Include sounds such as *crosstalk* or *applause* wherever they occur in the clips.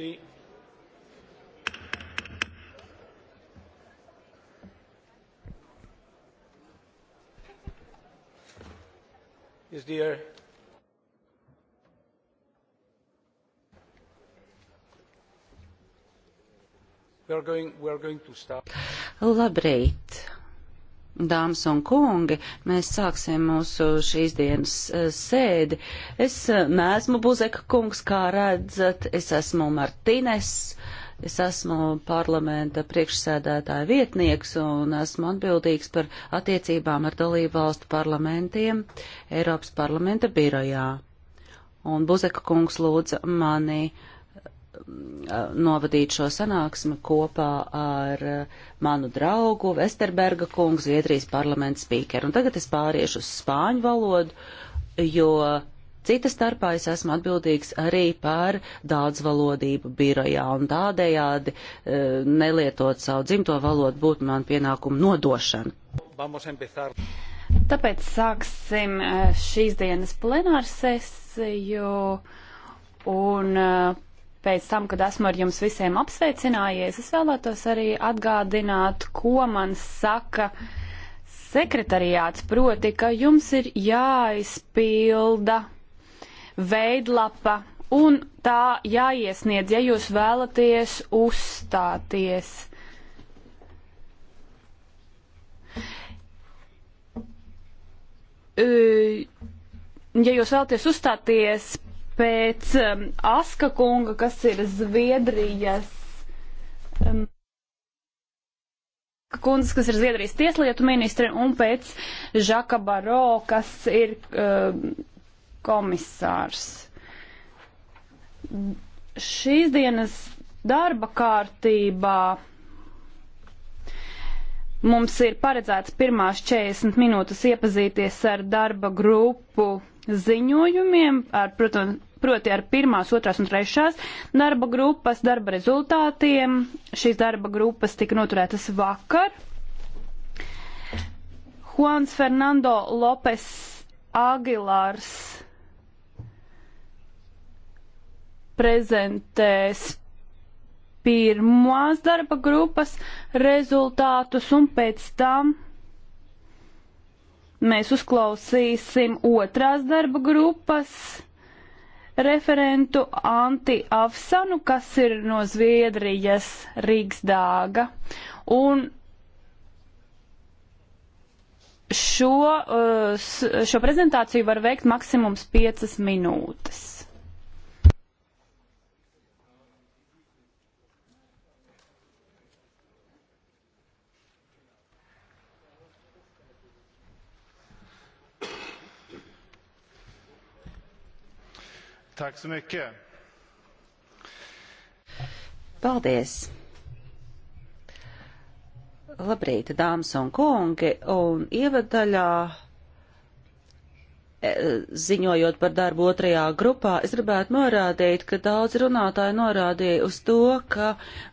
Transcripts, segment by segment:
tutti. Is there We are going, we are going to start. Labrīt! Dāmas un kungi, mēs sāksim mūsu šīs dienas eh, sēdi. Es eh, neesmu Buzeka kungs, kā redzat, es esmu Martines, es esmu parlamenta priekšsēdētāja vietnieks un esmu atbildīgs par attiecībām ar dalību valstu parlamentiem Eiropas parlamenta birojā. Un Buzeka kungs lūdza mani uh, novadīt šo sanāksmi kopā ar eh, manu draugu Vesterberga kungu, Zviedrijas parlamenta spīkeru. Un tagad es pāriešu uz spāņu valodu, jo cita starpā es esmu atbildīgs arī par daudzvalodību birojā un tādējādi eh, nelietot savu dzimto valodu būtu man pienākumu nodošana. Tāpēc sāksim eh, šīs dienas plenārsesiju un pēc tam, kad esmu ar jums visiem apsveicinājies, es vēlētos arī atgādināt, ko man saka sekretariāts, proti, ka jums ir jāizpilda veidlapa un tā jāiesniedz, ja jūs vēlaties uzstāties. Ja jūs vēlaties uzstāties pēc um, Aska kunga, kas ir Zviedrijas. Um, Kundzes, kas ir Zviedrijas tieslietu ministre, un pēc Žaka Baro, kas ir um, komisārs. Šīs dienas darba kārtībā mums ir paredzēts pirmās 40 minūtes iepazīties ar darba grupu ziņojumiem, ar, protams, proti ar pirmās, otrās un trešās darba grupas darba rezultātiem. Šīs darba grupas tika noturētas vakar. Juans Fernando Lopes Agilārs prezentēs pirmās darba grupas rezultātus un pēc tam Mēs uzklausīsim otrās darba grupas referentu Anti Afsanu, kas ir no Zviedrijas Rīgsdāga. Un šo, uh, šo prezentāciju var veikt maksimums 5 minūtes. Tack så mycket. Paldies! Labrīt, dāmas un kungi! Un ievadaļā E, ziņojot par darbu otrajā grupā, es gribētu norādīt, ka daudz runātāji norādīja uz to, ka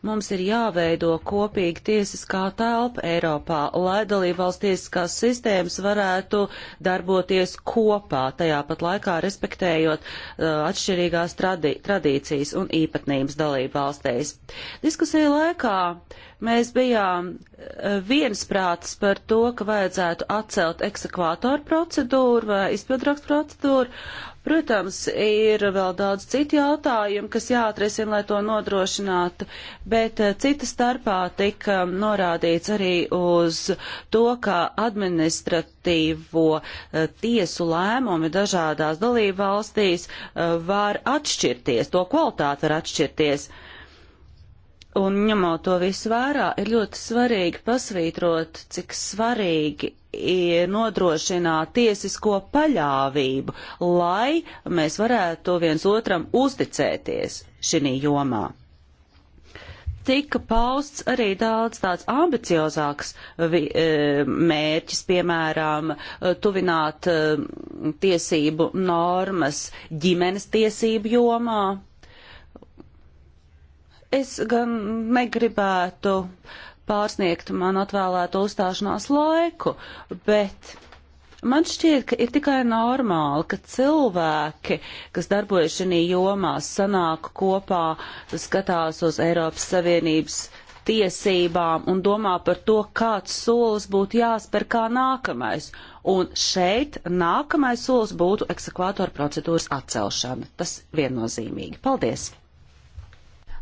mums ir jāveido kopīga tiesiskā telpa Eiropā, lai dalībvalsts tiesiskās sistēmas varētu darboties kopā, tajā pat laikā respektējot uh, atšķirīgās tradi tradīcijas un īpatnības dalībvalstīs. Diskusija laikā uh, Mēs bijām eh, viensprāts par to, ka vajadzētu atcelt eksekvātoru procedūru vai izpildrakstu procedūru. Protams, ir vēl daudz citu jautājumu, kas jāatrisina, lai to nodrošinātu, bet eh, cita starpā tika norādīts arī uz to, ka administratīvo eh, tiesu lēmumi dažādās dalību valstīs var atšķirties, to kvalitāte var atšķirties. Uh, Un ņemot to visu vērā, ir ļoti svarīgi pasvītrot, cik svarīgi ir nodrošināt tiesisko paļāvību, lai mēs varētu viens otram uzticēties šī jomā. Tika pausts arī daudz tāds ambiciozāks e, mērķis, piemēram, tuvināt e, tiesību normas ģimenes tiesību jomā, Es gan negribētu pārsniegt man atvēlēto uzstāšanās laiku, bet man šķiet, ka ir tikai normāli, ka cilvēki, kas darbojas šajā jomā, sanāk kopā, skatās uz Eiropas Savienības tiesībām un domā par to, kāds solis būtu jāspēr kā nākamais. Un šeit nākamais solis būtu eksekvātora procedūras atcelšana. Tas viennozīmīgi. Paldies!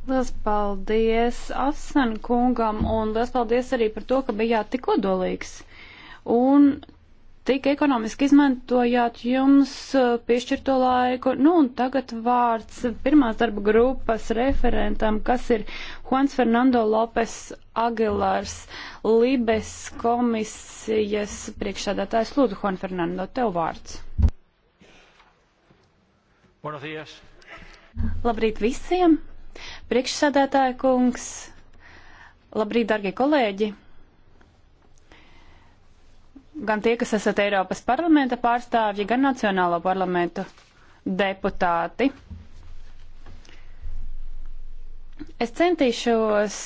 Liels paldies Asen kungam un liels paldies arī par to, ka bijāt tik odolīgs. Un tik ekonomiski izmantojāt jums uh, piešķirto laiku. Nu, un tagad vārds pirmās darba grupas referentam, kas ir Juans Fernando Lopes Agilars, Libes komisijas priekšsādātājs. Lūdzu, Juan Fernando, tev vārds. Buenos días. Labrīt visiem! Priekšsādātāja kungs, labrīt, darbie kolēģi! Gan tie, kas esat Eiropas parlamenta pārstāvji, gan Nacionālo parlamentu deputāti. Es centīšos,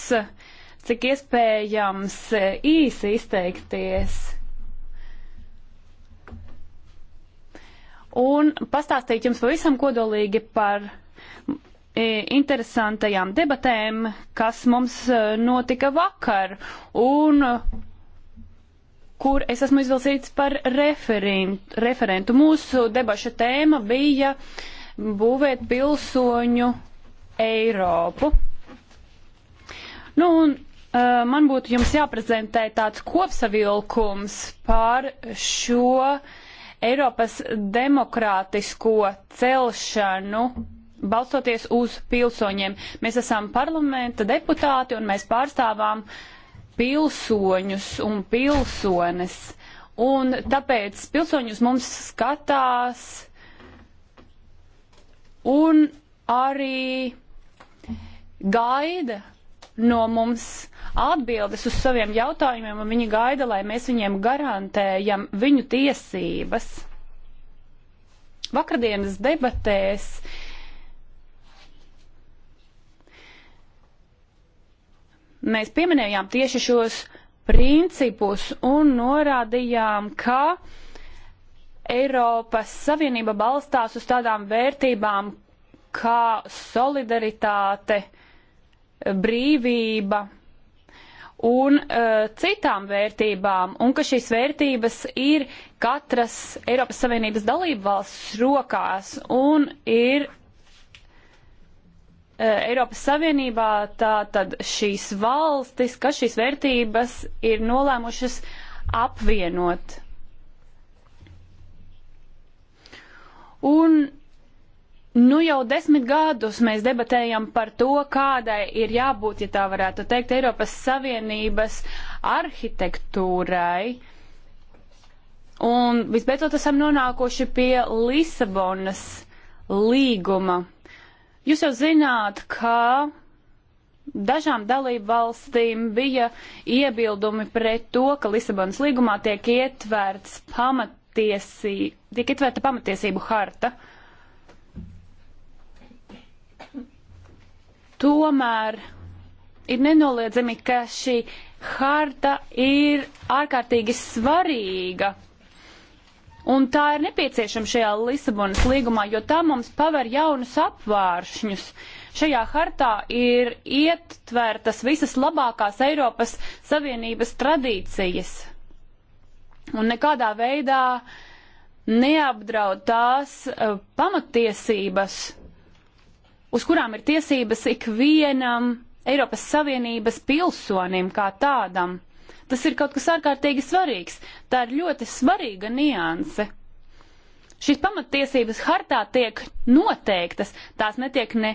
cik iespējams, īsi izteikties un pastāstīt jums pavisam kodolīgi par E, interesantajām debatēm, kas mums e, notika vakar, un kur es esmu izvilcīts par referentu. Mūsu debaša tēma bija būvēt pilsoņu Eiropu. Nu, un e, man būtu jums jāprezentē tāds kopsavilkums par šo Eiropas demokrātisko celšanu balstoties uz pilsoņiem. Mēs esam parlamenta deputāti un mēs pārstāvām pilsoņus un pilsones. Un tāpēc pilsoņus mums skatās un arī gaida no mums atbildes uz saviem jautājumiem, un viņi gaida, lai mēs viņiem garantējam viņu tiesības. Vakardienas debatēs uh, mēs pieminējām tieši šos principus un norādījām, ka Eiropas Savienība balstās uz tādām vērtībām kā solidaritāte, brīvība un uh, citām vērtībām, un ka šīs vērtības ir katras Eiropas Savienības dalību valsts rokās un ir Eh, Eiropas Savienībā tātad šīs valstis, kas šīs vērtības ir nolēmušas apvienot. Un nu jau desmit gadus mēs debatējam par to, kādai ir jābūt, ja tā varētu teikt, Eiropas Savienības arhitektūrai. Un visbeidzot esam nonākuši pie Lisabonas līguma Jūs jau zināt, ka dažām dalību valstīm bija iebildumi pret to, ka Lisabonas līgumā tiek, ietverts pamatiesī, tiek ietverta pamatiesību harta. Tomēr ir nenoliedzami, ka šī harta ir ārkārtīgi svarīga Un tā ir nepieciešama šajā Lisabonas līgumā, jo tā mums paver jaunus apvāršņus. Šajā hartā ir ietvērtas visas labākās Eiropas Savienības tradīcijas. Un nekādā veidā neapdraud tās uh, pamatiesības, uz kurām ir tiesības ikvienam Eiropas Savienības pilsonim kā tādam. Tas ir kaut kas ārkārtīgi svarīgs. Tā ir ļoti svarīga nianse. Šīs pamatiesības hartā tiek noteiktas, tās netiek ne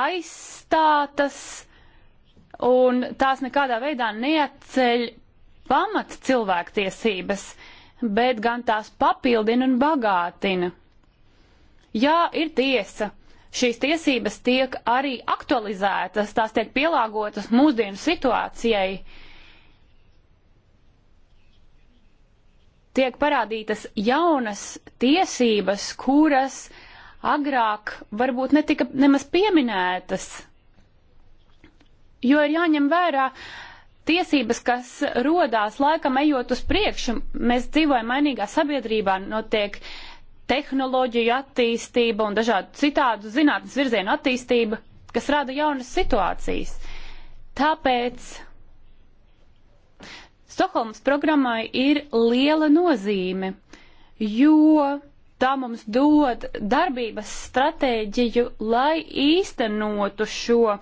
aizstātas, un tās nekādā veidā neatceļ pamat cilvēktiesības, bet gan tās papildina un bagātina. Jā, ir tiesa. Šīs tiesības tiek arī aktualizētas, tās tiek pielāgotas mūsdienu situācijai. Uh, tiek parādītas jaunas tiesības, kuras agrāk varbūt netika nemaz pieminētas. Jo ir jāņem vērā tiesības, kas rodās laikam ejot uz priekšu. Mēs dzīvojam mainīgā sabiedrībā, notiek tehnoloģiju attīstība un dažādu citādu zinātnes virzienu attīstība, kas rada jaunas situācijas. Tāpēc Stokholmas programmai ir liela nozīme, jo tā mums dod darbības stratēģiju, lai īstenotu šo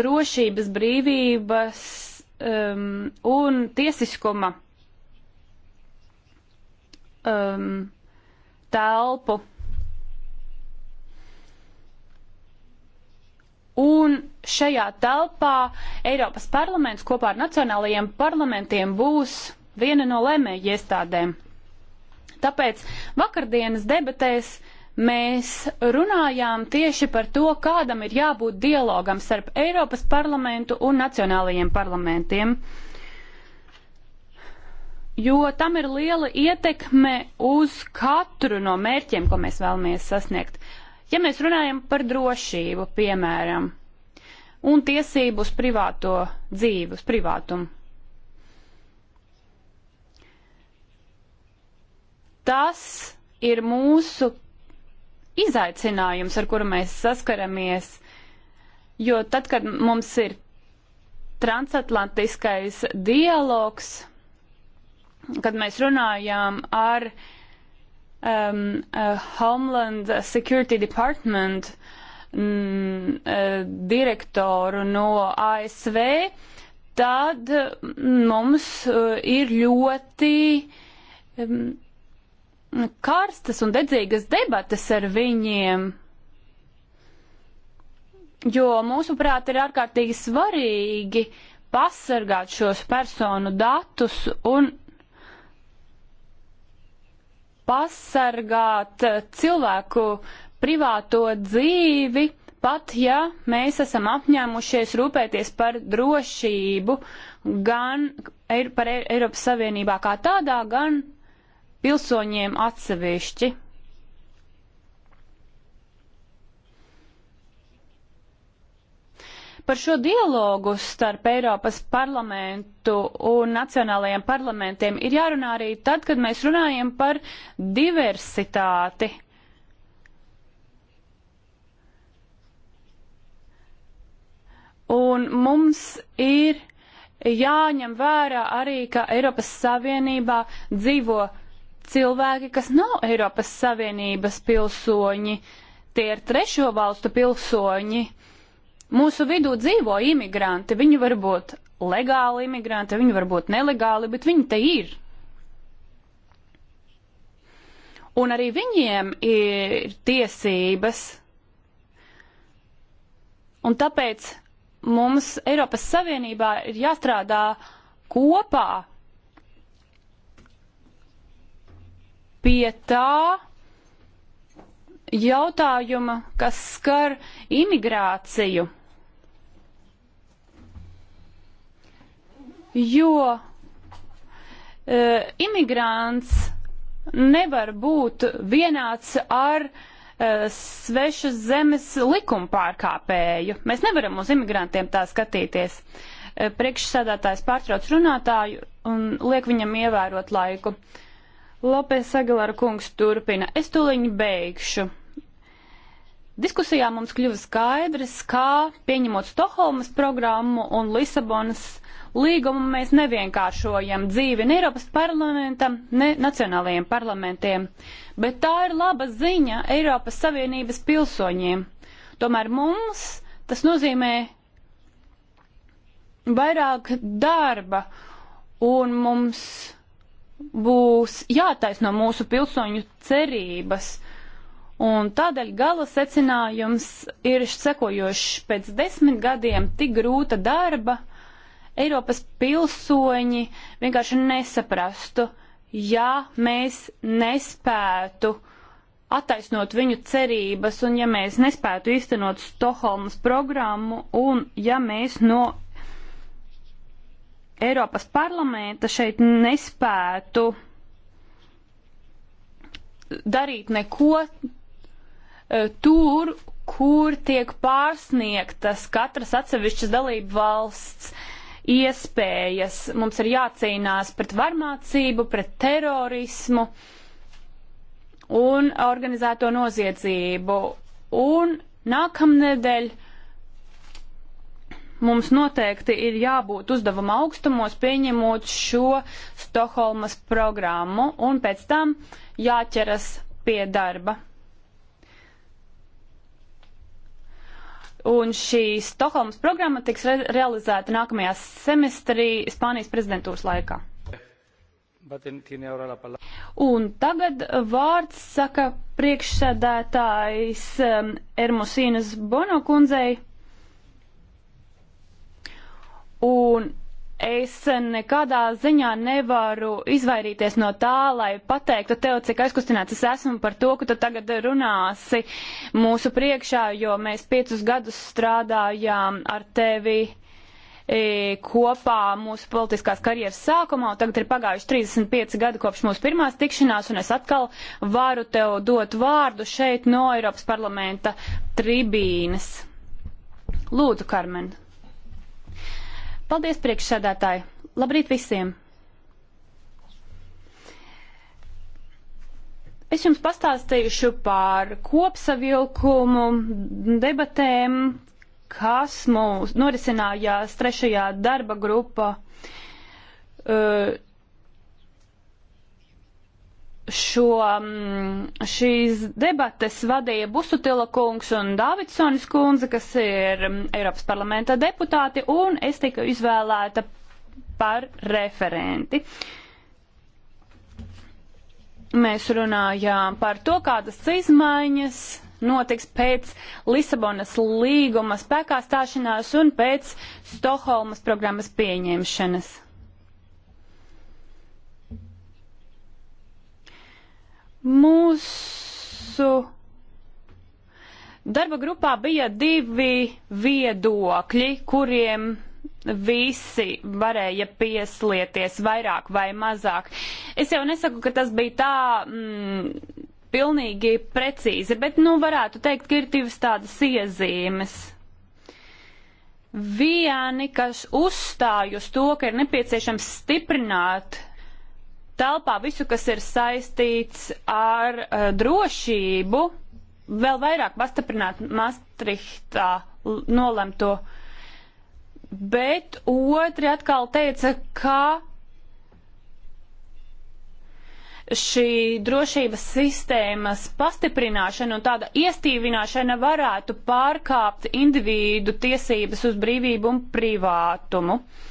drošības, brīvības um, un tiesiskuma um, telpu. Un šajā telpā Eiropas parlaments kopā ar nacionālajiem parlamentiem būs viena no lemēju iestādēm. Tāpēc vakardienas debatēs mēs runājām tieši par to, kādam ir jābūt dialogam starp Eiropas parlamentu un nacionālajiem parlamentiem. Jo tam ir liela ietekme uz katru no mērķiem, ko mēs vēlamies sasniegt. Ja mēs runājam par drošību, piemēram, un tiesību uz privāto dzīvi, uz privātumu, tas ir mūsu izaicinājums, ar kuru mēs saskaramies, jo tad, kad mums ir transatlantiskais dialogs, kad mēs runājām ar uh, um, uh, Homeland Security Department mm, uh, direktoru no ASV, tad mm, mums uh, ir ļoti um, karstas un dedzīgas debates ar viņiem. Jo mūsuprāt ir ārkārtīgi svarīgi pasargāt šos personu datus un pasargāt eh, cilvēku privāto dzīvi, pat ja mēs esam apņēmušies rūpēties par drošību gan par Eiropas Savienībā kā tādā, gan pilsoņiem atsevišķi. Par šo dialogu starp Eiropas parlamentu un nacionālajiem parlamentiem ir jārunā arī tad, kad mēs runājam par diversitāti. Un mums ir jāņem vērā arī, ka Eiropas Savienībā dzīvo cilvēki, kas nav Eiropas Savienības pilsoņi, tie ir trešo valstu pilsoņi, Mūsu vidū dzīvo imigranti, viņi var būt legāli imigranti, viņi var būt nelegāli, bet viņi te ir. Un arī viņiem ir tiesības. Un tāpēc mums Eiropas Savienībā ir jāstrādā kopā pie tā, jautājuma, kas skar imigrāciju. Jo e, imigrants nevar būt vienāds ar e, svešas zemes likuma pārkāpēju. Mēs nevaram uz imigrantiem tā skatīties. E, priekšsēdētājs pārtrauc runātāju un liek viņam ievērot laiku. Lopes Aguilar kungs turpina. Es tuliņu beigšu. Diskusijā mums kļuva skaidrs, kā pieņemot Stokholmas programmu un Lisabonas līgumu mēs nevienkāršojam dzīvi ne Eiropas parlamentam, ne nacionālajiem parlamentiem, bet tā ir laba ziņa Eiropas Savienības pilsoņiem. Tomēr mums tas nozīmē vairāk darba un mums būs jātaisno mūsu pilsoņu cerības Un tādēļ gala secinājums ir sekojošs. Pēc desmit gadiem tik grūta darba Eiropas pilsoņi vienkārši nesaprastu, ja mēs nespētu attaisnot viņu cerības, un ja mēs nespētu īstenot Stokholmas programmu, un ja mēs no Eiropas parlamenta šeit nespētu darīt neko E, tur, kur tiek pārsniegtas katras atsevišķas dalību valsts iespējas. Mums ir jācīnās pret varmācību, pret terorismu un organizēto noziedzību. Un nākamnedēļ mums noteikti ir jābūt uzdevuma augstumos, pieņemot šo Stokholmas programmu, un pēc tam jāķeras pie darba. Un šī Stokholmas programma tiks re realizēta nākamajā semestrī Spānijas prezidentūras laikā. Un tagad vārds saka priekšsēdētājs um, Ermosīnas Bono kundzei. Un es nekādā ziņā nevaru izvairīties no tā, lai pateiktu tev, cik aizkustināts es esmu par to, ka tu tagad runāsi mūsu priekšā, jo mēs piecus gadus strādājām ar tevi e, kopā mūsu politiskās karjeras sākumā, un tagad ir pagājuši 35 gadi kopš mūsu pirmās tikšanās, un es atkal varu tev dot vārdu šeit no Eiropas parlamenta tribīnes. Lūdzu, Karmen. Paldies, priekšsēdētāji! Labrīt visiem! Es jums pastāstīšu par kopsavilkumu debatēm, kas mums norisinājās trešajā darba grupa uh, šo, mm, šīs debates vadīja Busutila kungs un Davidsonis kundze, kas ir mm, Eiropas parlamenta deputāti, un es tiku izvēlēta par referenti. Mēs runājām par to, kādas izmaiņas notiks pēc Lisabonas līguma spēkā stāšanās un pēc Stokholmas programmas pieņemšanas. Mūsu darba grupā bija divi viedokļi, kuriem visi varēja pieslieties vairāk vai mazāk. Es jau nesaku, ka tas bija tā. Mm, Pilnīgi precīzi, bet, nu, varētu teikt, ka ir divas tādas iezīmes. Vieni, kas uzstāj uz to, ka ir nepieciešams stiprināt telpā visu, kas ir saistīts ar uh, drošību, vēl vairāk pastiprināt Maastrichtā nolemto. Bet otri atkal teica, ka šī drošības sistēmas pastiprināšana un tāda iestīvināšana varētu pārkāpt individu tiesības uz brīvību un privātumu. Uh,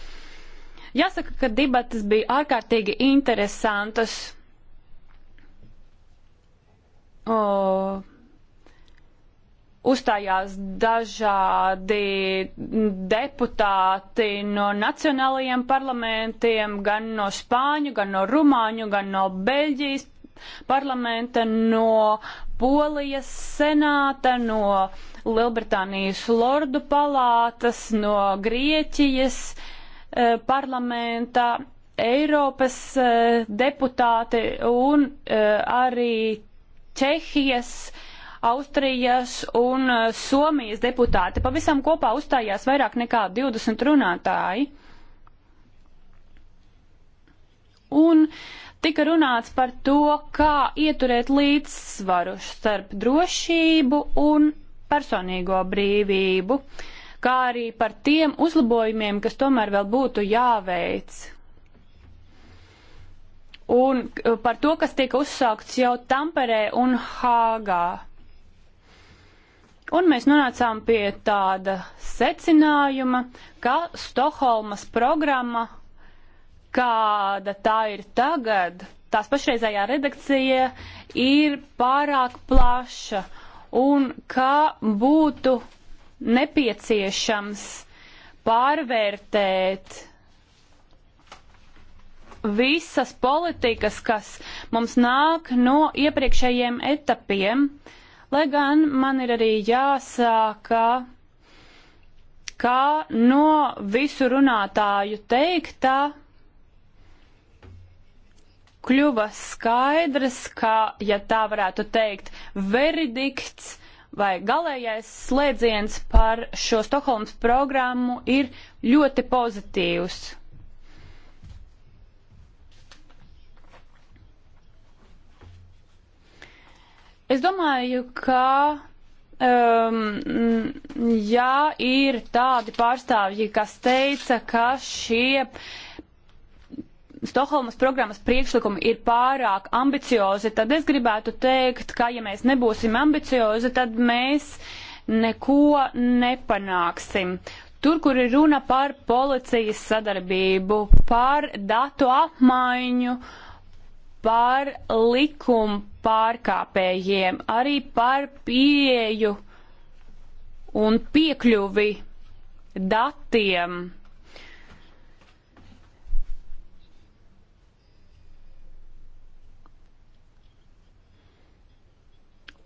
Jāsaka, ka debatas bija ārkārtīgi interesantas. O, uzstājās dažādi deputāti no nacionālajiem parlamentiem, gan no Spāņu, gan no Rumāņu, gan no Beļģijas parlamenta, no Polijas senāta, no Lielbritānijas lordu palātas, no Grieķijas, uh, Eh, parlamenta Eiropas eh, deputāti un eh, arī Čehijas Austrijas un Somijas deputāti. Pavisam kopā uzstājās vairāk nekā 20 runātāji. Un tika runāts par to, kā ieturēt līdzsvaru starp drošību un personīgo brīvību. Uh, kā arī par tiem uzlabojumiem, kas tomēr vēl būtu jāveic. Un uh, par to, kas tika uzsākts jau Tamperē un Hāgā. Un mēs nonācām pie tāda secinājuma, ka Stokholmas programma, kāda tā ir tagad, tās pašreizējā redakcija ir pārāk plaša un ka būtu nepieciešams pārvērtēt visas politikas, kas mums nāk no iepriekšējiem etapiem, lai gan man ir arī jāsāka, kā no visu runātāju teiktā kļuva skaidrs, ka, ja tā varētu teikt, veridikts vai galējais slēdziens par šo Stokholmas programmu ir ļoti pozitīvs. Es domāju, ka um, jā, ir tādi pārstāvji, kas teica, ka šie uh, Stokholmas programmas priekšlikumi ir pārāk ambiciozi, tad es gribētu teikt, ka ja mēs nebūsim ambiciozi, tad mēs neko nepanāksim. Tur, kur ir runa par policijas sadarbību, par datu apmaiņu, par likumu pārkāpējiem, arī par pieeju un piekļuvi datiem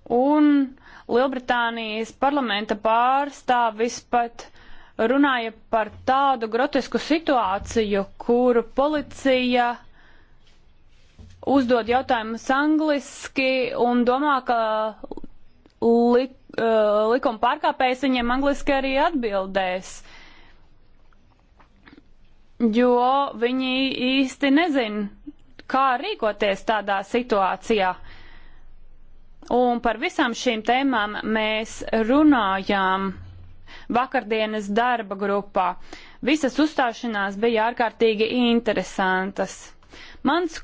un Lielbritānijas parlamenta pārstāvis pat runāja par tādu grotesku situāciju, kuru policija uzdod jautājumus angliski un domā, ka li, uh, likuma pārkāpējs viņiem angliski arī atbildēs, jo viņi īsti nezin, kā rīkoties tādā situācijā. Un par visām šīm tēmām mēs runājām vakardienas darba grupā. Visas uzstāšanās bija ārkārtīgi interesantas. Mans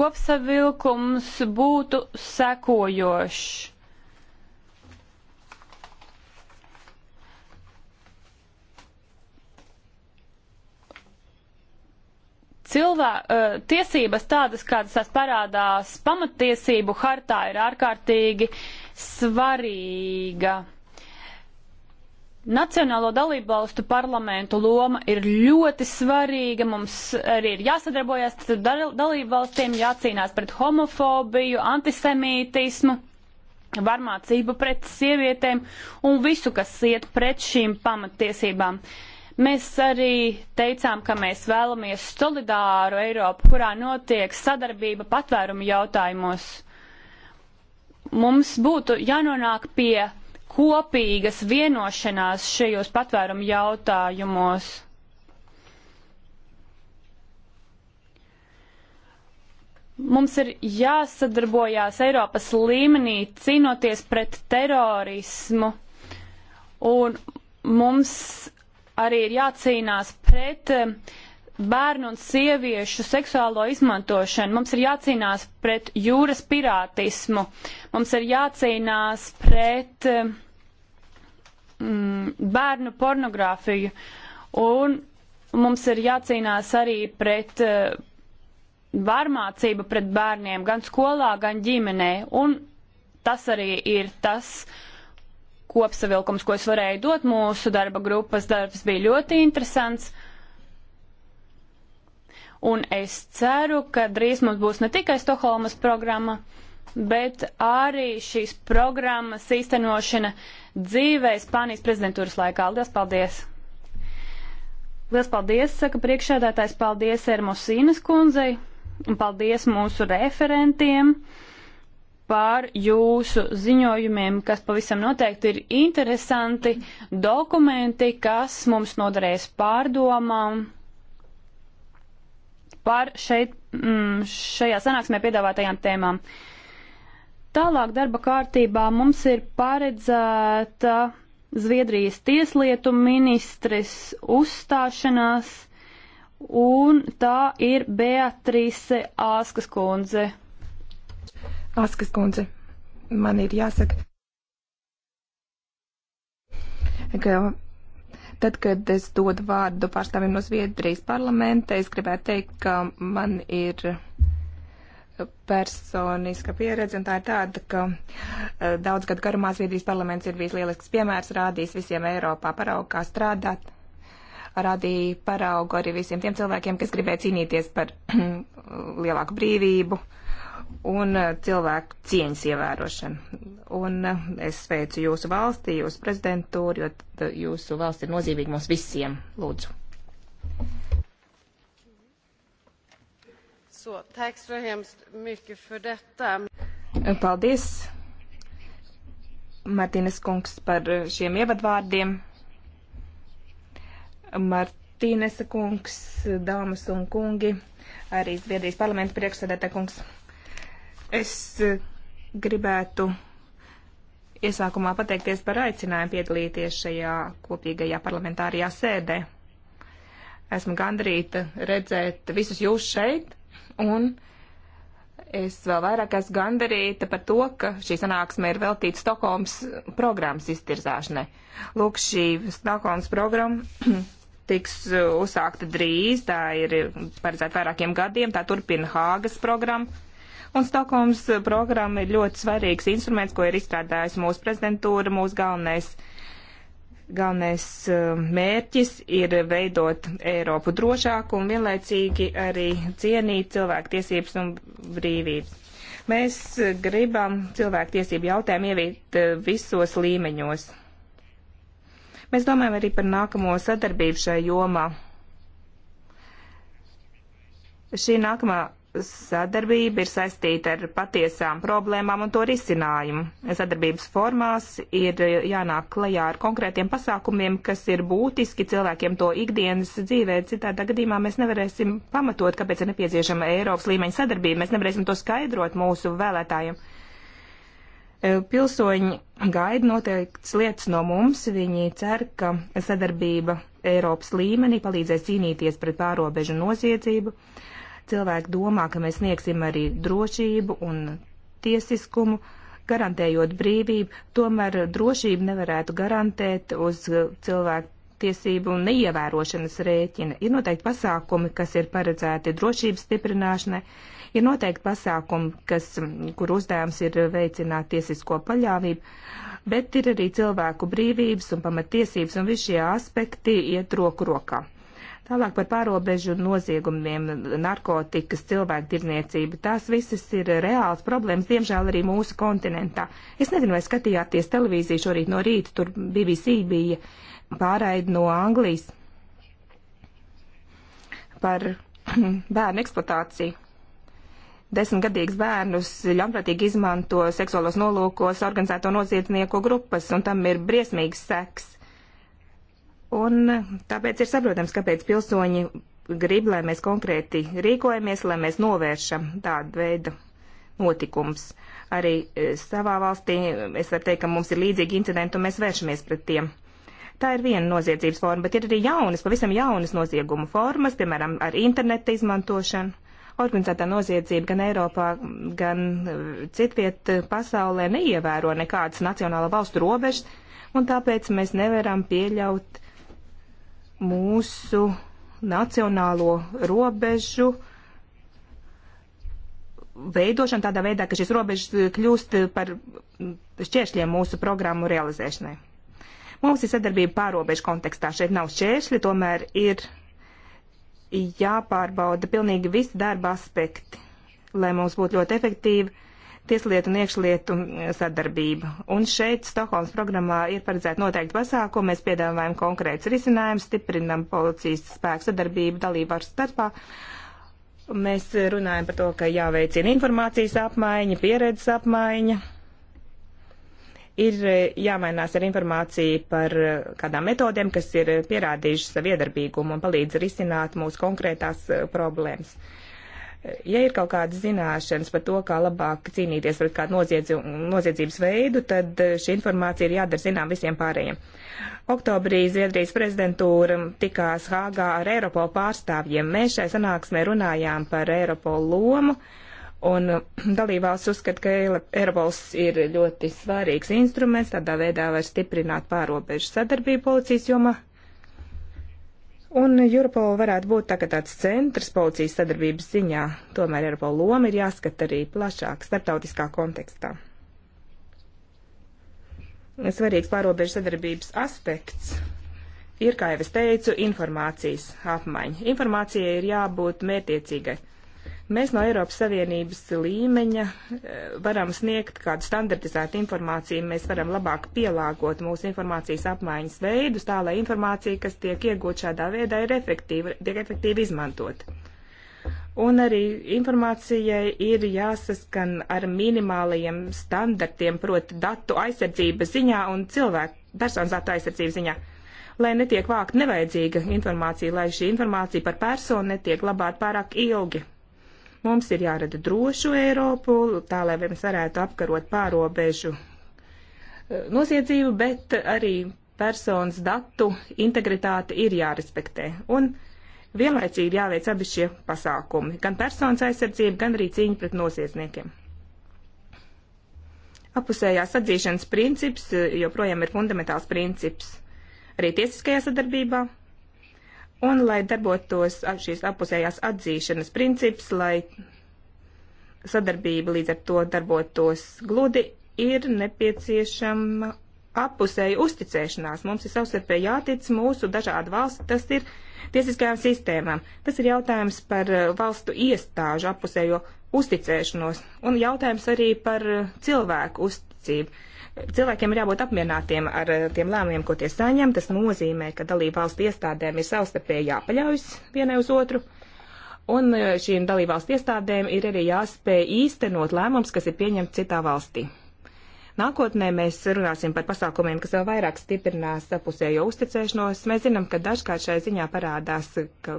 kopsavilkums būtu sekojošs. Cilvē, uh, tiesības tādas, kādas tās parādās pamatiesību hartā, ir ārkārtīgi svarīga. Nacionālo dalībvalstu parlamentu loma ir ļoti svarīga. Mums arī ir jāsadarbojas ar dalībvalstīm, jācīnās pret homofobiju, antisemītismu, varmācību pret sievietēm un visu, kas iet pret šīm pamatiesībām. Uh, Mēs arī teicām, ka mēs vēlamies solidāru Eiropu, kurā notiek sadarbība patvērumu jautājumos. Mums būtu jānonāk pie kopīgas vienošanās šajos patvērumu jautājumos. Mums ir jāsadarbojās Eiropas līmenī cīnoties pret terorismu, un mums arī ir jācīnās pret um, bērnu un sieviešu seksuālo izmantošanu. Mums ir jācīnās pret jūras pirātismu. Mums ir jācīnās pret um, mm, bērnu pornogrāfiju. Un mums ir jācīnās arī pret uh, varmācību pret bērniem gan skolā, gan ģimenē. Un tas arī ir tas, uh, kopsavilkums, ko es varēju dot. Mūsu darba grupas darbs bija ļoti interesants. Un es ceru, ka drīz mums būs ne tikai Stokholmas programma, bet arī šīs programmas īstenošana dzīvē Spānijas prezidentūras laikā. Lielas paldies! Lielas paldies, saka priekšēdētājs, paldies Ermosīnas kundzei un paldies mūsu referentiem par jūsu ziņojumiem, kas pavisam noteikti ir interesanti dokumenti, kas mums noderēs pārdomām par šeit, mm, šajā sanāksmē piedāvātajām tēmām. Tālāk darba kārtībā mums ir paredzēta Zviedrijas tieslietu ministres uzstāšanās, un tā ir Beatrice Āskas kundze. Askas kundze, man ir jāsaka, ka tad, kad es dodu vārdu pārstāvim no Zviedrijas parlamenta, es gribētu teikt, ka man ir personiska pieredze, un tā ir tāda, ka e, daudz gadu garumā Zviedrijas parlaments ir bijis lielisks piemērs, rādījis visiem Eiropā paraugu, kā strādāt, rādīja paraugu arī visiem tiem cilvēkiem, kas gribēja cīnīties par *clears throat* lielāku brīvību, uh, un eh, cilvēku cieņas ievērošana. Un eh, es sveicu jūsu valsti, jūsu prezidentūru, jo jūsu valsts ir nozīmīga mums visiem. Lūdzu. So, um, eh, Paldies, Martīnes kungs, par šiem ievadvārdiem. Martīnes kungs, dāmas un kungi, arī Zviedrijas parlamenta priekšsēdētā kungs. Es eh, gribētu iesākumā pateikties par aicinājumu piedalīties šajā kopīgajā parlamentārajā sēdē. Esmu gandrīta redzēt visus jūs šeit, un es vēl vairāk esmu gandarīta par to, ka šī sanāksme ir veltīta Stokholmas programmas iztirzāšanai. Lūk, šī Stokholmas programma *clears throat* tiks eh, uzsākta drīz, tā ir paredzēta vairākiem gadiem, tā turpina Hāgas programmu Un Stokholmas programma ir ļoti svarīgs instruments, ko ir izstrādājis mūsu prezidentūra. Mūsu galvenais, galvenais um, mērķis ir veidot Eiropu drošāku un vienlaicīgi arī cienīt cilvēku tiesības un brīvības. Mēs gribam cilvēku tiesību jautājumu ievīt uh, visos līmeņos. Mēs domājam arī par nākamo sadarbību šajā jomā. Šī nākamā sadarbība ir saistīta ar patiesām problēmām un to risinājumu. Sadarbības formās ir jānāk klajā ar konkrētiem pasākumiem, kas ir būtiski cilvēkiem to ikdienas dzīvē. Citādā gadījumā mēs nevarēsim pamatot, kāpēc ir nepieciešama Eiropas līmeņa sadarbība. Mēs nevarēsim to skaidrot mūsu vēlētājiem. E, pilsoņi gaida noteikts lietas no mums. Viņi cer, ka sadarbība Eiropas līmenī palīdzēs cīnīties pret pārobežu noziedzību cilvēki domā, ka mēs sniegsim arī drošību un tiesiskumu, garantējot brīvību, tomēr drošību nevarētu garantēt uz cilvēku tiesību un neievērošanas rēķina. Ir noteikti pasākumi, kas ir paredzēti drošības stiprināšanai, ir noteikti pasākumi, kas, kur uzdevums ir veicināt tiesisko paļāvību, bet ir arī cilvēku brīvības un pamatiesības, un visi šie aspekti iet roku rokā. Tālāk par pārobežu noziegumiem, narkotikas, cilvēku tirniecību. Tās visas ir reāls problēmas, diemžēl arī mūsu kontinentā. Es nezinu, vai skatījāties televīziju šorīt no rīta, tur BBC bija pārraidi no Anglijas par *clears throat* bērnu eksploatāciju. Desmitgadīgs bērnus ļaunprātīgi izmanto seksuālos nolūkos organizēto noziedznieku grupas, un tam ir briesmīgs seks. Un tāpēc ir saprotams, kāpēc pilsoņi grib, lai mēs konkrēti rīkojamies, lai mēs novēršam tādu veidu notikums. Arī e, savā valstī e, es varu teikt, ka mums ir līdzīgi incidenti un mēs vēršamies pret tiem. Tā ir viena noziedzības forma, bet ir arī jaunas, pavisam jaunas nozieguma formas, piemēram, ar interneta izmantošanu organizētā noziedzība gan Eiropā, gan e, citviet pasaulē neievēro nekādas nacionāla valstu robežas, un tāpēc mēs nevaram pieļaut mūsu nacionālo robežu veidošanu tādā veidā, ka šīs robežas kļūst par šķēršļiem mūsu programmu realizēšanai. Mums ir sadarbība pārobežu kontekstā. Šeit nav šķēršļi, tomēr ir jāpārbauda pilnīgi visi darba aspekti, lai mums būtu ļoti efektīvi tieslietu un iekšlietu eh, sadarbību. Un šeit Stokholmas programmā ir paredzēta noteikti pasākumi, mēs piedāvājam konkrēts risinājums, stiprinam policijas spēku sadarbību dalībvaru starpā. Mēs runājam par to, ka jāveicina informācijas apmaiņa, pieredzes apmaiņa, ir eh, jāmainās ar informāciju par eh, kādām metodēm, kas ir pierādījušas savu iedarbīgumu un palīdz risināt mūsu konkrētās problēmas. Ja ir kaut kādas zināšanas par to, kā labāk cīnīties pret kādu noziedzības veidu, tad eh, šī informācija ir jādara zinām visiem pārējiem. Oktobrī Zviedrijas prezidentūra tikās Hāgā ar Eiropolu pārstāvjiem. Mēs šai sanāksmē runājām par Eiropolu lomu. Un eh, dalībvalsts uzskata, ka Eiropols ir ļoti svarīgs instruments, tādā veidā var stiprināt pārobežu sadarbību policijas jomā. Un Europol varētu būt tagad tāds centrs policijas sadarbības ziņā, tomēr Europol loma ir jāskata arī plašāk, starptautiskā kontekstā. Svarīgs pārobežu sadarbības aspekts ir, kā jau es teicu, informācijas apmaiņa. Informācija ir jābūt mērtiecīgai. Mēs no Eiropas Savienības līmeņa eh, varam sniegt kādu standartizētu informāciju, mēs varam labāk pielāgot mūsu informācijas apmaiņas veidus tā, lai informācija, kas tiek iegūta šādā veidā, ir efektīva, tiek efektīvi izmantot. Un arī informācijai ir jāsaskan ar minimālajiem standartiem, proti datu aizsardzības ziņā un cilvēku personas datu aizsardzības ziņā lai netiek vākt nevajadzīga informācija, lai šī informācija par personu netiek labāta pārāk ilgi. Mums ir jārada drošu Eiropu, tā lai mēs varētu apkarot pārobežu e, noziedzību, bet arī personas datu integritāte ir jārespektē. Un vienlaicīgi jāveic abi šie pasākumi - gan personas aizsardzība, gan arī cīņa pret noziedzniekiem. Apusējās atzīšanas princips e, joprojām ir fundamentāls princips arī tiesiskajā sadarbībā. Un lai darbotos šīs apusējās atzīšanas princips, lai sadarbība līdz ar to darbotos gludi, ir nepieciešama apusēja uzticēšanās. Mums ir savstarpēji jātic mūsu dažādu valstu, tas ir tiesiskajām sistēmām. Tas ir jautājums par eh, valstu iestāžu apusējo uzticēšanos un jautājums arī par eh, cilvēku uzticību cilvēkiem ir jābūt apmierinātiem ar eh, tiem lēmumiem, ko tie saņem. Tas nozīmē, ka dalību valstu iestādēm ir savstarpēji jāpaļaujas vienai uz otru. Un eh, šīm dalībvalstu iestādēm ir arī jāspēj īstenot lēmums, kas ir pieņemts citā valstī. Nākotnē mēs runāsim par pasākumiem, kas vēl vairāk stiprinās apusējo uzticēšanos. Mēs zinām, ka dažkārt šai ziņā parādās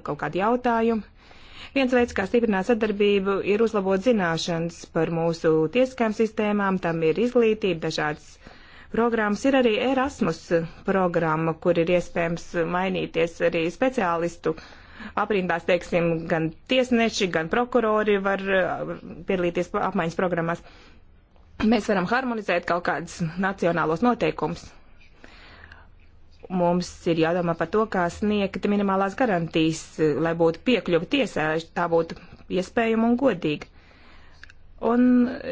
kaut kādi jautājumi, Viens veids, kā stiprināt sadarbību, ir uzlabot zināšanas par mūsu tiesiskām sistēmām, tam ir izglītība, dažādas programmas. Ir arī Erasmus programma, kur ir iespējams mainīties arī speciālistu aprindās, teiksim, gan tiesneši, gan prokurori var uh, piedalīties apmaiņas programmās. Mēs varam harmonizēt kaut kādus nacionālos noteikumus mums ir jādomā par to, kā sniegt minimālās garantijas, lai būtu piekļuva tiesā, tā būtu iespējama un godīga. Un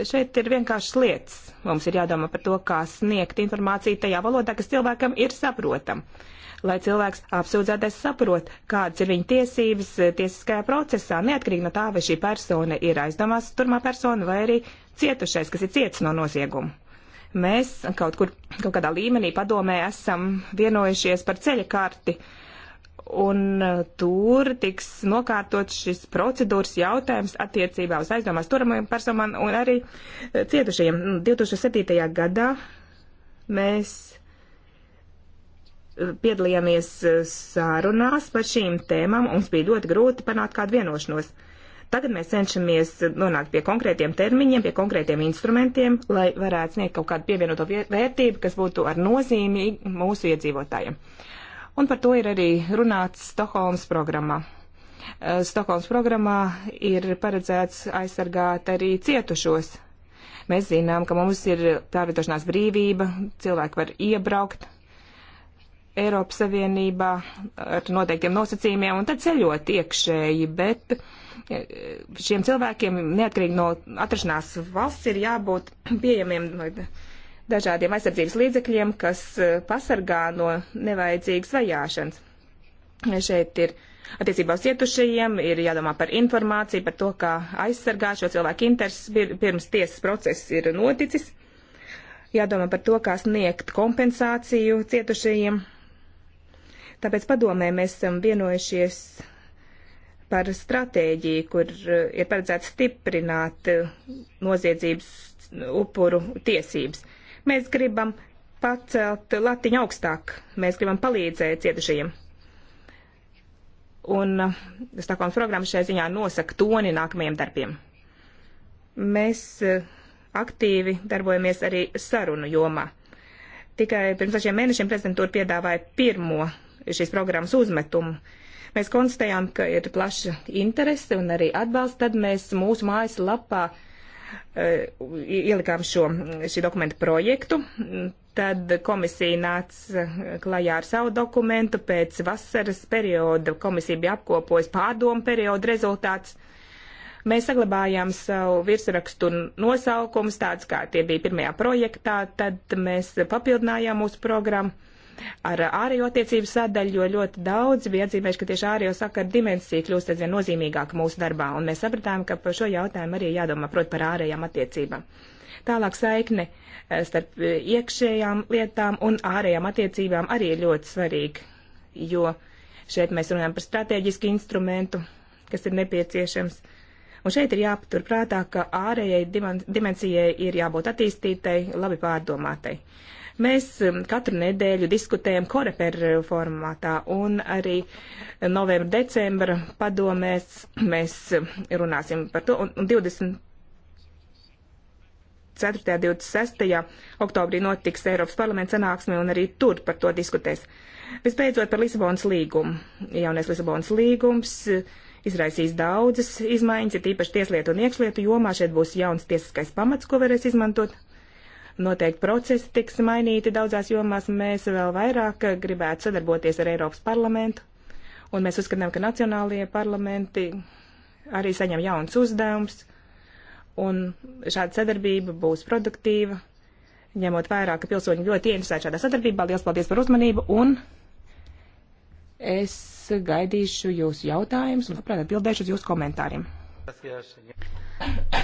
šeit ir vienkārši lietas. Mums ir jādomā par to, kā sniegt informāciju tajā valodā, kas cilvēkam ir saprotam. Lai cilvēks apsūdzētais saprot, kādas ir viņa tiesības eh, tiesiskajā procesā, neatkarīgi no tā, vai šī persona ir aizdomās turmā persona vai arī cietušais, kas ir cietis no nozieguma Mēs kaut kur, kaut kādā līmenī padomē esam vienojušies par ceļa karti, un uh, tur tiks nokārtot šis procedūras jautājums attiecībā uz aizdomās turamajām personām un arī uh, cietušajiem. 2007. Nu, gadā mēs uh, piedalījāmies sārunās par šīm tēmām, un mums bija ļoti grūti panākt kādu vienošanos. Tagad mēs cenšamies nonākt pie konkrētiem termiņiem, pie konkrētiem instrumentiem, lai varētu sniegt kaut kādu pievienoto vērtību, kas būtu ar nozīmi mūsu iedzīvotājiem. Un par to ir arī runāts Stokholmas programmā. Eh, Stokholmas programmā ir paredzēts aizsargāt arī cietušos. Mēs zinām, ka mums ir pārvietošanās brīvība, cilvēki var iebraukt Eiropas Savienībā ar noteiktiem nosacījumiem un tad ceļot iekšēji, bet uh, šiem cilvēkiem, neatkarīgi no atrašanās valsts, ir jābūt pieejamiem no dažādiem aizsardzības līdzekļiem, kas e, pasargā no nevajadzīgas vajāšanas. Šeit ir attiecībā uz cietušajiem, ir jādomā par informāciju, par to, kā aizsargāt šo cilvēku intereses pirms tiesas process ir noticis. Jādomā par to, kā sniegt kompensāciju cietušajiem. Tāpēc padomē mēs esam vienojušies par stratēģiju, kur eh, ir paredzēts stiprināt eh, noziedzības upuru tiesības. Mēs gribam pacelt latiņu augstāk, mēs gribam palīdzēt cietušajiem. Un eh, Stokholmas programma šajā ziņā nosaka toni nākamajiem darbiem. Mēs aktīvi darbojamies arī sarunu jomā. Tikai pirms dažiem mēnešiem prezidentūra piedāvāja pirmo šīs programmas uzmetumu mēs konstatējām, ka ir plaša interese un arī atbalsts, tad mēs mūsu mājaslapā eh, ielikām šo šī dokumenta projektu. Tad komisija nāca klajā ar savu dokumentu. Pēc vasaras perioda komisija bija apkopojusi pārdomu periodu rezultāts. Mēs saglabājām savu virsrakstu nosaukumus, tāds kā tie bija pirmajā projektā, tad mēs papildinājām mūsu programmu ar ārējo attiecību sadaļu, jo ļoti daudz bija atzīmējuši, ka tieši ārējo sakaru dimensija kļūst aizvien nozīmīgāka mūsu darbā, un mēs sapratām, ka par šo jautājumu arī jādomā, prot, par ārējām attiecībām. Tālāk saikne eh, starp eh, iekšējām lietām un ārējām attiecībām arī ir ļoti svarīga, jo šeit mēs runājam par strateģisku instrumentu, kas ir nepieciešams. Un šeit ir jāpatur prātā, ka ārējai dimensijai ir jābūt attīstītai, labi pārdomātai. Mēs um, katru nedēļu diskutējam koreper formātā un arī novembra, decembra padomēs mēs um, runāsim par to. Un, un 20. 4. un 26. oktobrī notiks Eiropas parlamenta sanāksme un arī tur par to diskutēs. Visbeidzot par Lisabonas līgumu. Jaunais Lisabonas līgums uh, izraisīs daudzas izmaiņas, ir tīpaši tieslietu un iekšlietu jomā. Šeit būs jauns tiesiskais pamats, ko varēs izmantot Noteikti procesi tiks mainīti daudzās jomās. Mēs vēl vairāk gribētu sadarboties ar Eiropas parlamentu, un mēs uzskatām, ka nacionālajie parlamenti arī saņem jauns uzdevums, un šāda sadarbība būs produktīva, ņemot vērā, ka pilsoņi ļoti ieinteresēti šādā sadarbībā. Lielas paldies par uzmanību, un es gaidīšu jūsu jautājumus un labprāt atbildēšu uz jūsu komentāriem.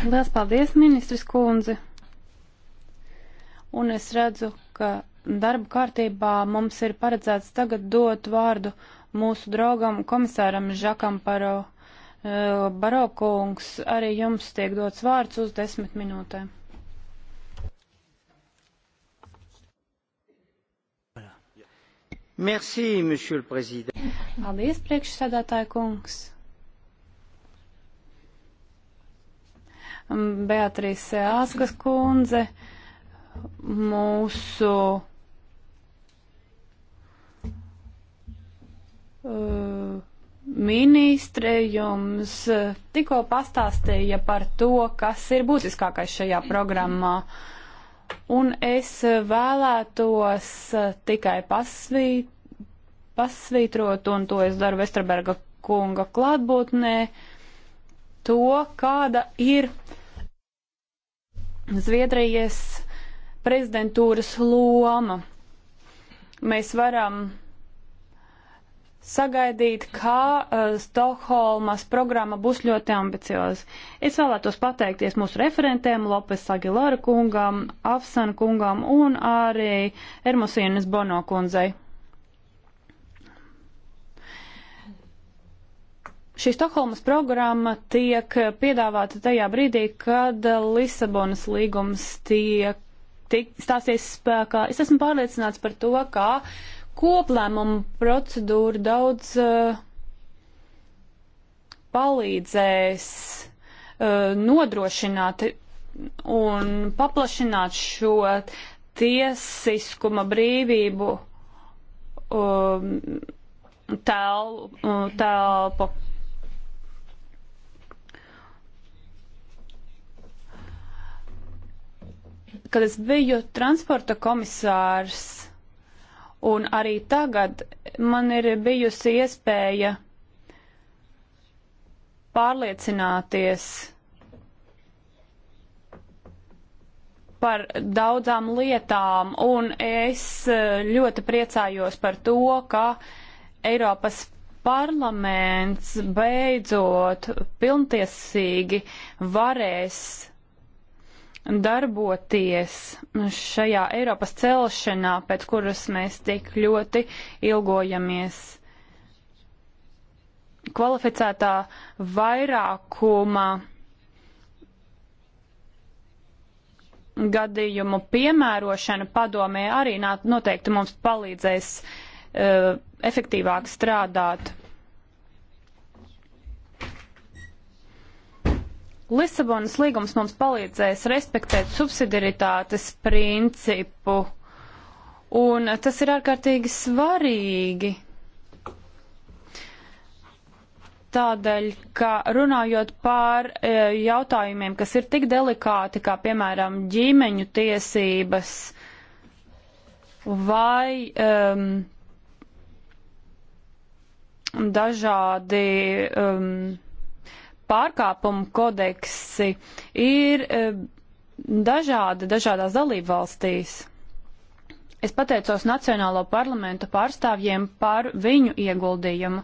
Lielas paldies, ministrs Kunze! un es redzu, ka darba kārtībā mums ir paredzēts tagad dot vārdu mūsu draugam komisāram Žakam Paro. Eh, Barokungs, arī jums tiek dots vārds uz desmit minūtēm. Merci, monsieur le président. Paldies, priekšsēdētāja kungs. Beatrice Āsgas kundze. Uh, mūsu uh, ministre jums tikko pastāstīja par to, kas ir būtiskākais šajā programmā. Un es vēlētos tikai pasvīt, pasvītrot, un to es daru Vesterberga kunga klātbūtnē, to, kāda ir Zviedrijas prezidentūras loma. Mēs varam sagaidīt, kā uh, Stokholmas programma būs ļoti ambicioza. Es vēlētos pateikties mūsu referentiem, Lopes Agilara kungam, Afsan kungam un arī Ermosienes Bono kundzei. Šī Stokholmas programma tiek piedāvāta tajā brīdī, kad Lisabonas līgums tiek tik, stāsies spēkā. Es esmu pārliecināts par to, ka koplēmuma procedūra daudz uh, palīdzēs uh, nodrošināt un paplašināt šo tiesiskuma brīvību um, telpu. telpu. Kad es biju transporta komisārs, un arī tagad man ir bijusi iespēja pārliecināties par daudzām lietām, un es eh, ļoti priecājos par to, ka Eiropas parlaments beidzot pilntiesīgi varēs darboties šajā Eiropas celšanā, pēc kuras mēs tik ļoti ilgojamies. Kvalificētā vairākuma gadījumu piemērošana padomē arī noteikti mums palīdzēs uh, efektīvāk strādāt. Lisabonas līgums mums palīdzēs respektēt subsidiaritātes principu, un tas ir ārkārtīgi svarīgi. Tādēļ, ka runājot pār e, jautājumiem, kas ir tik delikāti, kā piemēram ģimeņu tiesības vai um, dažādi um, pārkāpumu kodeksi ir e, dažādi dažādās dalību valstīs. Es pateicos Nacionālo parlamentu pārstāvjiem par viņu ieguldījumu.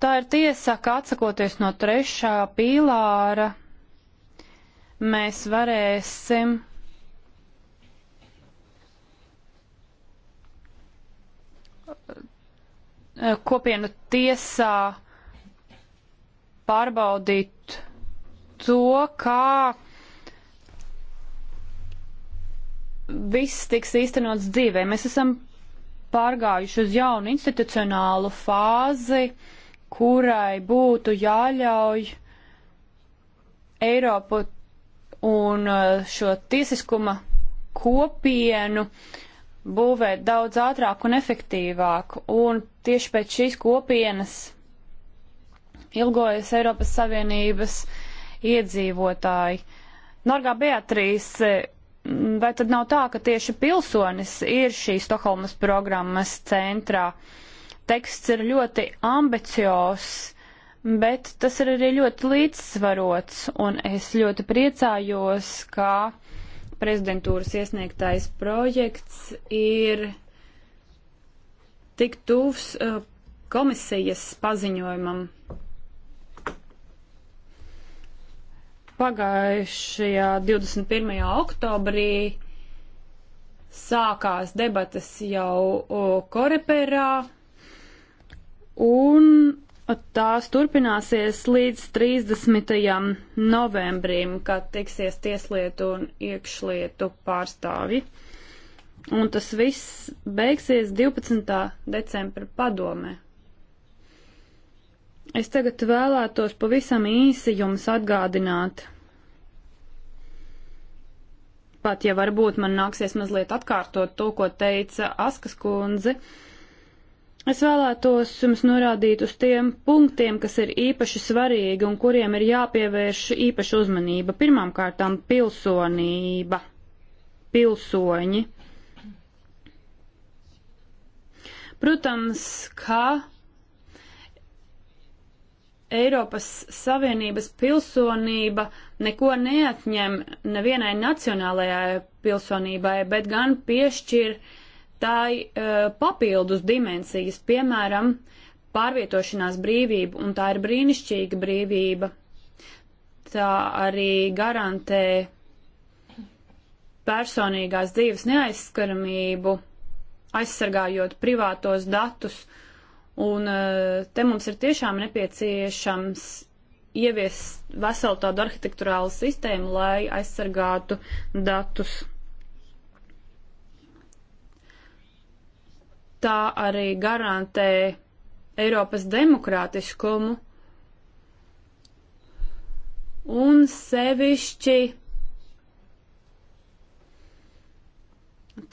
Tā ir tiesa, ka atsakoties no trešā pīlāra, mēs varēsim Eh, kopienu tiesā pārbaudīt to, kā viss tiks īstenots dzīvē. Mēs esam pārgājuši uz jaunu institucionālu fāzi, kurai būtu jāļauj Eiropu un eh, šo tiesiskuma kopienu uh, būvēt daudz ātrāk un efektīvāk, un tieši pēc šīs kopienas ilgojas Eiropas Savienības iedzīvotāji. Norgā Beatrīse, vai tad nav tā, ka tieši pilsonis ir šīs Stokholmas programmas centrā? Teksts ir ļoti ambiciozs, bet tas ir arī ļoti līdzsvarots, un es ļoti priecājos, ka prezidentūras iesniegtais projekts ir tik tuvs uh, komisijas paziņojumam. Pagājušajā 21. oktobrī sākās debatas jau uh, Koreperā, un Tās turpināsies līdz 30. novembrim, kad tiksies tieslietu un iekšlietu pārstāvi. Un tas viss beigsies 12. decembra padomē. Es tagad vēlētos pavisam īsi jums atgādināt, pat ja varbūt man nāksies mazliet atkārtot to, ko teica Askas kundze, uh, Es vēlētos jums norādīt uz tiem punktiem, kas ir īpaši svarīgi un kuriem ir jāpievērš īpaša uzmanība. Pirmām kārtām pilsonība, pilsoņi. Protams, ka Eiropas Savienības pilsonība neko neatņem nevienai nacionālajai pilsonībai, bet gan piešķir uh, tai e, papildus dimensijas, piemēram, pārvietošanās brīvību, un tā ir brīnišķīga brīvība. Tā arī garantē personīgās dzīves neaizskaramību, aizsargājot privātos datus, un e, te mums ir tiešām nepieciešams ieviest veselu tādu arhitektūrālu sistēmu, lai aizsargātu datus. tā arī garantē Eiropas demokrātiskumu un sevišķi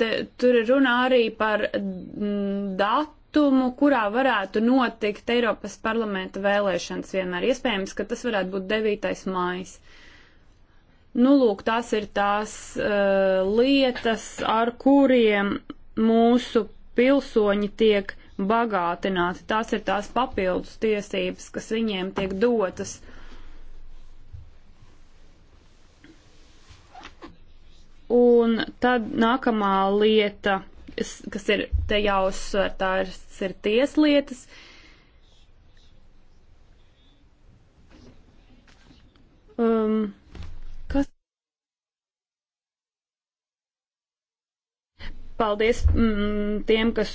te, tur ir runa arī par mm, datumu, kurā varētu notikt Eiropas parlamenta vēlēšanas vienmēr. Iespējams, ka tas varētu būt 9. mājas. Nu, lūk, tās ir tās uh, lietas, ar kuriem mūsu pilsoņi tiek bagātināti. Tās ir tās papildus tiesības, kas viņiem tiek dotas. Un tad nākamā lieta, kas ir te jāuzsver, tās ir tieslietas. Um, Paldies mm, tiem, kas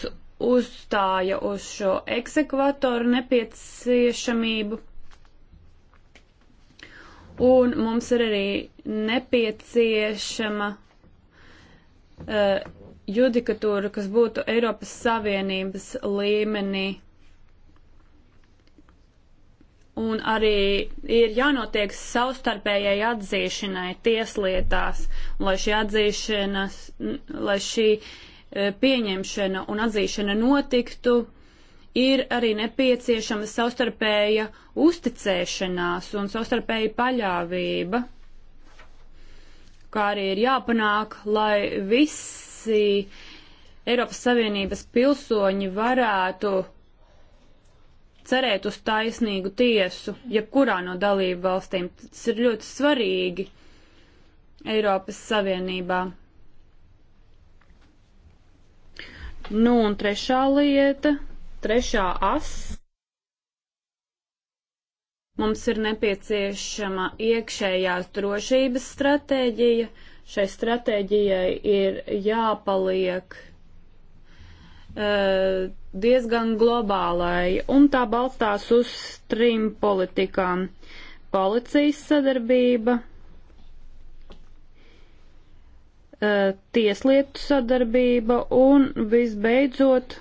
uzstāja uz šo eksekvatoru nepieciešamību. Un mums ir arī nepieciešama uh, judikatūra, kas būtu Eiropas Savienības līmenī un arī ir jānotiek savstarpējai atzīšanai tieslietās, lai šī atzīšanas, lai šī e, pieņemšana un atzīšana notiktu, ir arī nepieciešama savstarpēja uzticēšanās un savstarpēja paļāvība, kā arī ir jāpanāk, lai visi Eiropas Savienības pilsoņi varētu cerēt uz taisnīgu tiesu, jebkurā no dalību valstīm. Tas ir ļoti svarīgi Eiropas Savienībā. Nu, un trešā lieta, trešā as. Mums ir nepieciešama iekšējās drošības stratēģija. Šai stratēģijai ir jāpaliek Eh, diezgan globālai, un tā balstās uz trim politikām - policijas sadarbība, eh, tieslietu sadarbība un visbeidzot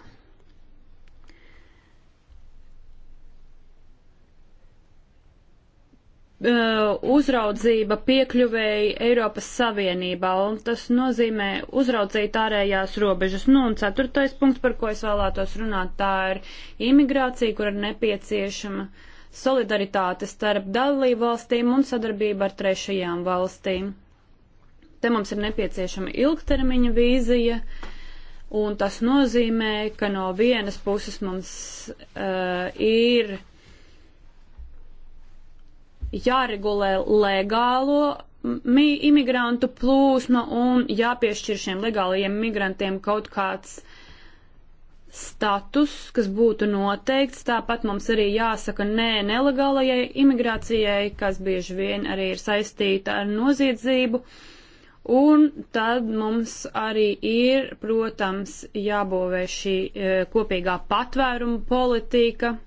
Uh, uzraudzība piekļuvēja Eiropas Savienībā, un tas nozīmē uzraudzīt ārējās robežas. Nu, un ceturtais punkts, par ko es vēlētos runāt, tā ir imigrācija, kur ir nepieciešama solidaritāte starp dalību valstīm un sadarbība ar trešajām valstīm. Te mums ir nepieciešama ilgtermiņa vīzija, un tas nozīmē, ka no vienas puses mums uh, ir jāregulē legālo imigrantu plūsma un jāpiešķir šiem legālajiem migrantiem kaut kāds status, kas būtu noteikts. Tāpat mums arī jāsaka nē nelegālajai imigrācijai, kas bieži vien arī ir saistīta ar noziedzību. Un tad mums arī ir, protams, jābūvē šī e, kopīgā patvēruma politika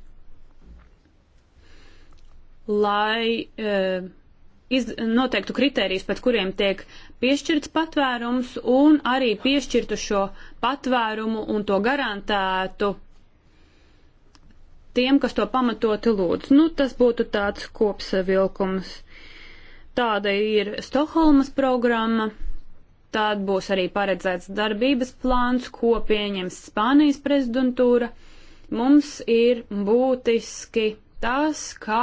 lai uh, iz, noteiktu kritērijus, pēc kuriem tiek piešķirts patvērums un arī piešķirtu šo patvērumu un to garantētu tiem, kas to pamatoti lūdz. Nu, tas būtu tāds kopsavilkums. Tāda ir Stokholmas programma, tad būs arī paredzēts darbības plāns, ko pieņems Spānijas prezidentūra. Mums ir būtiski tas, kā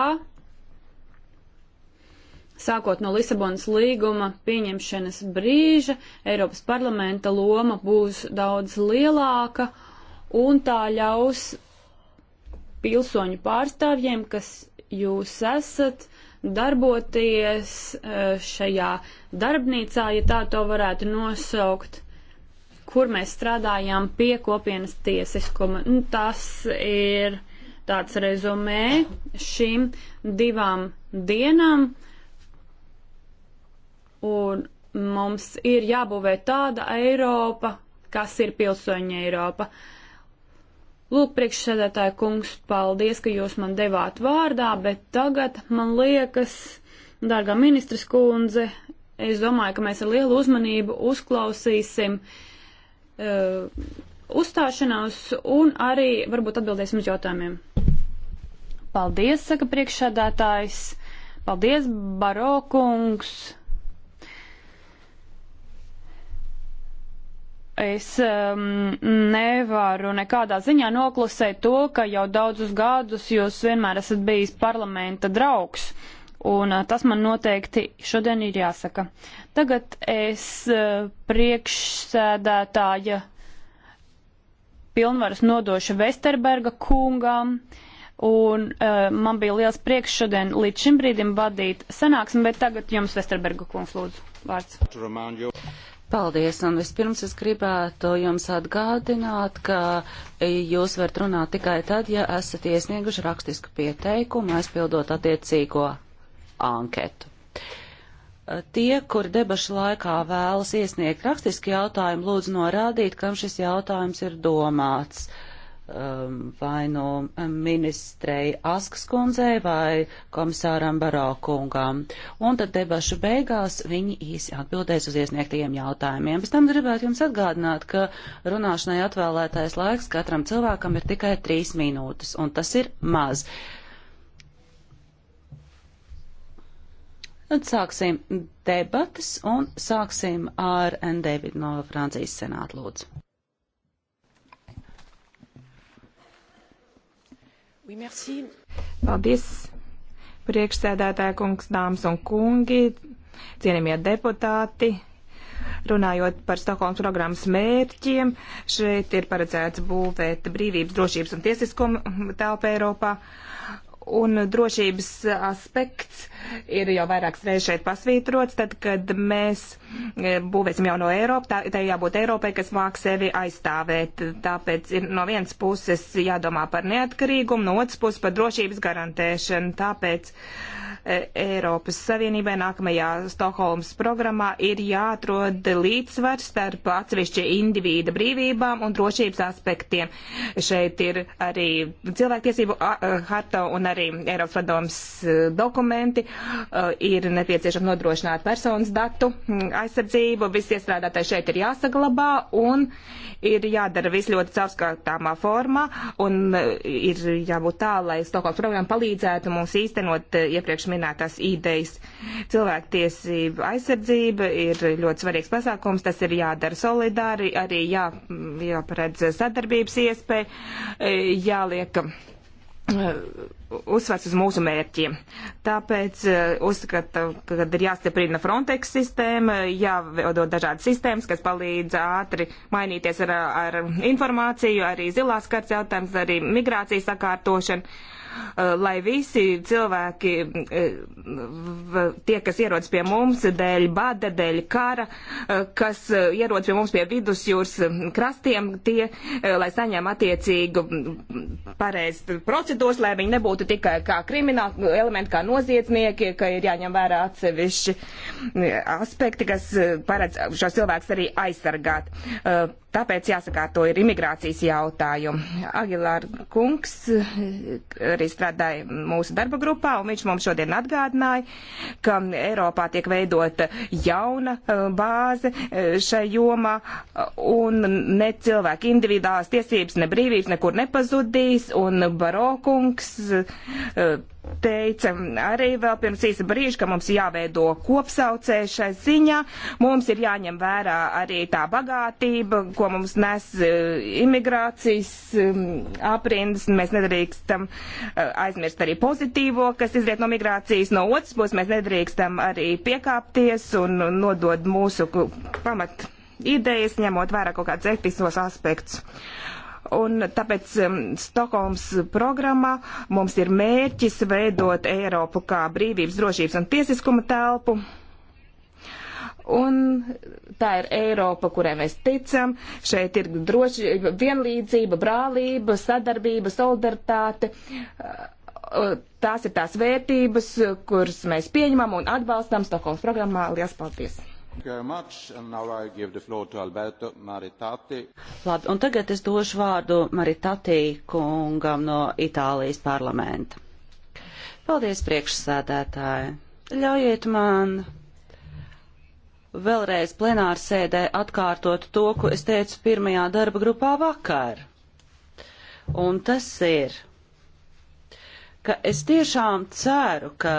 sākot no Lisabonas līguma pieņemšanas brīža, Eiropas parlamenta loma būs daudz lielāka un tā ļaus pilsoņu pārstāvjiem, kas jūs esat, darboties e, šajā darbnīcā, ja tā to varētu nosaukt, kur mēs strādājām pie kopienas tiesiskuma. Nu, tas ir tāds rezumē šīm divām dienām. Uh, Un mums ir jābūvē tāda Eiropa, kas ir pilsoņa Eiropa. Lūk, priekšsēdētāja kungs, paldies, ka jūs man devāt vārdā, bet tagad man liekas, dārgā ministras kundze, es domāju, ka mēs ar lielu uzmanību uzklausīsim uh, uzstāšanos un arī varbūt atbildēsim uz jautājumiem. Paldies, saka priekšsēdētājs. Paldies, Barokungs. es um, nevaru nekādā ziņā noklusēt to, ka jau daudzus gadus jūs vienmēr esat bijis parlamenta draugs. Un uh, tas man noteikti šodien ir jāsaka. Tagad es uh, priekšsēdētāja pilnvaras nodošu Vesterberga kungām. Un uh, man bija liels prieks šodien līdz šim brīdim vadīt sanāksmi, bet tagad jums Vesterberga kungs lūdzu vārds. Paldies, un vispirms es gribētu jums atgādināt, ka jūs varat runāt tikai tad, ja esat iesnieguši rakstisku pieteikumu, aizpildot attiecīgo anketu. Tie, kuri debašu laikā vēlas iesniegt rakstiski jautājumu, lūdzu norādīt, kam šis jautājums ir domāts. Uh, Um, vai no nu, um, ministrei Askas kundzei vai komisāram Barokungam. Un tad debašu beigās viņi īsi atbildēs uz iesniegtajiem jautājumiem. Pēc tam gribētu jums atgādināt, ka runāšanai atvēlētais laiks katram cilvēkam ir tikai trīs minūtes, un tas ir maz. Tad sāksim debatas un sāksim ar N. Davidu no Francijas senāta lūdzu. Paldies, priekšsēdētāja kungs, dāmas un kungi, cienījamie deputāti. Runājot par Stokholmas programmas mērķiem, šeit ir paredzēts būvēt brīvības, drošības un tiesiskuma telpu Eiropā. Un drošības aspekts ir jau vairākas reizes šeit pasvītrots, tad, kad mēs Ehm, būvēsim jauno Eiropu, tā, tā jābūt Eiropai, kas māk sevi aizstāvēt. Tāpēc ir no vienas puses jādomā par neatkarīgumu, no otras puses par drošības garantēšanu. Tāpēc e, Eiropas Savienībai nākamajā Stokholmas programmā ir jāatrod līdzsvars starp atsevišķi individa brīvībām un drošības aspektiem. Šeit ir arī cilvēktiesību e, harta un arī Eiropas padomas e, dokumenti. Ir nepieciešams nodrošināt personas datu aizsardzību, viss iestrādātais šeit ir jāsaglabā un ir jādara viss ļoti caurskatāmā formā un e, ir jābūt tā, lai Stokholmas programma palīdzētu mums īstenot e, iepriekš minētās idejas. Cilvēktiesība aizsardzība ir ļoti svarīgs pasākums, tas ir jādara solidāri, arī jā, jāparedz sadarbības iespēja, e, jāliek uzsvērts uz mūsu mērķiem. Tāpēc eh, uzskata, ka ir jāstiprina Frontex sistēma, jāveidot dažādas sistēmas, kas palīdz ātri mainīties ar, ar informāciju, arī zilās karts jautājums, arī migrācijas sakārtošana Eh, lai visi cilvēki, eh, tie, kas ierodas pie mums dēļ bada, dēļ kara, eh, kas ierodas pie mums pie vidusjūras krastiem, tie, lai saņem attiecīgu mm, pareizi procedūras, lai viņi nebūtu tikai kā krimināli elementi, kā noziedznieki, ka ir jāņem vērā atsevišķi mm, aspekti, kas paredz šos cilvēkus arī aizsargāt. Tāpēc jāsakārto ir imigrācijas jautājumi. Agilār kungs eh, arī strādāja mūsu darba grupā, un viņš mums šodien atgādināja, ka Eiropā tiek veidota jauna eh, bāze eh, šai jomā, un ne cilvēki individuālās tiesības, ne brīvības nekur nepazudīs, un Barokungs teica arī vēl pirms īsa brīža, ka mums jāveido kopsaucē šai ziņā, mums ir jāņem vērā arī tā bagātība, ko mums nes e, imigrācijas e, aprindas, mēs nedrīkstam e, aizmirst arī pozitīvo, kas izriet no migrācijas, no otras puses mēs nedrīkstam arī piekāpties un nodod mūsu pamat idejas, ņemot vērā kaut kādus etiskos aspektus. Un tāpēc um, Stokholmas programmā mums ir mērķis veidot Eiropu kā brīvības, drošības un tiesiskuma telpu. Un tā ir Eiropa, kurai mēs ticam. Šeit ir droši, vienlīdzība, brālība, sadarbība, solidaritāte. Uh, uh, tās ir tās vērtības, kuras mēs pieņemam un atbalstam Stokholmas programmā. Lielas paldies! Labi, un tagad es došu vārdu Maritati kungam no Itālijas parlamenta. Paldies, priekšsēdētāji. Ļaujiet man vēlreiz plenāru sēdē atkārtot to, ko es teicu pirmajā darba grupā vakar. Un tas ir, ka es tiešām ceru, ka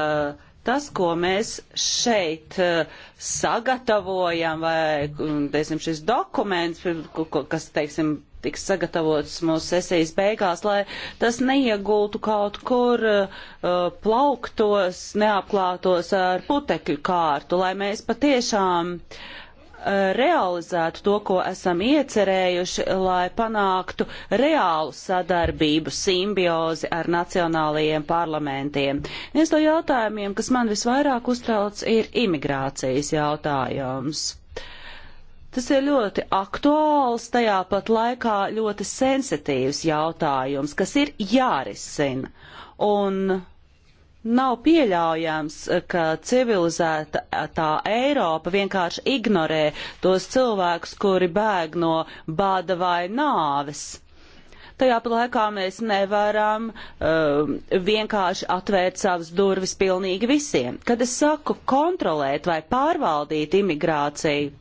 tas, ko mēs šeit eh, sagatavojam, vai, mm, teiksim, šis dokuments, kas, teiksim, tiks sagatavots mūsu sesijas beigās, lai tas neiegultu kaut kur uh, plauktos, neapklātos ar putekļu kārtu, lai mēs patiešām uh, Eh, realizētu to, ko esam iecerējuši, lai panāktu reālu sadarbību, simbiozi ar nacionālajiem parlamentiem. Viens no jautājumiem, kas man visvairāk uztrauc, ir imigrācijas jautājums. Tas ir ļoti aktuāls, tajā pat laikā ļoti sensitīvs jautājums, kas ir jārisina. Un Nav pieļaujams, eh, ka civilizēta eh, tā Eiropa vienkārši ignorē tos cilvēkus, kuri bēg no bāda vai nāves tajā pat laikā mēs nevaram uh, vienkārši atvērt savas durvis pilnīgi visiem. Kad es saku kontrolēt vai pārvaldīt imigrāciju,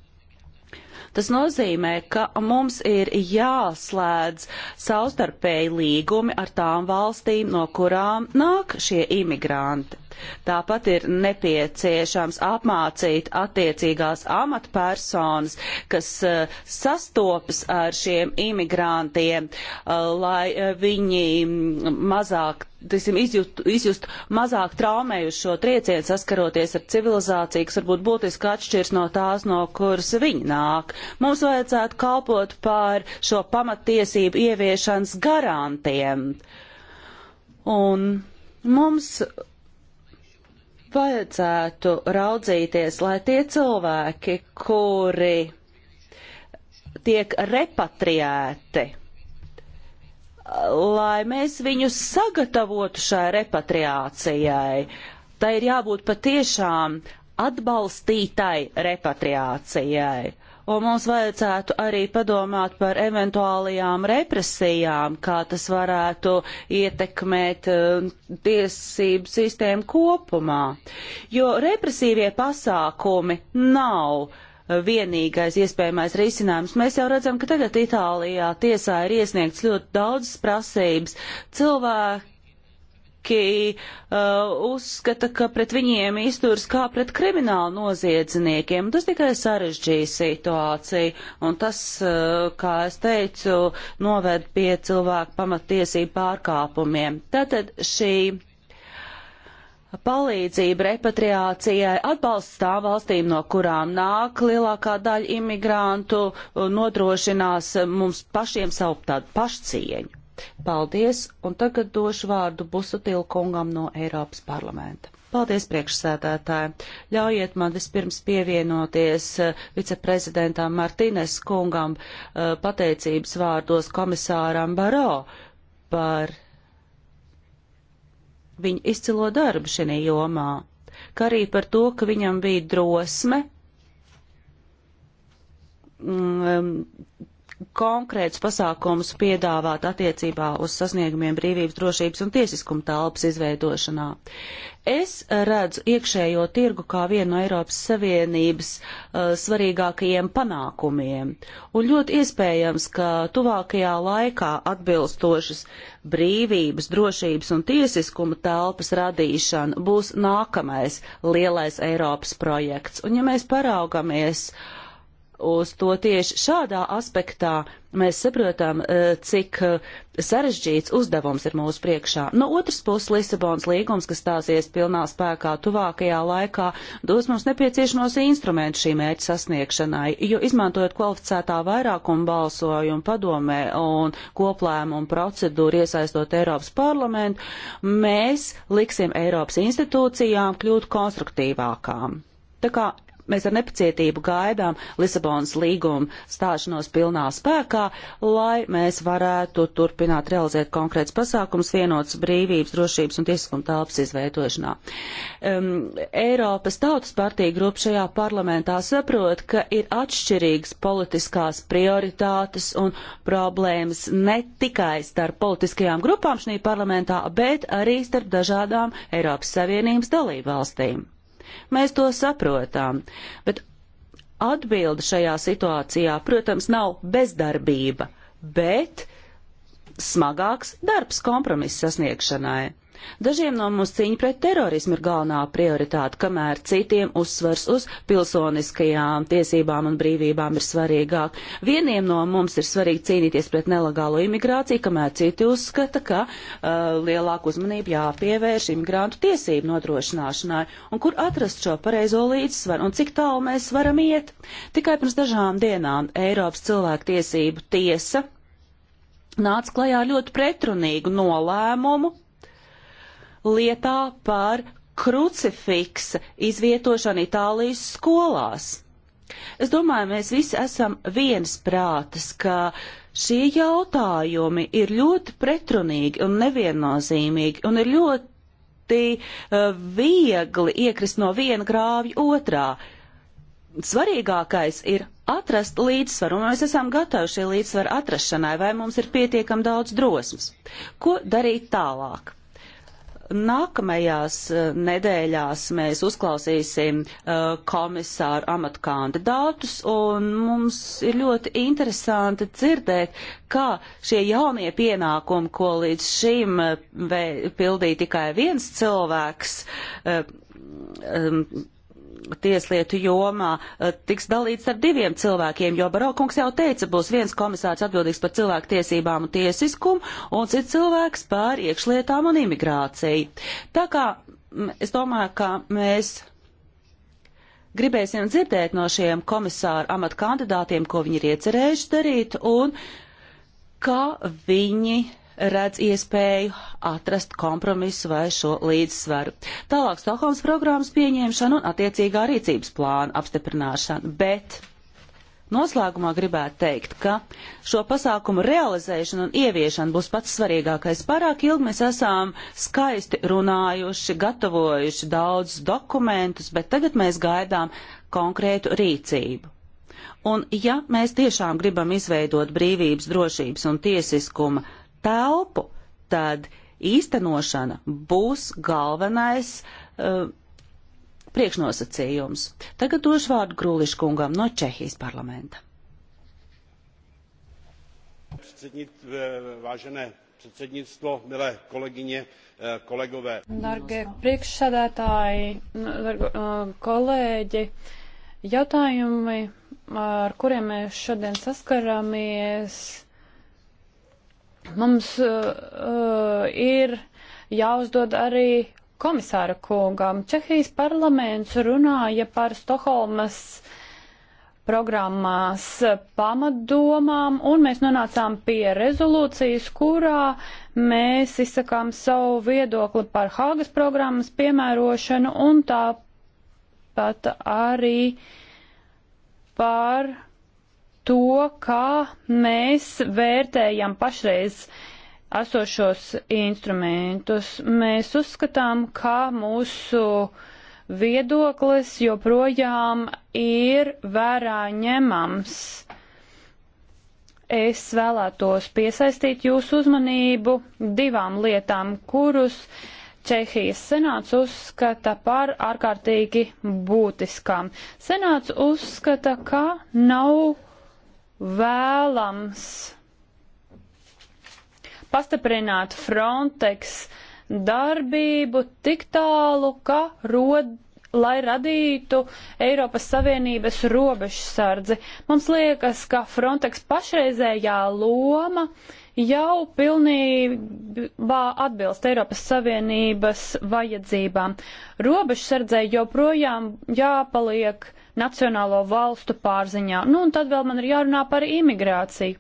Tas nozīmē, ka mums ir jāslēdz savstarpēji līgumi ar tām valstīm, no kurām nāk šie imigranti. Tāpat ir nepieciešams apmācīt attiecīgās amatpersonas, kas eh, sastopas ar šiem imigrantiem, eh, lai eh, viņi mazāk, tiesim, izjust, izjust mazāk traumējušo triecienu saskaroties ar civilizāciju, kas varbūt būtiski atšķirs no tās, no kuras viņi nāk. Mums vajadzētu kalpot par šo pamatiesību ieviešanas garantiem. Un mums vajadzētu raudzīties, lai tie cilvēki, kuri tiek repatriēti, lai mēs viņus sagatavotu šai repatriācijai, tai ir jābūt patiešām atbalstītai repatriācijai. Un mums vajadzētu arī padomāt par eventuālajām represijām, kā tas varētu ietekmēt uh, tiesību sistēmu kopumā. Jo represīvie pasākumi nav uh, vienīgais iespējamais risinājums. Mēs jau redzam, ka tagad Itālijā tiesā ir iesniegts ļoti daudzas prasības. Cilvēki cilvēki uh, uzskata, ka pret viņiem izturs kā pret kriminālu noziedzniekiem. Tas tikai sarežģīja situāciju, un tas, uh, kā es teicu, noved pie cilvēku pamatiesību pārkāpumiem. Tātad šī palīdzība repatriācijai atbalsts tām valstīm, no kurām nāk lielākā daļa imigrantu, uh, nodrošinās mums pašiem savu tādu pašcieņu. Paldies, un tagad došu vārdu Busutil kungam no Eiropas parlamenta. Paldies, priekšsēdētāji. Ļaujiet man vispirms pievienoties eh, viceprezidentam Martīnes kungam eh, pateicības vārdos komisāram Baro par viņa izcilo darbu šajā jomā, kā arī par to, ka viņam bija drosme um, konkrētus pasākumus piedāvāt attiecībā uz sasniegumiem brīvības, drošības un tiesiskuma telpas izveidošanā. Es redzu iekšējo tirgu kā vienu no Eiropas Savienības uh, svarīgākajiem panākumiem, un ļoti iespējams, ka tuvākajā laikā atbilstošas brīvības, drošības un tiesiskuma telpas radīšana būs nākamais lielais Eiropas projekts. Un ja mēs paraugamies uh, uz to tieši šādā aspektā mēs saprotam, e, cik e, sarežģīts uzdevums ir mūsu priekšā. No otras puses, Lisabonas līgums, kas stāsies pilnā spēkā tuvākajā laikā, dos mums nepieciešamos instrumentus šī mērķa sasniegšanai, jo izmantojot kvalificētā vairākuma balsojumu padomē un koplēmumu procedūru iesaistot Eiropas parlamentu, mēs liksim Eiropas institūcijām kļūt konstruktīvākām. Tā kā mēs ar nepacietību gaidām Lisabonas līguma stāšanos pilnā spēkā, lai mēs varētu turpināt realizēt konkrēts pasākums vienotas brīvības, drošības un tiesiskuma telpas izveidošanā. Um, Eiropas Tautas partija grupa šajā parlamentā saprot, ka ir atšķirīgas politiskās prioritātes un problēmas ne tikai starp politiskajām grupām šī parlamentā, bet arī starp dažādām Eiropas Savienības dalībvalstīm. Mēs to saprotam, bet atbilde šajā situācijā, protams, nav bezdarbība, bet smagāks darbs kompromisa sasniegšanai. Dažiem no mums cīņa pret terorismu ir galvenā prioritāte, kamēr citiem uzsvars uz pilsoniskajām tiesībām un brīvībām ir svarīgāk. Vieniem no mums ir svarīgi cīnīties pret nelegālo imigrāciju, kamēr citi uzskata, ka uh, lielāku uzmanību jāpievērš imigrantu tiesību nodrošināšanai un kur atrast šo pareizo līdzsvaru un cik tālu mēs varam iet. Tikai pirms dažām dienām Eiropas cilvēktiesību tiesa nāca klajā ļoti pretrunīgu nolēmumu, lietā par krucifiksa izvietošanu Itālijas skolās. Es domāju, mēs visi esam viensprātis, ka šie jautājumi ir ļoti pretrunīgi un neviennozīmīgi un ir ļoti uh, viegli iekrist no viena grāvja otrā. Svarīgākais ir atrast līdzsvaru, un mēs esam gatavi šī līdzsvara atrašanai, vai mums ir pietiekam daudz drosmes. Ko darīt tālāk? Nākamajās eh, nedēļās mēs uzklausīsim eh, komisāru amatkandidātus, un mums ir ļoti interesanti dzirdēt, kā šie jaunie pienākumi, ko līdz šim eh, pildīja tikai viens cilvēks, tieslietu jomā eh, tiks dalīts ar diviem cilvēkiem, jo Barokungs jau teica, būs viens komisārs atbildīgs par cilvēku tiesībām un tiesiskumu, un cits cilvēks par iekšlietām un imigrāciju. Tā kā es domāju, ka mēs gribēsim dzirdēt no šiem komisāru amatkandidātiem, ko viņi ir iecerējuši darīt un kā viņi redz iespēju atrast kompromisu vai šo līdzsvaru. Tālāk Stokholmas programmas pieņemšana un attiecīgā rīcības plāna apstiprināšana, bet noslēgumā gribētu teikt, ka šo pasākumu realizēšana un ieviešana būs pats svarīgākais. Pārāk ilgi mēs esam skaisti runājuši, gatavojuši daudz dokumentus, bet tagad mēs gaidām konkrētu rīcību. Un ja mēs tiešām gribam izveidot brīvības, drošības un tiesiskuma telpu, tad īstenošana būs galvenais uh, priekšnosacījums. Tagad došu vārdu Grūliškungam no Čehijas parlamenta. Vážené předsednictvo, milé kolegyně, eh, kolegové. Dargie priekšsēdētāji, dargo, eh, kolēģi, jautājumi, ar kuriem mēs šodien saskaramies, Mums uh, uh, ir jāuzdod arī komisāra kungam. Čehijas parlaments runāja par Stokholmas programmās pamatdomām, un mēs nonācām pie rezolūcijas, kurā mēs izsakām savu viedokli par Hāgas programmas piemērošanu un tāpat arī par to, kā mēs vērtējam pašreiz esošos instrumentus. Mēs uzskatām, ka mūsu viedoklis joprojām ir vērā ņemams. Es vēlētos piesaistīt jūsu uzmanību divām lietām, kurus Čehijas senāts uzskata par ārkārtīgi būtiskām. Senāts uzskata, ka nav vēlams pastiprināt Frontex darbību tik tālu, ka rod, lai radītu Eiropas Savienības robežsardzi. Mums liekas, ka Frontex pašreizējā loma jau pilnībā atbilst Eiropas Savienības vajadzībām. Robežsardzē joprojām jāpaliek uh, nacionālo valstu pārziņā. Nu, un tad vēl man ir jārunā par imigrāciju.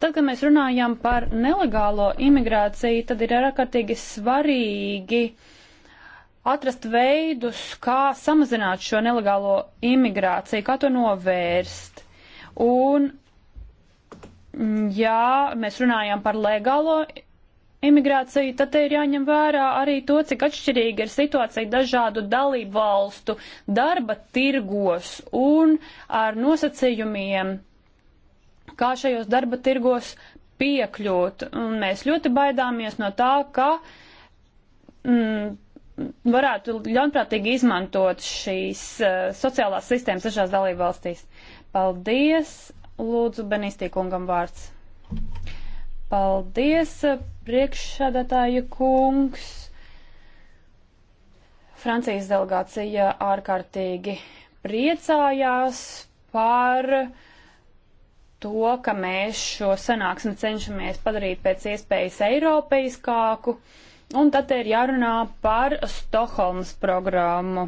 Tad, kad mēs runājam par nelegālo imigrāciju, tad ir ārkārtīgi svarīgi atrast veidus, kā samazināt šo nelegālo imigrāciju, kā to novērst. Un, mm, ja mēs runājam par legālo imigrāciju, tad te ir jāņem vērā arī to, cik atšķirīga ir situācija dažādu dalību valstu darba tirgos un ar nosacījumiem, kā šajos darba tirgos piekļūt. Un mēs ļoti baidāmies no tā, ka mm, varētu ļaunprātīgi izmantot šīs uh, sociālās sistēmas dažās dalību valstīs. Paldies! Lūdzu, Benistī kungam vārds. Paldies, priekšsēdētāja kungs. Francijas delegācija ārkārtīgi priecājās par to, ka mēs šo sanāksmi cenšamies padarīt pēc iespējas eiropeiskāku, un tad ir jārunā par Stokholmas programmu.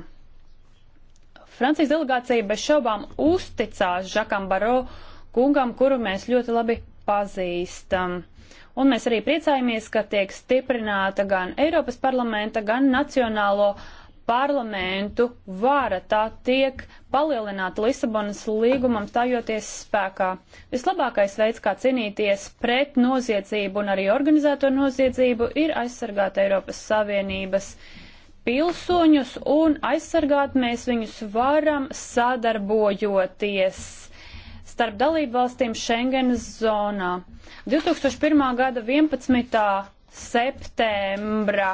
Francijas delegācija bez šaubām uzticās Žakam Baro kungam, kuru mēs ļoti labi pazīstam. Un mēs arī priecājamies, ka tiek stiprināta gan Eiropas parlamenta, gan Nacionālo parlamentu vara. Tā tiek palielināta Lisabonas līgumam stājoties spēkā. Vislabākais veids, kā cīnīties pret noziedzību un arī organizēto noziedzību, ir aizsargāt Eiropas Savienības pilsoņus un aizsargāt mēs viņus varam sadarbojoties starp dalību valstīm Schengenas zonā. 2001. gada 11. septembra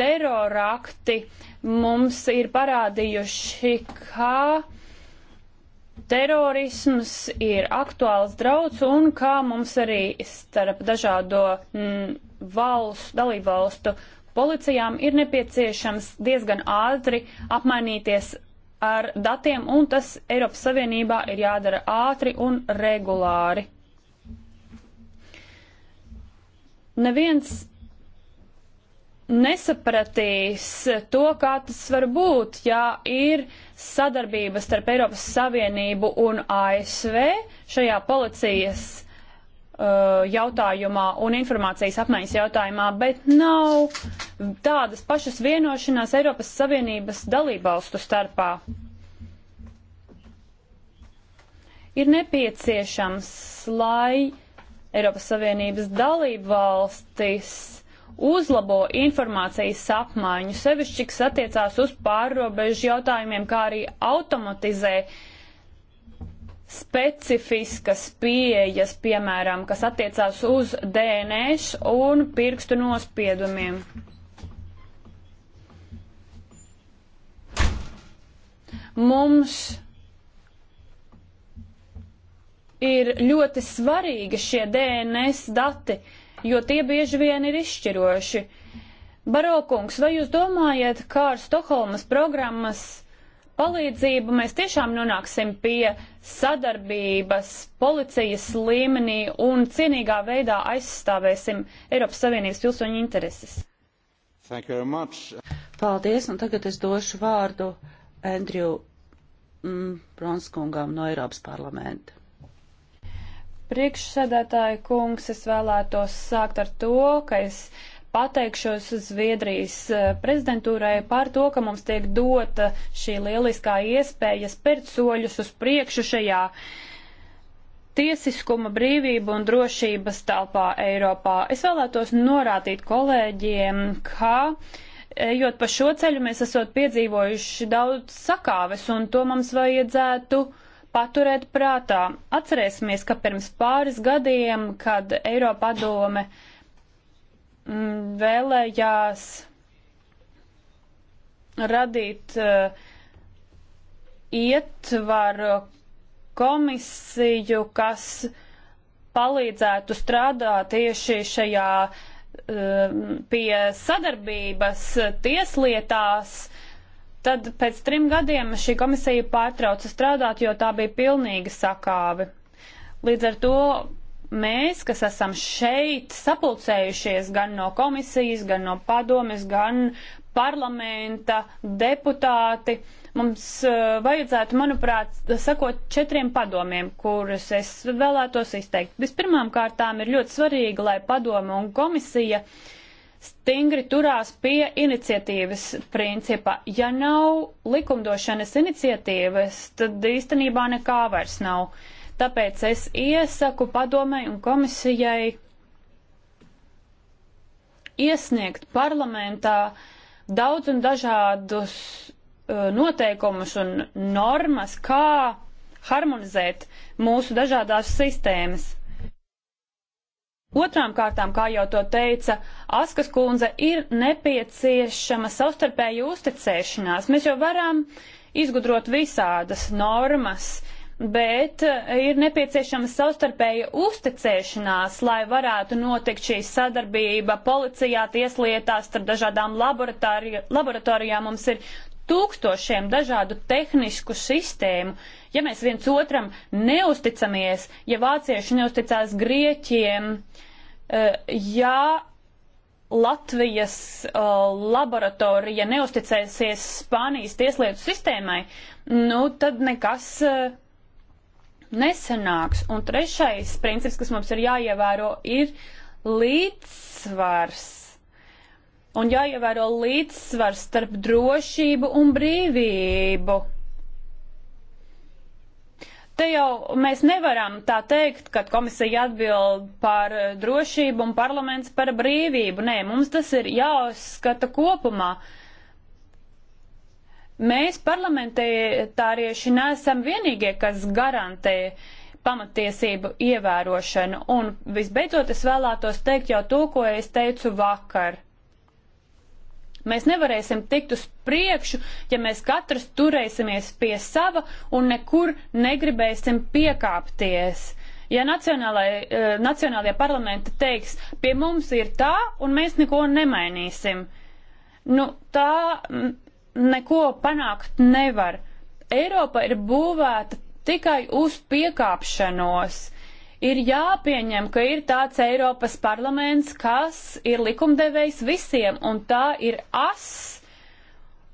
terorakti mums ir parādījuši, kā terorisms ir aktuāls draudz un kā mums arī starp dažādo mm, valstu, dalību valstu policijām ir nepieciešams diezgan ātri apmainīties ar datiem, un tas Eiropas Savienībā ir jādara ātri un regulāri. Neviens nesapratīs to, kā tas var būt, ja ir sadarbība starp Eiropas Savienību un ASV šajā policijas Uh, jautājumā un informācijas apmaiņas jautājumā, bet nav tādas pašas vienošanās Eiropas Savienības dalībvalstu starpā. Ir nepieciešams, lai Eiropas Savienības dalībvalstis uzlabo informācijas apmaiņu, sevišķi, kas attiecās uz pārrobežu jautājumiem, kā arī automatizē uh, specifiskas pieejas, piemēram, kas attiecās uz DNS un pirkstu nospiedumiem. Mums ir ļoti svarīgi šie DNS dati, jo tie bieži vien ir izšķiroši. Barokungs, vai jūs domājat, kā ar Stokholmas programmas palīdzību mēs tiešām nonāksim pie sadarbības policijas līmenī un cienīgā veidā aizstāvēsim Eiropas Savienības pilsoņu intereses. Paldies, un tagad es došu vārdu Andriju mm, Bronskungam no Eiropas parlamenta. Priekšsēdētāja kungs, es vēlētos sākt ar to, ka es uh, pateikšos Zviedrijas eh, prezidentūrai par to, ka mums tiek dota šī lieliskā iespēja spērt soļus uz priekšu šajā tiesiskuma, brīvību un drošības telpā Eiropā. Es vēlētos norādīt kolēģiem, ka. Ejot pa šo ceļu, mēs esam piedzīvojuši daudz sakāves, un to mums vajadzētu uh, paturēt prātā. Atcerēsimies, ka pirms pāris gadiem, kad Eiropa padome uh, Mm, vēlējās radīt uh, ietvaru komisiju, kas palīdzētu strādāt tieši šajā uh, pie sadarbības tieslietās, tad pēc trim gadiem šī komisija pārtrauca strādāt, jo tā bija pilnīga sakāve. Līdz ar to mēs, kas esam šeit sapulcējušies gan no komisijas, gan no padomes, gan parlamenta deputāti, mums uh, vajadzētu, manuprāt, sakot četriem padomiem, kurus es vēlētos izteikt. Vispirmām kārtām ir ļoti svarīgi, lai padome un komisija stingri turās pie iniciatīvas principa. Ja nav likumdošanas iniciatīvas, tad īstenībā nekā vairs nav. Uh, Tāpēc es iesaku padomai un komisijai iesniegt parlamentā daudz un dažādus uh, noteikumus un normas, kā harmonizēt mūsu dažādās sistēmas. Otrām kārtām, kā jau to teica Askas kundze, ir nepieciešama savstarpēja uzticēšanās. Mēs jau varam izgudrot visādas normas, bet eh, ir nepieciešama savstarpēja uzticēšanās, lai varētu notikt šī sadarbība policijā, tieslietās, starp dažādām laboratorijām. Mums ir tūkstošiem dažādu tehnisku sistēmu. Ja mēs viens otram neusticamies, ja vācieši neusticās grieķiem, eh, ja Latvijas eh, laboratorija neusticēsies Spānijas tieslietu sistēmai, nu tad nekas nesanāks. Un trešais princips, kas mums ir jāievēro, ir līdzsvars. Un jāievēro līdzsvars starp drošību un brīvību. Te jau mēs nevaram tā teikt, ka komisija atbild par drošību un parlaments par brīvību. Nē, mums tas ir jāuzskata kopumā. Uh, Mēs parlamentārieši neesam vienīgie, kas garantē pamatiesību ievērošanu. Un visbeidzot, es vēlētos teikt jau to, ko es teicu vakar. Mēs nevarēsim tikt uz priekšu, ja mēs katrs turēsimies pie sava un nekur negribēsim piekāpties. Ja eh, nacionālajie parlamenti teiks, pie mums ir tā un mēs neko nemainīsim, nu tā neko panākt nevar. Eiropa ir būvēta tikai uz piekāpšanos. Ir jāpieņem, ka ir tāds Eiropas parlaments, kas ir likumdevējs visiem, un tā ir as,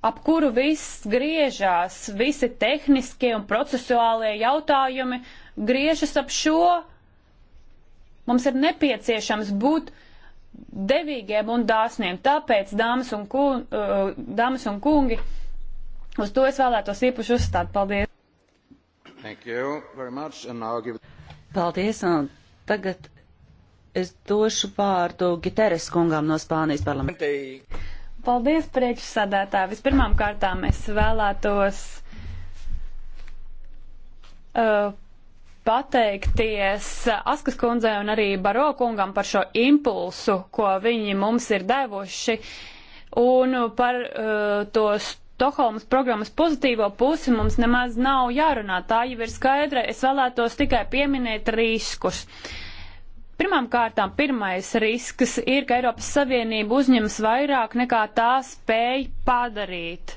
ap kuru viss griežās, visi tehniskie un procesuālie jautājumi griežas ap šo. Mums ir nepieciešams būt uh, devīgiem un dāsniem. Tāpēc, dāmas un, kun, uh, eh, dāmas un kungi, uz to es vēlētos īpaši uzstāt. Paldies! Give... Paldies! Un tagad es došu vārdu Giteres kungām no Spānijas parlamenta. Paldies, priekšsādātā! Vispirmām kārtām es vēlētos. Uh, pateikties Askas kundzei un arī Baro kungam par šo impulsu, ko viņi mums ir devuši, un par uh, tos Stokholmas programmas pozitīvo pusi mums nemaz nav jārunā, tā jau ir skaidra. Es vēlētos tikai pieminēt riskus. Pirmām kārtām, pirmais risks ir, ka Eiropas Savienība uzņems vairāk nekā tā spēj padarīt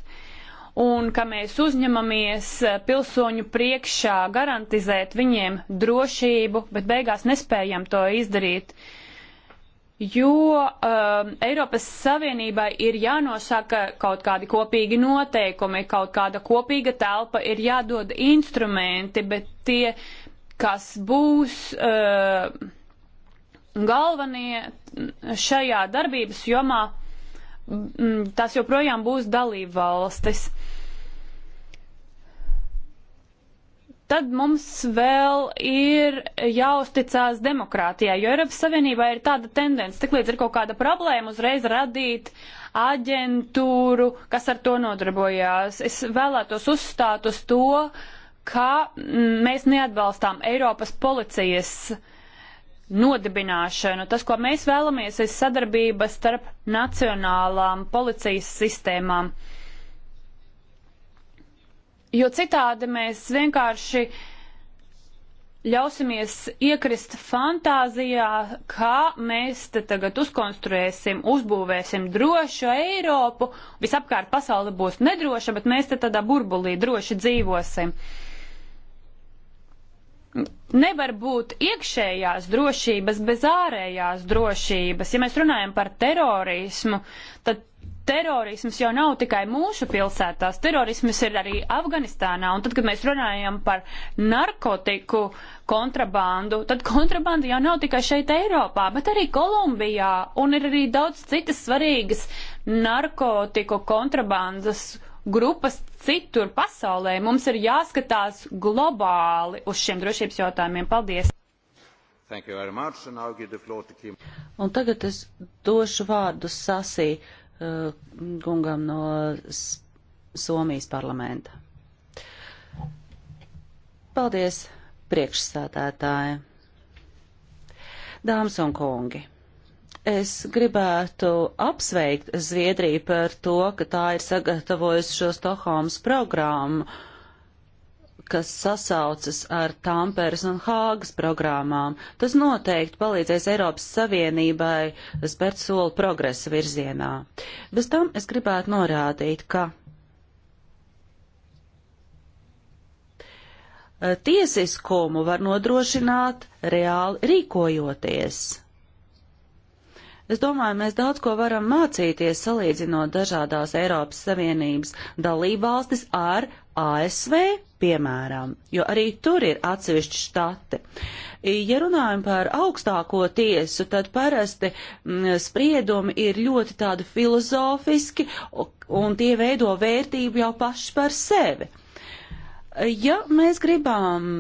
un ka mēs uzņemamies eh, pilsoņu priekšā garantizēt viņiem drošību, bet beigās nespējam to izdarīt. Jo um, Eiropas Savienībai ir jānosaka kaut kādi kopīgi noteikumi, kaut kāda kopīga telpa, ir jādod instrumenti, bet tie, kas būs. Uh, galvenie šajā darbības jomā, mm, tas joprojām būs dalību valstis. tad mums vēl ir jāuzticās demokrātijai, jo Eiropas Savienībā ir tāda tendence, tik līdz ir kaut kāda problēma, uzreiz radīt aģentūru, kas ar to nodarbojās. Es vēlētos uzstāt uz to, ka mm, mēs neatbalstām Eiropas policijas nodibināšanu. Tas, ko mēs vēlamies, ir sadarbība starp nacionālām policijas sistēmām. Uh, jo citādi mēs vienkārši ļausimies iekrist fantāzijā, kā mēs te tagad uzkonstruēsim, uzbūvēsim drošu Eiropu, visapkārt pasauli būs nedroša, bet mēs te tādā burbulī droši dzīvosim. Nevar būt iekšējās drošības bez ārējās drošības. Ja mēs runājam par terorismu, tad terorisms jau nav tikai mūsu pilsētās, terorisms ir arī Afganistānā. Un tad, kad mēs runājam par narkotiku kontrabandu, tad kontrabanda jau nav tikai šeit Eiropā, bet arī Kolumbijā. Un ir arī daudz citas svarīgas narkotiku kontrabandas grupas citur pasaulē. Mums ir jāskatās globāli uz šiem drošības jautājumiem. Paldies! Un tagad es došu vārdu Sasī Eh, kungam no Somijas parlamenta. Paldies, priekšsādātāji! Dāmas un kungi! Es gribētu apsveikt Zviedriju par to, ka tā ir sagatavojusi šo Stokholmas programmu kas sasaucas ar Tāmperes un Hāgas programmām. Tas noteikti palīdzēs Eiropas Savienībai spērt soli progresa virzienā. Bez tam es gribētu norādīt, ka eh, tiesiskumu var nodrošināt reāli rīkojoties. Es domāju, mēs daudz ko varam mācīties, salīdzinot dažādās Eiropas Savienības dalībvalstis ar ASV, piemēram, jo arī tur ir atsevišķi štati. Ja runājam par augstāko tiesu, tad parasti m, mm, spriedumi ir ļoti tādi filozofiski, un tie veido vērtību jau paši par sevi. Ja mēs gribam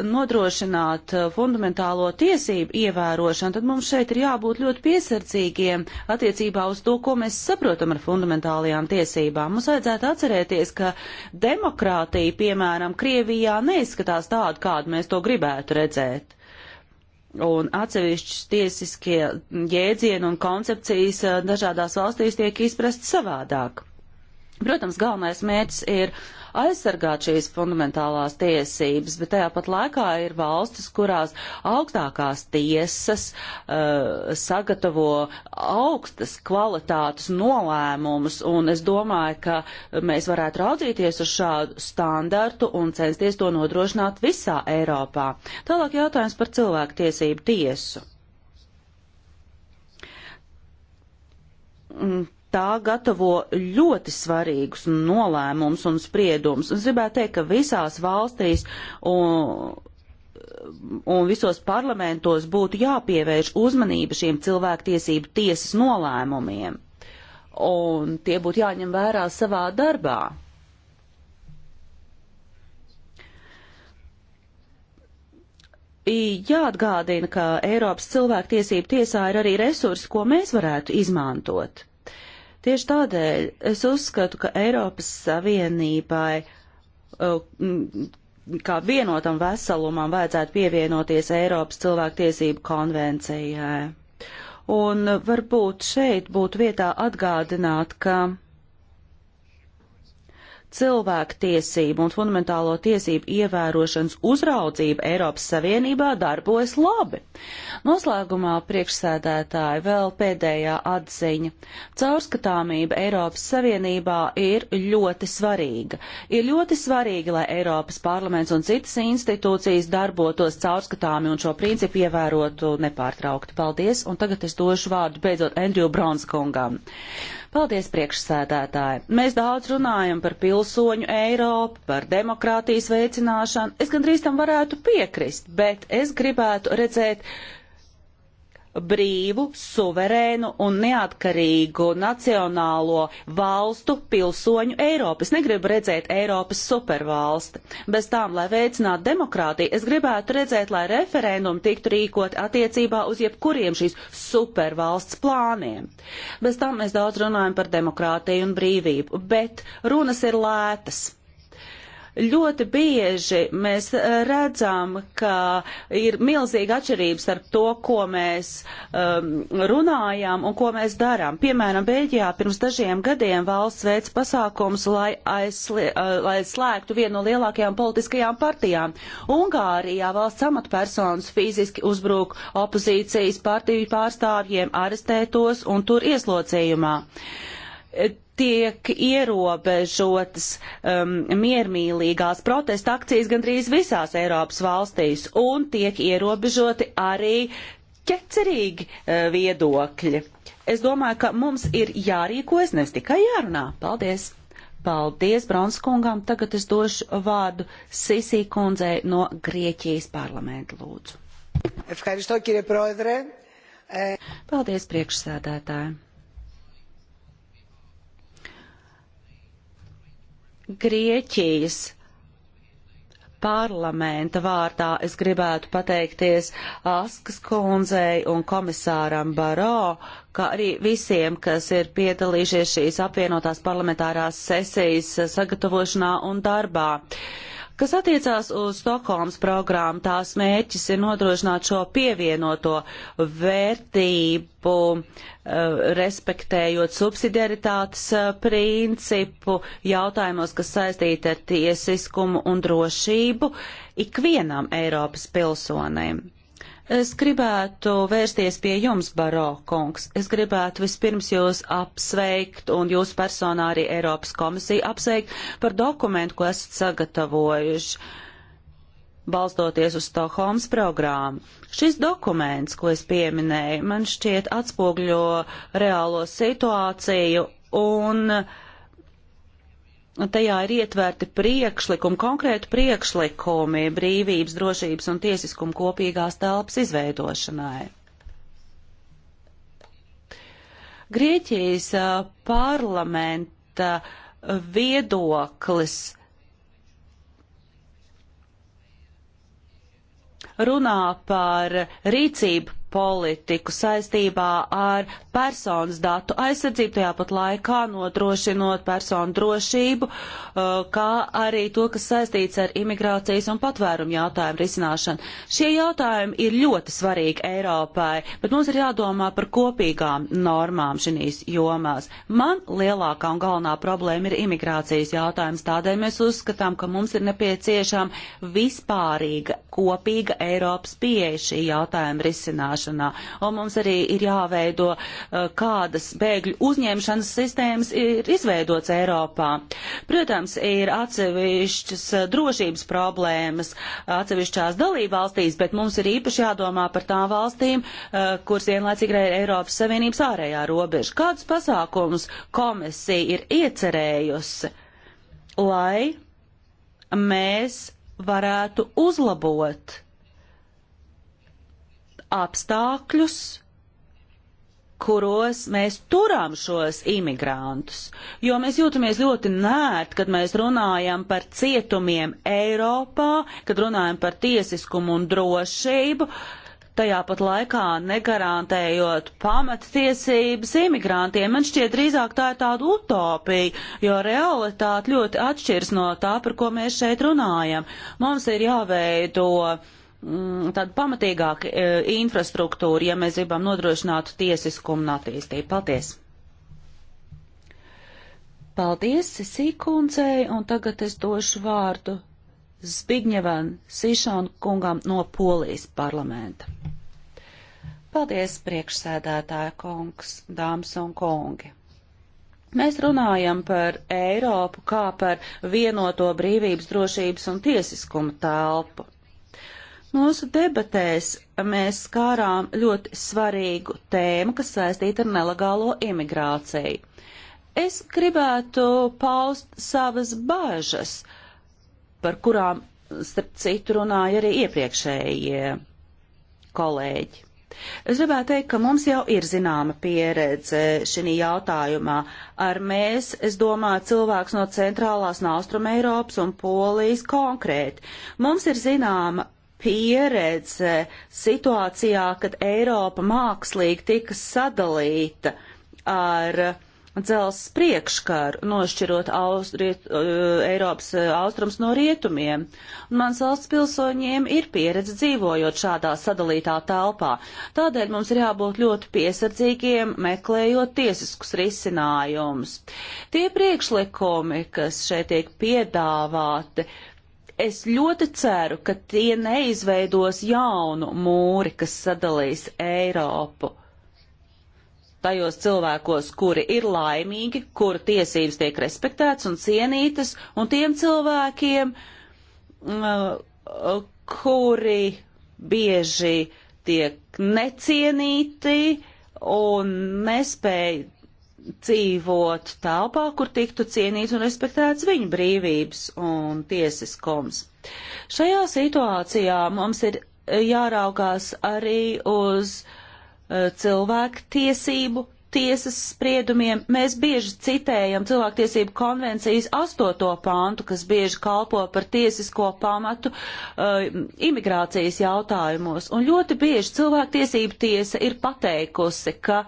nodrošināt uh, fundamentālo tiesību ievērošanu, tad mums šeit ir jābūt ļoti piesardzīgiem attiecībā uz to, ko mēs saprotam ar fundamentālajām tiesībām. Mums vajadzētu atcerēties, ka demokrātija, piemēram, Krievijā neizskatās tādu, kādu mēs to gribētu redzēt. Un atsevišķas tiesiskie jēdzieni un koncepcijas uh, dažādās valstīs tiek izprast savādāk. Protams, galvenais mērķis ir uh, aizsargāt šīs fundamentālās tiesības, bet tajā pat laikā ir valstis, kurās augstākās tiesas uh, sagatavo augstas kvalitātes nolēmumus, un es domāju, ka mēs varētu raudzīties uz šādu standartu un censties to nodrošināt visā Eiropā. Tālāk jautājums par cilvēku tiesību tiesu. Mm, tā gatavo ļoti svarīgus nolēmumus un spriedumus. Es gribētu teikt, ka visās valstīs un, un visos parlamentos būtu jāpievērš uzmanība šiem cilvēktiesību tiesas nolēmumiem, un tie būtu jāņem vērā savā darbā. Jāatgādina, ka Eiropas cilvēktiesību tiesā ir arī resursi, ko mēs varētu izmantot. Tieši tādēļ es uzskatu, ka Eiropas Savienībai uh, kā vienotam veselumam vajadzētu pievienoties Eiropas cilvēktiesību konvencijai. Un varbūt šeit būtu vietā atgādināt, ka cilvēktiesību un fundamentālo tiesību ievērošanas uzraudzība Eiropas Savienībā darbojas labi. Noslēgumā priekšsēdētāja vēl pēdējā atziņa. Caurskatāmība Eiropas Savienībā ir ļoti svarīga. Ir ļoti svarīgi, lai Eiropas parlaments un citas institūcijas darbotos caurskatāmi un šo principu ievērotu nepārtraukti. Paldies, un tagad es došu vārdu beidzot Andrew Bronskungam. Paldies, priekšsēdētāji! Mēs daudz runājam par pilsoņu Eiropu, par demokrātijas veicināšanu. Es gandrīz tam varētu piekrist, bet es gribētu redzēt brīvu, suverēnu un neatkarīgu nacionālo valstu pilsoņu Eiropu. Es negribu redzēt Eiropas supervalsti. Bez tām, lai veicinātu demokrātiju, es gribētu redzēt, lai referendumi tiktu rīkot attiecībā uz jebkuriem šīs supervalsts plāniem. Bez tām mēs daudz runājam par demokrātiju un brīvību, bet runas ir lētas. Ļoti bieži mēs eh, redzam, ka ir milzīga atšķirība starp to, ko mēs um, runājam un ko mēs darām. Piemēram, Beļģijā pirms dažiem gadiem valsts veids pasākums, lai, aizsli, uh, eh, lai slēgtu vienu no lielākajām politiskajām partijām. Ungārijā valsts amatpersonas fiziski uzbruk opozīcijas partiju pārstāvjiem, arestē tos un tur ieslodzījumā tiek ierobežotas um, miermīlīgās protesta akcijas gandrīz visās Eiropas valstīs un tiek ierobežoti arī ķecerīgi uh, viedokļi. Es domāju, ka mums ir jārīkojas, nevis tikai jārunā. Paldies! Paldies Bronskungam. Tagad es došu vārdu Sisī kundzei no Grieķijas parlamenta lūdzu. Paldies priekšsēdētājiem! Grieķijas parlamenta vārdā es gribētu pateikties Askas kundzei un komisāram Baro, kā arī visiem, kas ir piedalījušies šīs apvienotās parlamentārās sesijas sagatavošanā un darbā. Kas attiecās uz Stokholmas programmu, tās mērķis ir nodrošināt šo pievienoto vērtību Eh, respektējot subsidiaritātes eh, principu jautājumos, kas saistīti ar tiesiskumu un drošību ikvienam Eiropas pilsonim. Es gribētu vērsties pie jums, Baro kungs. Es gribētu vispirms jūs apsveikt un jūs personā arī Eiropas komisiju apsveikt par dokumentu, ko esat sagatavojuši. Uh, balstoties uz Stokholmas programmu. Šis dokuments, ko es pieminēju, man šķiet atspogļo reālo situāciju un tajā ir ietverti priekšlikumi, konkrēti priekšlikumi brīvības, drošības un tiesiskuma kopīgās telpas izveidošanai. Grieķijas parlamenta viedoklis runā par rīcību politiku saistībā ar personas datu aizsardzību, tajā pat laikā nodrošinot personu drošību, uh, kā arī to, kas saistīts ar imigrācijas un patvērumu jautājumu risināšanu. Šie jautājumi ir ļoti svarīgi Eiropai, bet mums ir jādomā par kopīgām normām šīs jomās. Man lielākā un galvenā problēma ir imigrācijas jautājums, tādēļ mēs uzskatām, ka mums ir nepieciešama vispārīga, kopīga Eiropas pieeja šī jautājuma risināšanai uzņemšanā. Un mums arī ir jāveido, eh, kādas bēgļu uzņemšanas sistēmas ir izveidots Eiropā. Protams, ir atsevišķas eh, drošības problēmas atsevišķās dalībvalstīs, bet mums ir īpaši jādomā par tām valstīm, eh, kuras vienlaicīgi ir Eiropas Savienības ārējā robeža. Kādus pasākumus komisija ir iecerējusi, lai mēs varētu uzlabot apstākļus, kuros mēs turām šos imigrantus, jo mēs jūtamies ļoti nērt, kad mēs runājam par cietumiem Eiropā, kad runājam par tiesiskumu un drošību, tajā pat laikā negarantējot pamattiesības imigrantiem. Man šķiet drīzāk tā ir tāda utopija, jo realitāte ļoti atšķirs no tā, par ko mēs šeit runājam. Mums ir jāveido uh, Mm, tādu pamatīgāku e, infrastruktūru, ja mēs gribam nodrošināt tiesiskumu un attīstību. Paldies! Paldies, Sīkundzei, un tagad es došu vārdu Zbigņevan Sišanu kungam no Polijas parlamenta. Paldies, priekšsēdētāja kungs, dāmas un kungi! Mēs runājam par Eiropu kā par vienoto brīvības, drošības un tiesiskuma telpu. Mūsu debatēs mēs skārām ļoti svarīgu tēmu, kas saistīta ar nelegālo imigrāciju. Es gribētu paust savas bažas, par kurām, starp citu, runāja arī iepriekšējie kolēģi. Es gribētu teikt, ka mums jau ir zināma pieredze šī jautājumā. Ar mēs, es domāju, cilvēks no centrālās un austrum Eiropas un Polijas konkrēti. Mums ir zināma pieredze situācijā, kad Eiropa mākslīgi tika sadalīta ar dzels priekškaru, nošķirot austriet, uh, Eiropas uh, austrums no rietumiem. Un mans valsts pilsoņiem ir pieredze dzīvojot šādā sadalītā telpā. Tādēļ mums ir jābūt ļoti piesardzīgiem, meklējot tiesiskus risinājumus. Tie priekšlikumi, kas šeit tiek piedāvāti, uh, Es ļoti ceru, ka tie neizveidos jaunu mūri, kas sadalīs Eiropu tajos cilvēkos, kuri ir laimīgi, kuru tiesības tiek respektētas un cienītas, un tiem cilvēkiem, uh, kuri bieži tiek necienīti un nespēja dzīvot telpā, kur tiktu cienīts un respektēts viņu brīvības un tiesiskums. Šajā situācijā mums ir jāraugās arī uz eh, cilvēku tiesību tiesas spriedumiem mēs bieži citējam cilvēktiesību konvencijas astoto pāntu, kas bieži kalpo par tiesisko pamatu uh, imigrācijas jautājumos. Un ļoti bieži cilvēktiesību tiesa ir pateikusi, ka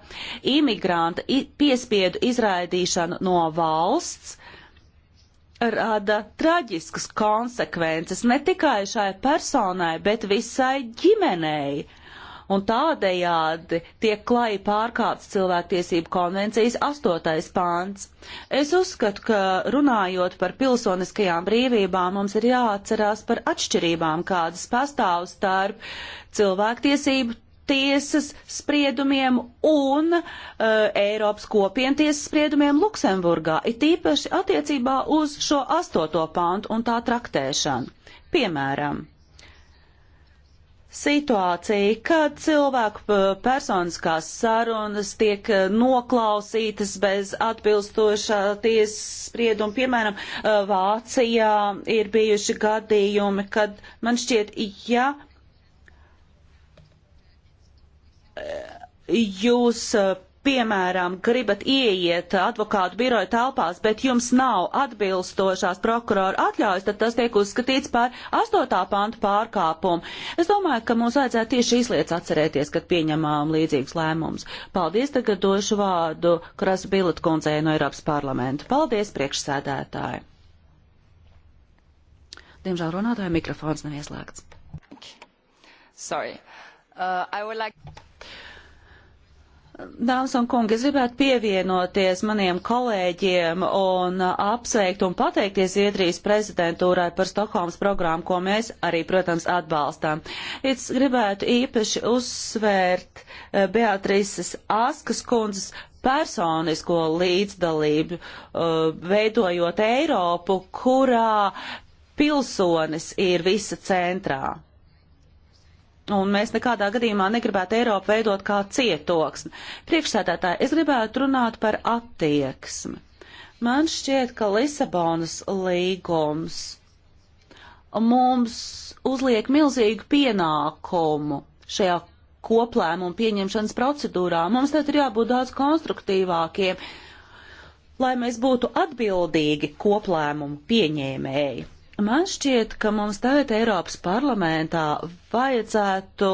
imigranta piespiedu izraidīšana no valsts rada traģiskas konsekvences ne tikai šai personai, bet visai ģimenei un tādējādi tiek klai pārkāpts cilvēktiesību konvencijas 8. pāns. Es uzskatu, ka runājot par pilsoniskajām brīvībām, mums ir jāatcerās par atšķirībām, kādas pastāv starp cilvēktiesību tiesas spriedumiem un uh, Eiropas kopientiesas spriedumiem Luksemburgā, it īpaši attiecībā uz šo astoto pantu un tā traktēšanu. Piemēram, situācija, kad cilvēku personiskās sarunas tiek e, noklausītas bez atbilstošā tiesas sprieduma. Piemēram, e, Vācijā ir bijuši gadījumi, kad man šķiet, ja e, jūs piemēram, gribat ieiet advokātu biroja telpās, bet jums nav atbilstošās prokurora atļaujas, tad tas tiek uzskatīts par 8. pantu pārkāpumu. Es domāju, ka mums vajadzētu tieši šīs lietas atcerēties, kad pieņemām līdzīgus lēmumus. Paldies, tagad došu vārdu Krasa Bilatkundzei no Eiropas parlamenta. Paldies, priekšsēdētāji! Diemžēl runātāja mikrofons nav ieslēgts. Sorry. Uh, I would like... Dāmas un kungi, es gribētu pievienoties maniem kolēģiem un apsveikt un pateikties Zviedrijas prezidentūrai par Stokholmas programmu, ko mēs arī, protams, atbalstām. Es gribētu īpaši uzsvērt eh, Beatrises Askas kundzes personisko līdzdalību, eh, veidojot Eiropu, kurā pilsonis ir visa centrā. Un mēs nekādā gadījumā negribētu Eiropu veidot kā cietoksni. Priekšsēdētāji, es gribētu runāt par attieksmi. Man šķiet, ka Lisabonas līgums mums uzliek milzīgu pienākumu šajā koplēmumu pieņemšanas procedūrā. Mums tad ir jābūt daudz konstruktīvākiem, lai mēs būtu atbildīgi koplēmumu pieņēmēji. Man šķiet, ka mums tagad Eiropas parlamentā vajadzētu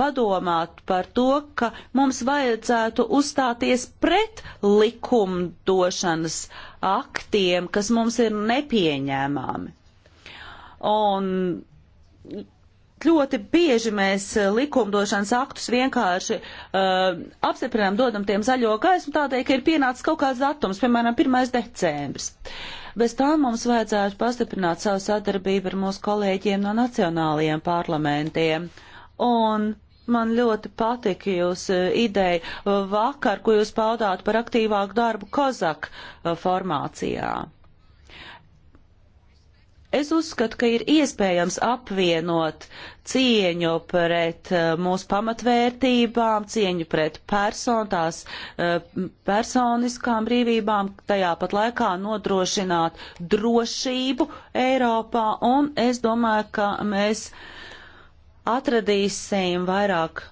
padomāt par to, ka mums vajadzētu uzstāties pret likumdošanas aktiem, kas mums ir nepieņēmami. Un ļoti bieži mēs eh, likumdošanas aktus vienkārši uh, apstiprinām, dodam tiem zaļo gaismu tādēļ, ka ir pienācis kaut kāds datums, piemēram, 1. decembris. Uh, Bez tā mums vajadzētu pastiprināt savu sadarbību ar mūsu kolēģiem no nacionālajiem parlamentiem. Un Man ļoti patika jūsu e, ideja e, vakar, ko jūs paudāt par aktīvāku darbu Kozak e, formācijā. Es uzskatu, ka ir iespējams apvienot cieņu pret eh, mūsu pamatvērtībām, cieņu pret personu, tās eh, personiskām brīvībām, tajā pat laikā nodrošināt drošību Eiropā, un es domāju, ka mēs atradīsim vairāk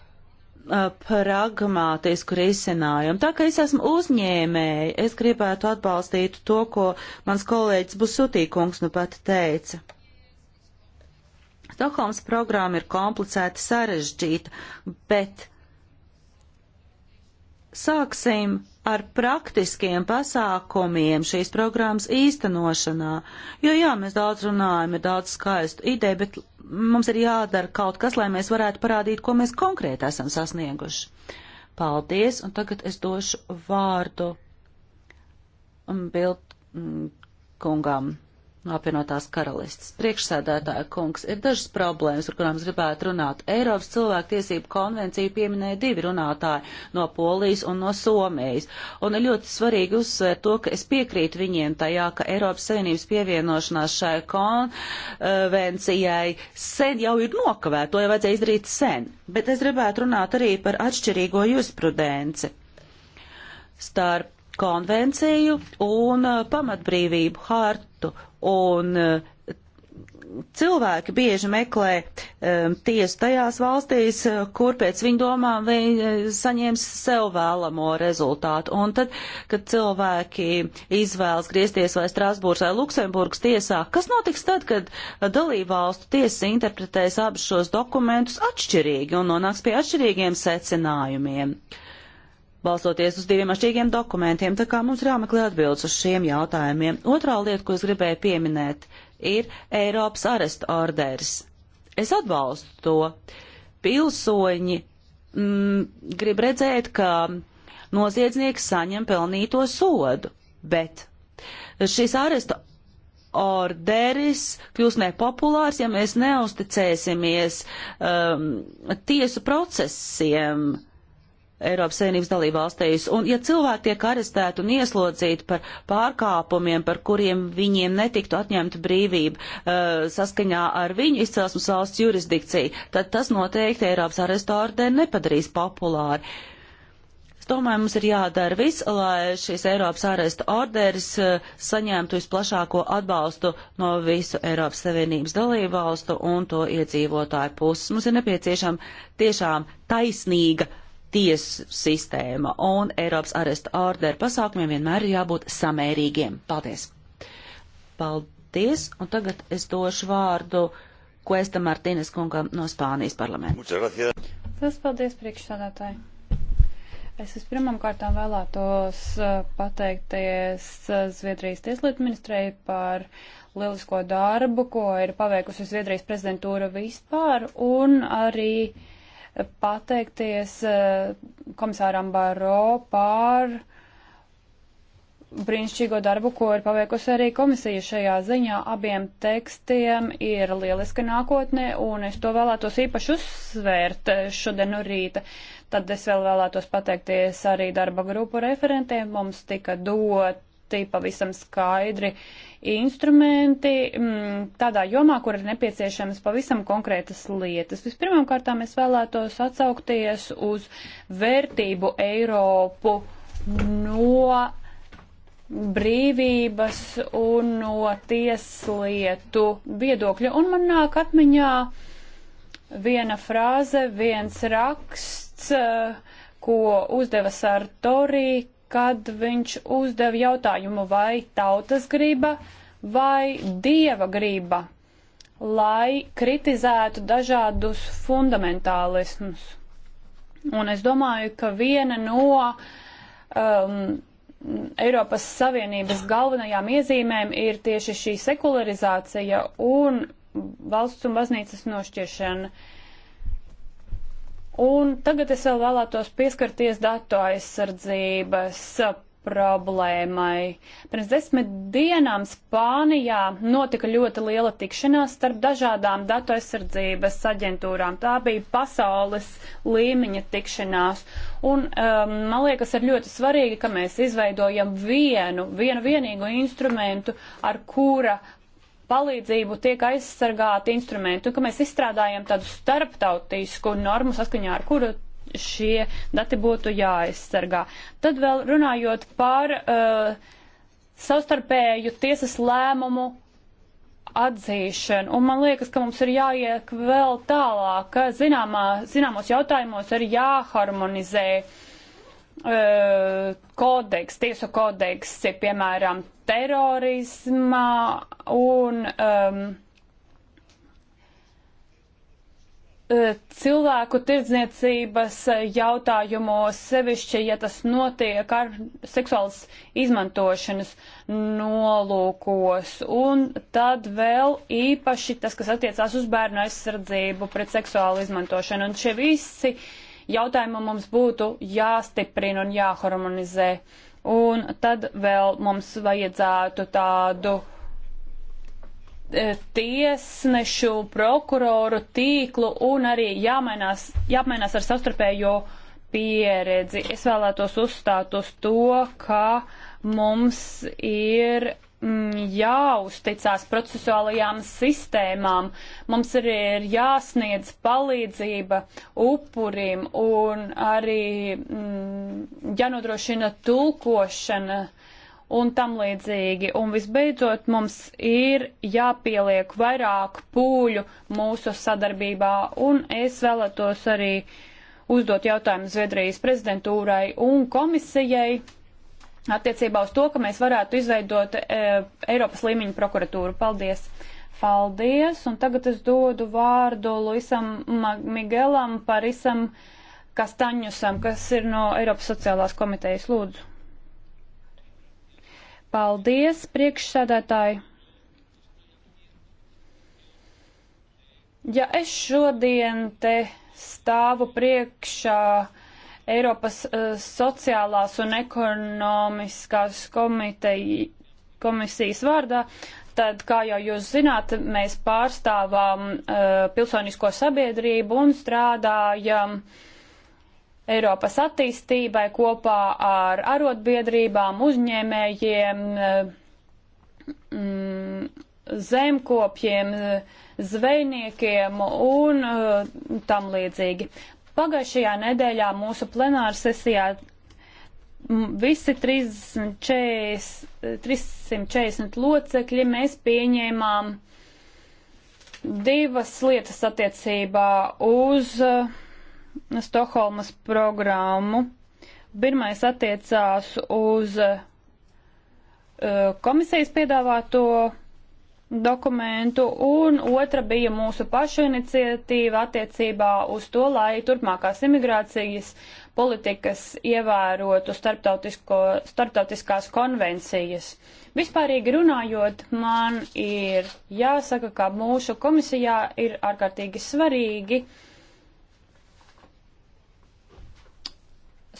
pragmātisku risinājumu. Tā kā es esmu uzņēmēji, es gribētu atbalstīt to, ko mans kolēģis Busutīkungs nu pat teica. Stokholmas programma ir komplicēta, sarežģīta, bet sāksim ar praktiskiem pasākumiem šīs programmas īstenošanā. Jo jā, mēs daudz runājam, ir daudz skaistu ideju, bet mums ir jādara kaut kas, lai mēs varētu parādīt, ko mēs konkrēti esam sasnieguši. Paldies, un tagad es došu vārdu Bild mm, kungam no apvienotās karalistes. Priekšsēdētāja kungs, ir dažas problēmas, par kurām es gribētu runāt. Eiropas cilvēktiesību konvenciju pieminēja divi runātāji no Polijas un no Somijas. Un ir ļoti svarīgi uzsvērt to, ka es piekrītu viņiem tajā, ka Eiropas Savienības pievienošanās šai konvencijai sen jau ir nokavēta, to jau vajadzēja izdarīt sen. Bet es gribētu runāt arī par atšķirīgo jurisprudenci starp konvenciju un uh, pamatbrīvību hartu un eh, cilvēki bieži meklē um, tiesu tajās valstīs, eh, kur pēc viņu domām viņi saņems sev vēlamo rezultātu. Un tad, kad cilvēki izvēlas griezties vai Strasbūrs vai Luksemburgas tiesā, kas notiks tad, kad dalībvalstu tiesa interpretēs abus šos dokumentus atšķirīgi un nonāks pie atšķirīgiem secinājumiem? Uh, balstoties uz diviem atšķirīgiem dokumentiem, tā kā mums ir jāmeklē atbildes uz šiem jautājumiem. Otrā lieta, ko es gribēju pieminēt, ir Eiropas arestu orders. Es atbalstu to. Pilsoņi mm, grib redzēt, ka noziedznieks saņem pelnīto sodu, bet šis arestu orderis kļūs nepopulārs, ja mēs neusticēsimies um, tiesu procesiem. Uh, Eiropas Savienības dalībvalstīs. Un ja cilvēki tiek arestēti un ieslodzīti par pārkāpumiem, par kuriem viņiem netiktu atņemta brīvība uh, saskaņā ar viņu izcelsmes valsts jurisdikciju, tad tas noteikti Eiropas arestu ordeni nepadarīs populāri. Es domāju, mums ir jādara viss, lai šis Eiropas arestu orderis uh, eh, saņemtu visplašāko atbalstu no visu Eiropas Savienības dalībvalstu un to iedzīvotāju puses. Mums ir nepieciešama tiešām taisnīga tiesu sistēma un Eiropas aresta ordera pasākumiem vienmēr ir jābūt samērīgiem. Paldies! Paldies! Un tagad es došu vārdu Kuesta Martīnes kungam no Spānijas parlamenta. Tas paldies priekšsādātāji! Es vispirmām kārtām vēlētos eh, pateikties eh, Zviedrijas tieslietu ministrei par lielisko darbu, ko ir paveikusi Zviedrijas prezidentūra vispār, un arī uh, pateikties eh, komisāram Baro par brīnišķīgo darbu, ko ir paveikusi arī komisija šajā ziņā. Abiem tekstiem ir lieliska nākotne, un es to vēlētos īpaši uzsvērt eh, šodien no rīta. Tad es vēl vēlētos pateikties arī darba grupu referentiem. Mums tika doti pavisam skaidri instrumenti m, mm, tādā jomā, kur ir nepieciešamas pavisam konkrētas lietas. Vispirmām kārtām es vēlētos atsaukties uz vērtību Eiropu no brīvības un no tieslietu viedokļa. Un man nāk atmiņā viena frāze, viens raksts, ko uzdeva Sartori, kad viņš uzdeva jautājumu, vai tautas grība vai dieva grība, lai kritizētu dažādus fundamentālismus. Un es domāju, ka viena no um, Eiropas Savienības galvenajām iezīmēm ir tieši šī sekularizācija un valsts un baznīcas nošķiešana. Uh, Un tagad es vēl vēlētos pieskarties datu aizsardzības problēmai. Pirms desmit dienām Spānijā notika ļoti liela tikšanās starp dažādām datu aizsardzības aģentūrām. Tā bija pasaules līmeņa tikšanās. Un um, man liekas, ir ļoti svarīgi, ka mēs izveidojam vienu, vienu vienīgu instrumentu, ar kura palīdzību tiek aizsargāti instrumenti, un ka mēs izstrādājam tādu starptautisku normu, saskaņā ar kuru šie dati būtu jāaizsargā. Tad vēl runājot par uh, savstarpēju tiesas lēmumu atzīšanu, un man liekas, ka mums ir jāiek vēl tālāk, ka zināmā, zināmos jautājumos ir jāharmonizē uh, Eh, kodeks, tiesu kodeks, piemēram, terorismā un um, cilvēku tirdzniecības jautājumos, sevišķi, ja tas notiek ar seksuālas izmantošanas nolūkos. Un tad vēl īpaši tas, kas attiecās uz bērnu aizsardzību pret seksuālu izmantošanu. Un šie visi uh, jautājumu mums būtu jāstiprina un jāharmonizē. Un tad vēl mums vajadzētu tādu e, tiesnešu, prokuroru tīklu un arī jāmainās, jāmainās ar savstarpējo pieredzi. Es vēlētos uzstāt uz to, ka mums ir Mm, jāuzticās procesuālajām sistēmām. Mums arī ir jāsniedz palīdzība upurim un arī mm, jānodrošina tulkošana un tam līdzīgi. Un visbeidzot, mums ir jāpieliek vairāk pūļu mūsu sadarbībā un es vēlētos arī uzdot jautājumu Zviedrijas prezidentūrai un komisijai attiecībā uz to, ka mēs varētu izveidot e, Eiropas līmeņa prokuratūru. Paldies! Paldies! Un tagad es dodu vārdu Luisam Miguelam Parisam Kastaņusam, kas ir no Eiropas sociālās komitejas. Lūdzu! Paldies, priekšsēdētāji! Ja es šodien te stāvu priekšā uh, Eiropas uh, sociālās un ekonomiskās komiteja, komisijas vārdā, tad, kā jau jūs zināt, mēs pārstāvām uh, eh, pilsonisko sabiedrību un strādājam Eiropas attīstībai kopā ar arotbiedrībām, uzņēmējiem, uh, mm, zemkopjiem, zvejniekiem un uh, tam līdzīgi. Pagājušajā nedēļā mūsu plenāra sesijā visi 340, 340 locekļi mēs pieņēmām divas lietas attiecībā uz uh, Stokholmas programmu. Pirmais attiecās uz uh, komisijas piedāvāto dokumentu, un otra bija mūsu pašu iniciatīva attiecībā uz to, lai turpmākās imigrācijas politikas ievērotu starptautiskās konvencijas. Vispārīgi runājot, man ir jāsaka, ka mūsu komisijā ir ārkārtīgi svarīgi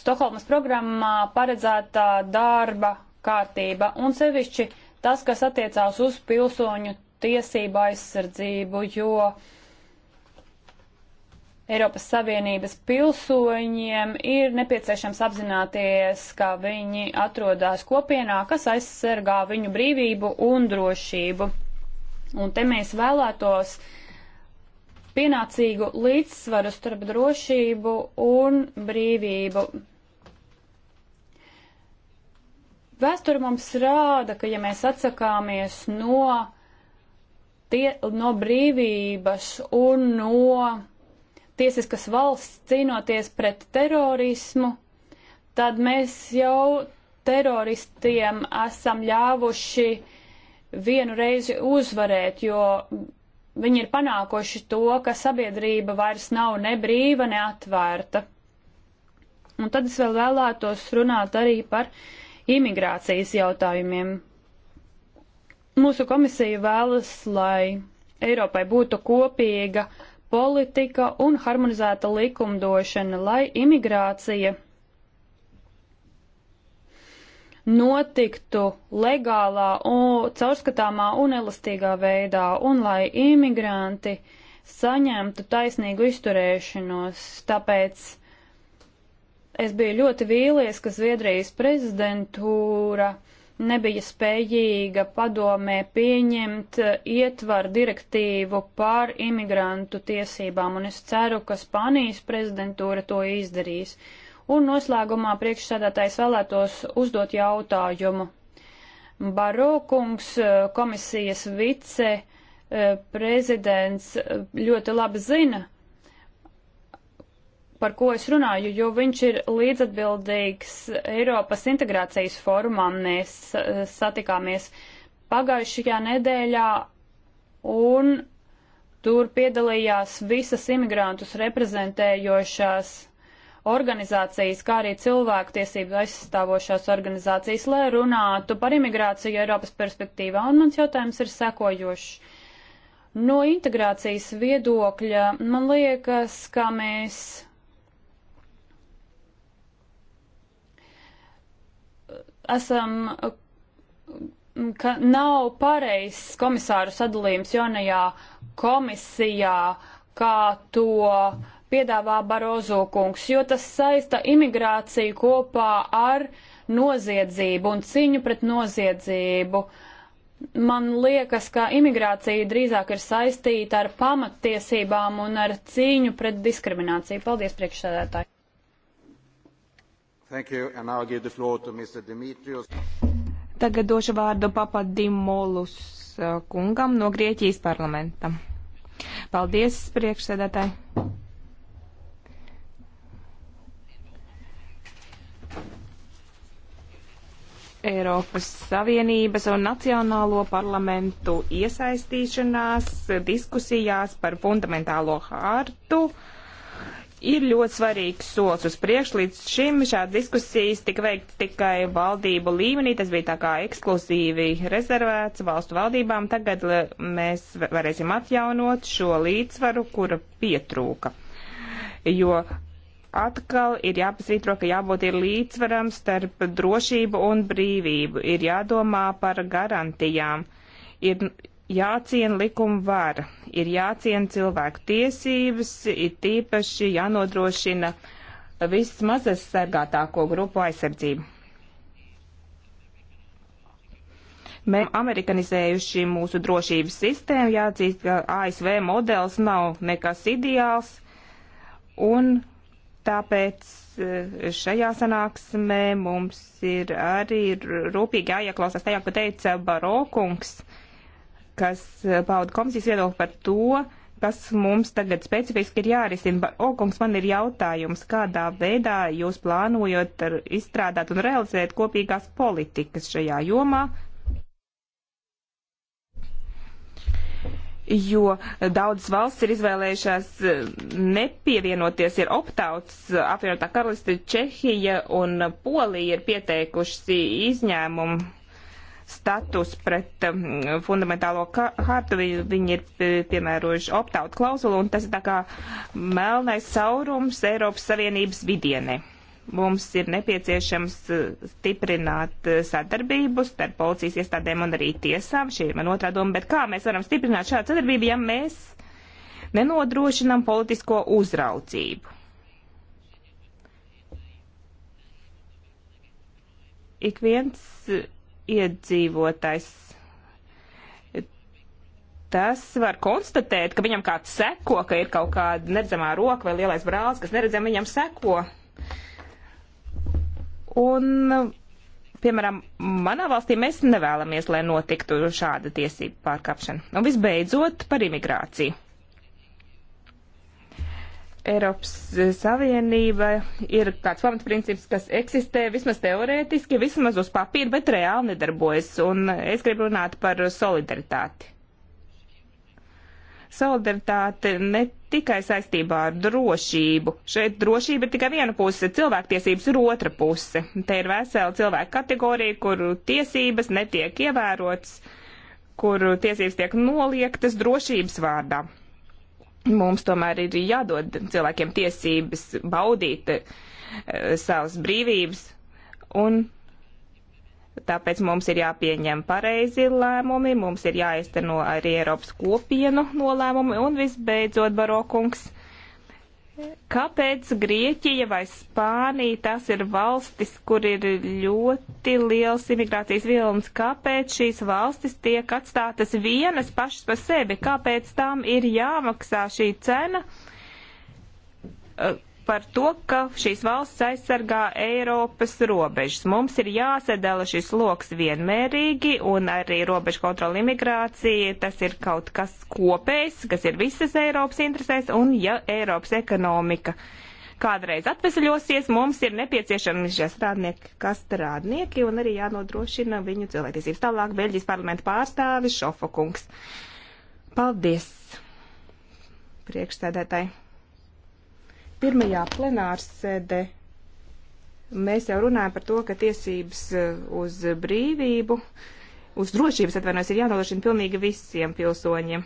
Stokholmas programmā paredzētā darba kārtība un sevišķi tas, kas attiecās uz pilsoņu tiesību aizsardzību, jo Eiropas Savienības pilsoņiem ir nepieciešams apzināties, ka viņi atrodas kopienā, kas aizsargā viņu brīvību un drošību. Un te mēs vēlētos pienācīgu līdzsvaru starp drošību un brīvību. Vēsture mums rāda, ka ja mēs atsakāmies no, tie, no brīvības un no tiesiskas valsts cīnoties pret terorismu, tad mēs jau teroristiem esam ļāvuši vienu reizi uzvarēt, jo viņi ir panākoši to, ka sabiedrība vairs nav ne brīva, ne atvērta. Un tad es vēl vēlētos runāt arī par uh, imigrācijas jautājumiem. Mūsu komisija vēlas, lai Eiropai būtu kopīga politika un harmonizēta likumdošana, lai imigrācija notiktu legālā un caurskatāmā un elastīgā veidā, un lai imigranti saņemtu taisnīgu izturēšanos. Tāpēc Es biju ļoti vīlies, ka Zviedrijas prezidentūra nebija spējīga padomē pieņemt eh, ietvaru direktīvu par imigrantu tiesībām, un es ceru, ka Spānijas prezidentūra to izdarīs. Un noslēgumā priekšsēdētājs vēlētos uzdot jautājumu. Barokungs, eh, komisijas vice eh, prezidents, ļoti labi zina, par ko es runāju, jo viņš ir līdzatbildīgs Eiropas integrācijas formām. Mēs eh, satikāmies pagājušajā nedēļā un tur piedalījās visas imigrantus reprezentējošās organizācijas, kā arī cilvēktiesību aizstāvošās organizācijas, lai runātu par imigrāciju Eiropas perspektīvā. Un mans jautājums ir sekojošs. No integrācijas viedokļa man liekas, ka mēs esam, ka nav pareizs komisāru sadalījums jaunajā komisijā, kā to piedāvā Barozo kungs, jo tas saista imigrāciju kopā ar noziedzību un cīņu pret noziedzību. Man liekas, ka imigrācija drīzāk ir saistīta ar pamattiesībām un ar cīņu pret diskrimināciju. Paldies, priekšsēdētāji! Tagad došu vārdu Papadimolus uh, kungam no Grieķijas parlamenta. Paldies, priekšsēdētāji! Eiropas Savienības un Nacionālo parlamentu iesaistīšanās diskusijās par fundamentālo hārtu uh, ir ļoti svarīgs solis uz priekšu. Līdz šim šāda diskusijas tika veikta tikai valdību līmenī. Tas bija tā kā ekskluzīvi rezervēts valstu valdībām. Tagad mēs varēsim atjaunot šo līdzsvaru, kura pietrūka. Jo atkal ir jāpasvītro, ka jābūt ir līdzsvaram starp drošību un brīvību. Ir jādomā par garantijām. Ir jāciena likuma vara, ir jāciena cilvēku tiesības, ir tīpaši jānodrošina viss mazas sargātāko grupu aizsardzību. Mēs amerikanizējuši mūsu drošības sistēmu, jāatzīst, ka ASV modelis nav nekas ideāls, un tāpēc eh, šajā sanāksmē mums ir arī rūpīgi jāieklausās tajā, ko teica Barokungs. Uh, kas eh, pauda komisijas viedokli par to, kas mums tagad specifiski ir jārisina. Okungs, man ir jautājums, kādā veidā jūs plānojot izstrādāt un realizēt kopīgās politikas šajā jomā, jo daudzas valsts ir izvēlējušās eh, nepievienoties, ir optauts, eh, apvienotā karaliste Čehija un Polija ir pieteikuši izņēmumu status pret um, fundamentālo hartu. Viņi ir e, piemērojuši opt-out klauzulu, un tas ir tā kā melnais caurums Eiropas Savienības vidienē. Mums ir nepieciešams e, stiprināt e, sadarbību starp policijas iestādēm un arī tiesām. Šī ir man otrā doma, bet kā mēs varam stiprināt šādu sadarbību, ja mēs nenodrošinam politisko uzraucību? ik viens iedzīvotājs. Tas var konstatēt, ka viņam kāds seko, ka ir kaut kāda neredzamā roka vai lielais brālis, kas neredzam viņam seko. Un, piemēram, manā valstī mēs nevēlamies, lai notiktu šāda tiesība pārkāpšana. Un visbeidzot par imigrāciju Eiropas eh, Savienība ir tāds pamatprincips, kas eksistē vismaz teorētiski, vismaz uz papīra, bet reāli nedarbojas. Un eh, es gribu runāt par solidaritāti. Solidaritāte ne tikai saistībā ar drošību. Šeit drošība ir tikai viena puse, cilvēktiesības ir otra puse. Te ir vesela cilvēka kategorija, kuru tiesības netiek ievērotas, kuru tiesības tiek noliektas drošības vārdā mums tomēr ir jādod cilvēkiem tiesības baudīt e, savas brīvības, un tāpēc mums ir jāpieņem pareizi lēmumi, mums ir jāizteno arī Eiropas kopienu nolēmumi, un visbeidzot, Barokungs, Kāpēc Grieķija vai Spānija tas ir valstis, kur ir ļoti liels imigrācijas vilnis? Kāpēc šīs valstis tiek atstātas vienas pašas par sevi? Kāpēc tām ir jāmaksā šī cena? par to, ka šīs valsts aizsargā Eiropas robežas. Mums ir jāsadala šis loks vienmērīgi, un arī robežu kontrola imigrācija, tas ir kaut kas kopējs, kas ir visas Eiropas interesēs, un ja Eiropas ekonomika kādreiz atvesaļosies, mums ir nepieciešami šie strādnieki, kā strādnieki, un arī jānodrošina viņu cilvēktiesības. Tālāk Beļģijas parlamenta pārstāvis Šofokungs. Paldies, priekšstādētāji! Pirmajā plenārsēdē mēs jau runājam par to, ka tiesības eh, uz brīvību, uz drošības atvainojas, ir jānodrošina pilnīgi visiem pilsoņiem.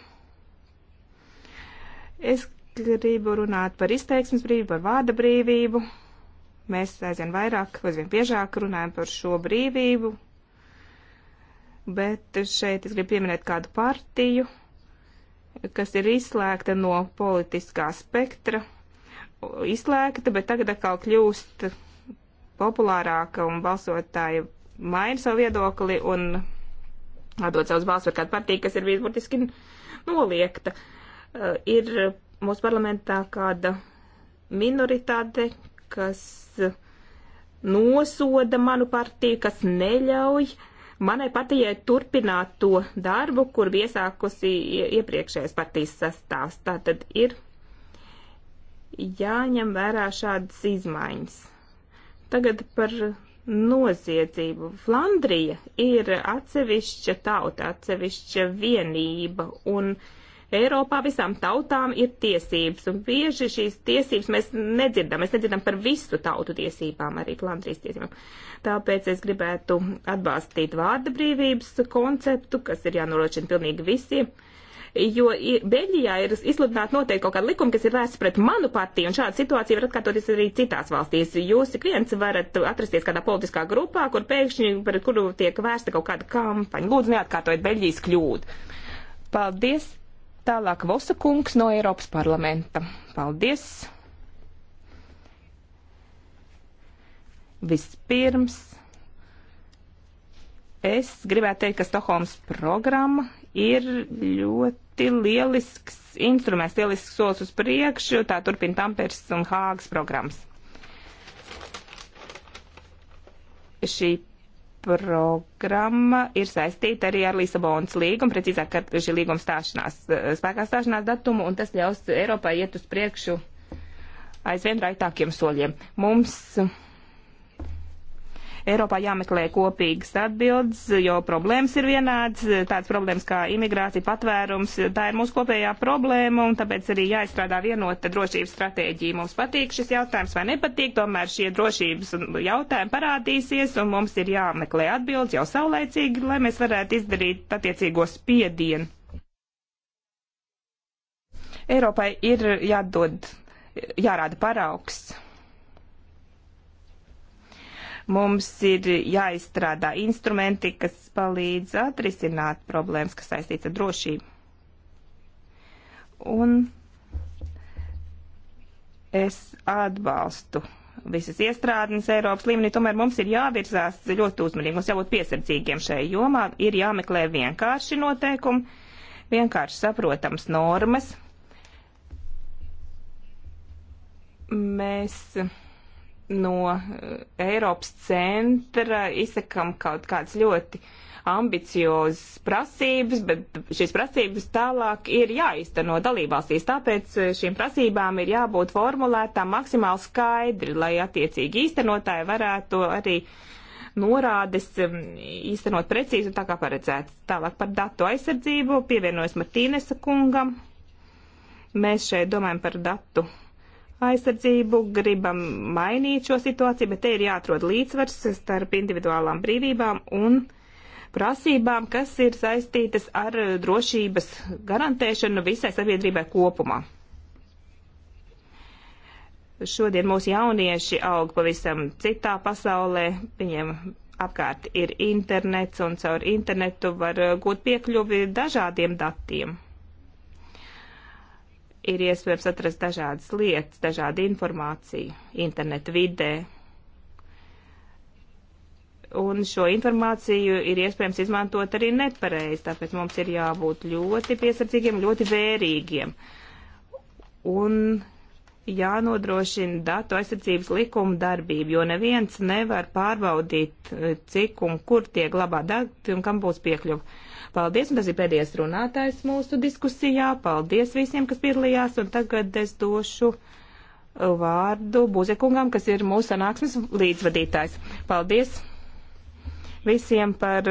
Es gribu runāt par izteiksmes brīvību, par vārda brīvību. Mēs aizvien vairāk, aizvien biežāk runājam par šo brīvību, bet šeit es gribu pieminēt kādu partiju, kas ir izslēgta no politiskā spektra izslēgta, bet tagad atkal kļūst populārāka un balsotāji maina savu viedokli un atdod savus balsus par kādu partiju, kas ir bijis burtiski noliekta. Uh, ir mūsu parlamentā kāda minoritāte, kas nosoda manu partiju, kas neļauj manai partijai turpināt to darbu, kur bija iesākusi iepriekšējais partijas sastāvs. Tātad ir jāņem vērā šādas izmaiņas. Tagad par noziedzību. Flandrija ir atsevišķa tauta, atsevišķa vienība, un Eiropā visām tautām ir tiesības, un bieži šīs tiesības mēs nedzirdam. Mēs nedzirdam par visu tautu tiesībām, arī Flandrijas tiesībām. Tāpēc es gribētu atbalstīt vārda brīvības konceptu, kas ir jānorošina pilnīgi visiem jo Beļģijā ir izsludināta noteikti kaut kāda likuma, kas ir vērsts pret manu partiju, un šāda situācija var atkārtoties arī citās valstīs. Jūs ik viens varat atrasties kādā politiskā grupā, kur pēkšņi, pret kuru tiek vērsta kaut kāda kampaņa. Lūdzu, neatkārtojiet Beļģijas kļūdu. Paldies! Tālāk Vosa kungs no Eiropas parlamenta. Paldies! Vispirms es gribētu teikt, ka Stokholmas programma ir ļoti lielisks instruments, lielisks solis uz priekšu, tā turpina Tampers un Hāgas programmas. Šī programma ir saistīta arī ar Lisabonas līgumu, precīzāk ar šī līguma stāšanās, spēkā stāšanās datumu, un tas ļaus Eiropai iet uz priekšu aizvien raitākiem soļiem. Mums uh, Eiropā jāmeklē kopīgas atbildes, jo problēmas ir vienādas, tādas problēmas kā imigrācija, patvērums, tā ir mūsu kopējā problēma, un tāpēc arī jāizstrādā vienota drošības stratēģija. Mums patīk šis jautājums vai nepatīk, tomēr šie drošības jautājumi parādīsies, un mums ir jāmeklē atbildes jau saulēcīgi, lai mēs varētu izdarīt attiecīgo spiedienu. Eiropai ir jādod, jārāda paraugs Mums ir jāizstrādā instrumenti, kas palīdz atrisināt problēmas, kas saistīts ar drošību. Un es atbalstu visas iestrādnes Eiropas līmenī, tomēr mums ir jāvirzās ļoti uzmanīgi, mums jābūt piesardzīgiem šajā jomā, ir jāmeklē vienkārši noteikumi, vienkārši saprotams normas. Mēs no eh, Eiropas centra izsakam kaut kādas ļoti ambiciozas prasības, bet šīs prasības tālāk ir jāizteno dalībvalstīs. Tāpēc eh, šīm prasībām ir jābūt formulētām maksimāli skaidri, lai attiecīgi īstenotāji varētu arī norādes eh, īstenot precīzi un tā kā paredzēts. Tālāk par datu aizsardzību pievienojas Martīnesa kungam. Mēs šeit domājam par datu aizsardzību, gribam mainīt šo situāciju, bet te ir jāatrod līdzsvars starp individuālām brīvībām un prasībām, kas ir saistītas ar drošības garantēšanu visai sabiedrībai kopumā. Šodien mūsu jaunieši aug pavisam citā pasaulē, viņiem apkārt ir internets un caur internetu var gūt piekļuvi dažādiem datiem ir iespējams atrast dažādas lietas, dažādu informāciju internetu vidē. Un šo informāciju ir iespējams izmantot arī nepareizi, tāpēc mums ir jābūt ļoti piesardzīgiem, ļoti vērīgiem. Un jānodrošina datu aizsardzības likuma darbība, jo neviens nevar pārbaudīt, cik un kur tiek glabā dati un kam būs piekļuva. Paldies, un tas ir pēdējais runātājs mūsu diskusijā. Paldies visiem, kas piedalījās, un tagad es došu vārdu Buzekungam, kas ir mūsu sanāksmes līdzvadītājs. Paldies visiem par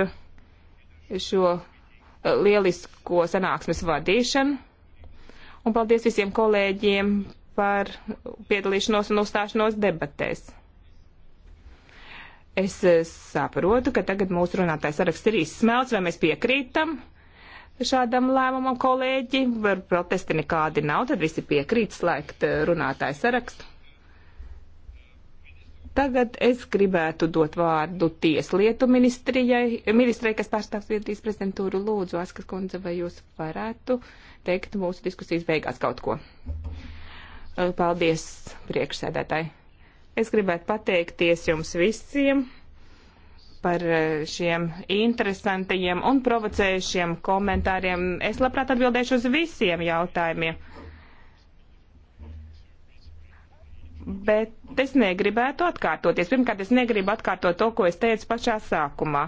šo eh, lielisko sanāksmes vadīšanu, un paldies visiem kolēģiem par piedalīšanos un uzstāšanos debatēs. Es eh, saprotu, ka tagad mūsu runātājs saraksts ir izsmelts, vai mēs piekrītam šādam lēmumam, kolēģi, var protesti nekādi nav, tad visi piekrīt slēgt eh, runātāju sarakstu. Tagad es gribētu dot vārdu tieslietu ministrijai, ministrei, kas pārstāv Sviedrijas prezidentūru. Lūdzu, Askas kundze, vai jūs varētu teikt mūsu diskusijas beigās kaut ko? Eh, paldies, priekšsēdētāji. Es gribētu pateikties jums visiem par eh, šiem interesantajiem un provocējušiem komentāriem. Es labprāt atbildēšu uz visiem jautājumiem. Bet es negribētu atkārtoties. Pirmkārt, es negribu atkārtot to, ko es teicu pašā sākumā.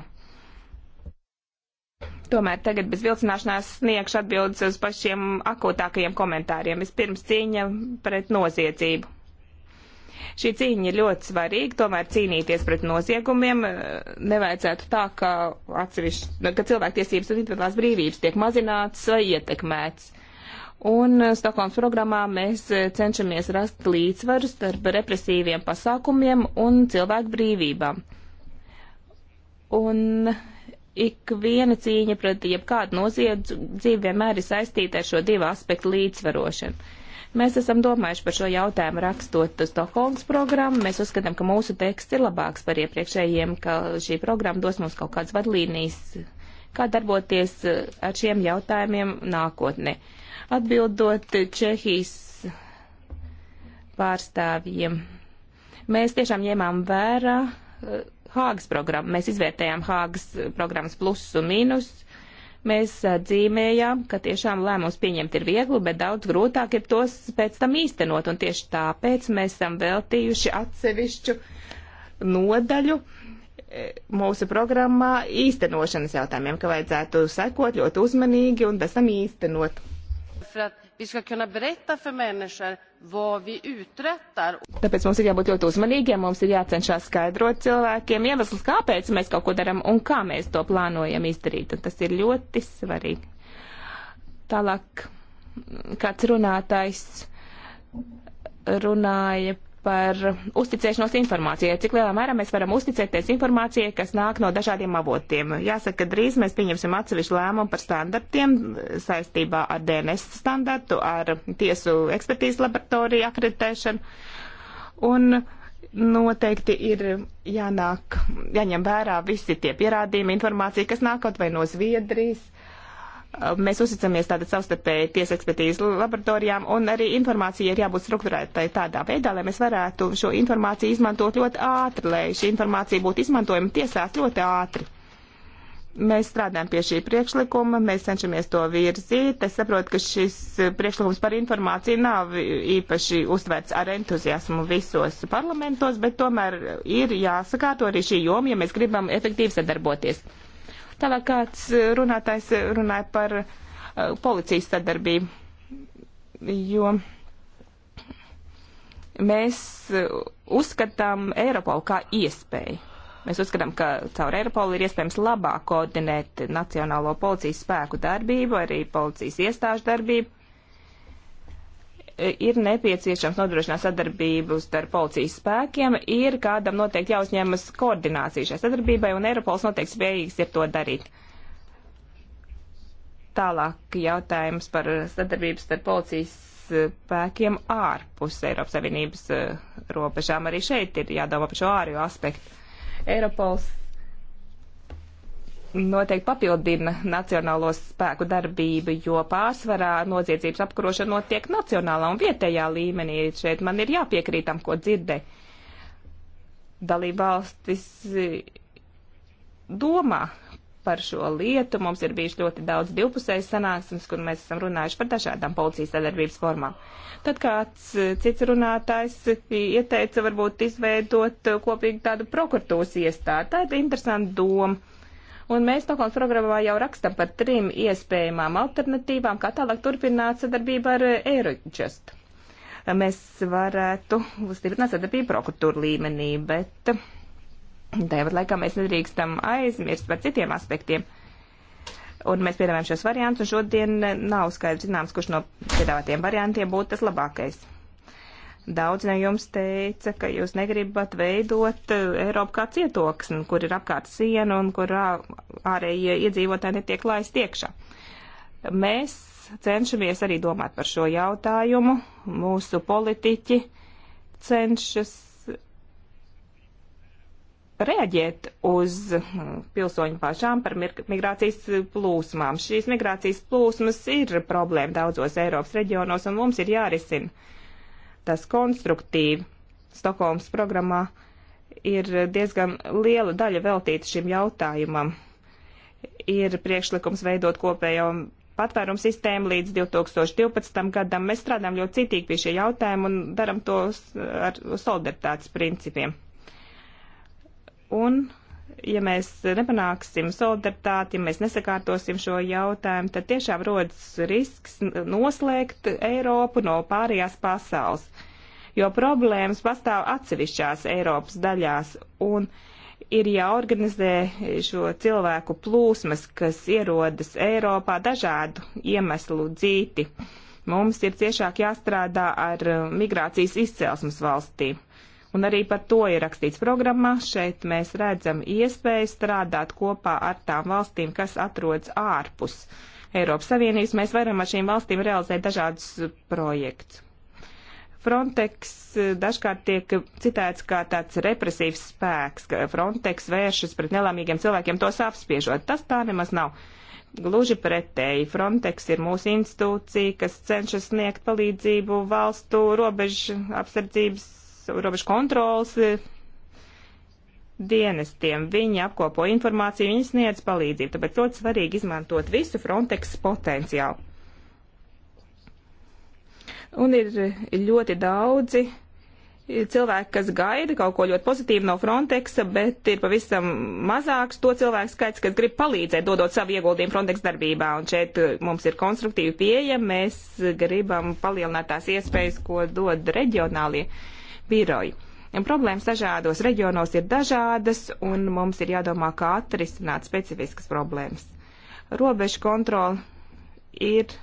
Tomēr tagad bez vilcināšanās sniegšu atbildes uz pašiem akūtākajiem komentāriem. Vispirms cīņa pret noziedzību. Šī cīņa ir ļoti svarīga, tomēr cīnīties pret noziegumiem eh, nevajadzētu tā, ka, atsevišķi, ka cilvēktiesības un individuālās brīvības tiek mazināts vai ietekmēts. Un eh, Stokholmas programmā mēs eh, cenšamies rast līdzsvaru starp represīviem pasākumiem un cilvēku brīvībām. Un ik viena cīņa pret jebkādu noziedzību vienmēr ir saistīta ar šo divu aspektu līdzsvarošanu. Mēs esam domājuši par šo jautājumu rakstot Stokholmas programmu. Mēs uzskatām, ka mūsu teksts ir labāks par iepriekšējiem, ka šī programma dos mums kaut kādas vadlīnijas, kā darboties ar šiem jautājumiem nākotnē. Atbildot Čehijas pārstāvjiem, mēs tiešām ņēmām vērā eh, Hāgas programmu. Mēs izvērtējām Hāgas programmas plusus un mīnusus Mēs atzīmējām, ka tiešām lēmums pieņemt ir viegli, bet daudz grūtāk ir tos pēc tam īstenot, un tieši tāpēc mēs esam veltījuši atsevišķu nodaļu mūsu programmā īstenošanas jautājumiem, ka vajadzētu sekot ļoti uzmanīgi un pēc tam īstenot. Frat Vi ska kunna berätta för människor vad vi uträttar. Tāpēc mums ir jābūt ļoti uzmanīgiem, mums ir jācenšas skaidrot cilvēkiem iemeslus, kāpēc mēs kaut ko darām un kā mēs to plānojam izdarīt. Un tas ir ļoti svarīgi. Tālāk kāds runātājs runāja par uzticēšanos informācijai, cik lielā mērā mēs varam uzticēties informācijai, kas nāk no dažādiem avotiem. Jāsaka, ka drīz mēs pieņemsim atsevišķu lēmumu par standartiem saistībā ar DNS standartu, ar tiesu ekspertīzes laboratoriju akreditēšanu. Un noteikti ir jānāk, jāņem vērā visi tie pierādījumi, informācija, kas nāk kaut vai no Zviedrijas Mēs uzticamies tātad savstarpēji tiesekspertīzes laboratorijām, un arī informācija ir jābūt strukturētai tādā veidā, lai mēs varētu šo informāciju izmantot ļoti ātri, lai šī informācija būtu izmantojama tiesās ļoti ātri. Mēs strādājam pie šī priekšlikuma, mēs cenšamies to virzīt. Es saprotu, ka šis priekšlikums par informāciju nav īpaši uztvērts ar entuziasmu visos parlamentos, bet tomēr ir jāsakārto arī šī joma, ja mēs gribam efektīvi sadarboties. Tālāk kāds eh, runātājs eh, runāja par uh, policijas sadarbību, jo mēs uzskatām Eiropolu kā iespēju. Mēs uzskatām, ka caur Eiropolu ir iespējams labāk koordinēt nacionālo policijas spēku darbību, arī policijas iestāžu darbību ir nepieciešams nodrošināt sadarbību starp policijas spēkiem, ir kādam noteikti jāuzņemas koordinācija šai sadarbībai, un Eiropols noteikti spējīgs ir to darīt. Tālāk jautājums par sadarbības starp policijas spēkiem ārpus Eiropas Savienības eh, robežām. Arī šeit ir jādomā par šo ārējo aspektu. Eiropols noteikti papildina nacionālo spēku darbību, jo pārsvarā noziedzības apkarošana notiek nacionālā un vietējā līmenī. Šeit man ir jāpiekrīt tam, ko dzirdē. Dalībvalstis e, domā par šo lietu. Mums ir bijuši ļoti daudz divpusējas sanāksmes, kur mēs esam runājuši par dažādām policijas sadarbības formām. Tad kāds e, cits runātājs ieteica varbūt izveidot e, kopīgi tādu prokuratūras iestādi. Tā ir interesanta doma Un mēs Stokholmas programmā jau rakstam par trim iespējamām alternatīvām, kā tālāk turpināt sadarbību ar Eirojust. Eh, mēs varētu uzstiprināt sadarbību prokuratūra līmenī, bet tāpat laikā mēs nedrīkstam aizmirst par citiem aspektiem. Un mēs piedāvājam šos variantus, un šodien nav skaidrs zināms, kurš no piedāvātiem variantiem būtu tas labākais. Daudz no jums teica, ka jūs negribat veidot e, Eiropu kā cietoksni, kur ir apkārt siena un kur ārējie iedzīvotāji netiek laist iekšā. Mēs cenšamies arī domāt par šo jautājumu. Mūsu politiķi cenšas reaģēt uz mm, pilsoņu pašām par migrācijas plūsmām. Šīs migrācijas plūsmas ir problēma daudzos Eiropas reģionos, un mums ir jārisina tas konstruktīvi. Stokholmas programmā ir diezgan liela daļa veltīta šim jautājumam. Ir priekšlikums veidot kopējo patvērumu sistēmu līdz 2012. gadam. Mēs strādājam ļoti citīgi pie šie jautājumi un daram to ar solidaritātes principiem. Un ja mēs nepanāksim solidaritāti, ja mēs nesakārtosim šo jautājumu, tad tiešām rodas risks noslēgt Eiropu no pārējās pasaules, jo problēmas pastāv atsevišķās Eiropas daļās, un ir jāorganizē šo cilvēku plūsmas, kas ierodas Eiropā dažādu iemeslu dzīti. Mums ir ciešāk jāstrādā ar migrācijas izcelsmes valstīm Un arī par to ir rakstīts programmā. Šeit mēs redzam iespēju strādāt kopā ar tām valstīm, kas atrodas ārpus Eiropas Savienības. Mēs varam ar šīm valstīm realizēt dažādus projektus. Frontex eh, dažkārt tiek citēts kā tāds represīvs spēks, ka Frontex vēršas pret nelāmīgiem cilvēkiem, tos apspiežot. Tas tā nemaz nav. Gluži pretēji, Frontex ir mūsu institūcija, kas cenšas sniegt palīdzību valstu robežu apsardzības robežu kontrols eh, dienestiem. Viņi apkopo informāciju, viņi sniedz palīdzību, tāpēc ļoti svarīgi izmantot visu Frontex potenciālu. Un ir eh, ļoti daudzi eh, cilvēki, kas gaida kaut ko ļoti pozitīvu no Frontexa, bet ir pavisam mazāks to cilvēku skaits, kas grib palīdzēt, dodot savu ieguldījumu Frontex darbībā. Un šeit mums ir konstruktīva pieeja, mēs gribam palielināt tās iespējas, ko dod reģionālie. Uh, biroji. Un problēmas dažādos reģionos ir dažādas, un mums ir jādomā, kā atrisināt specifiskas problēmas. Robežu kontrola ir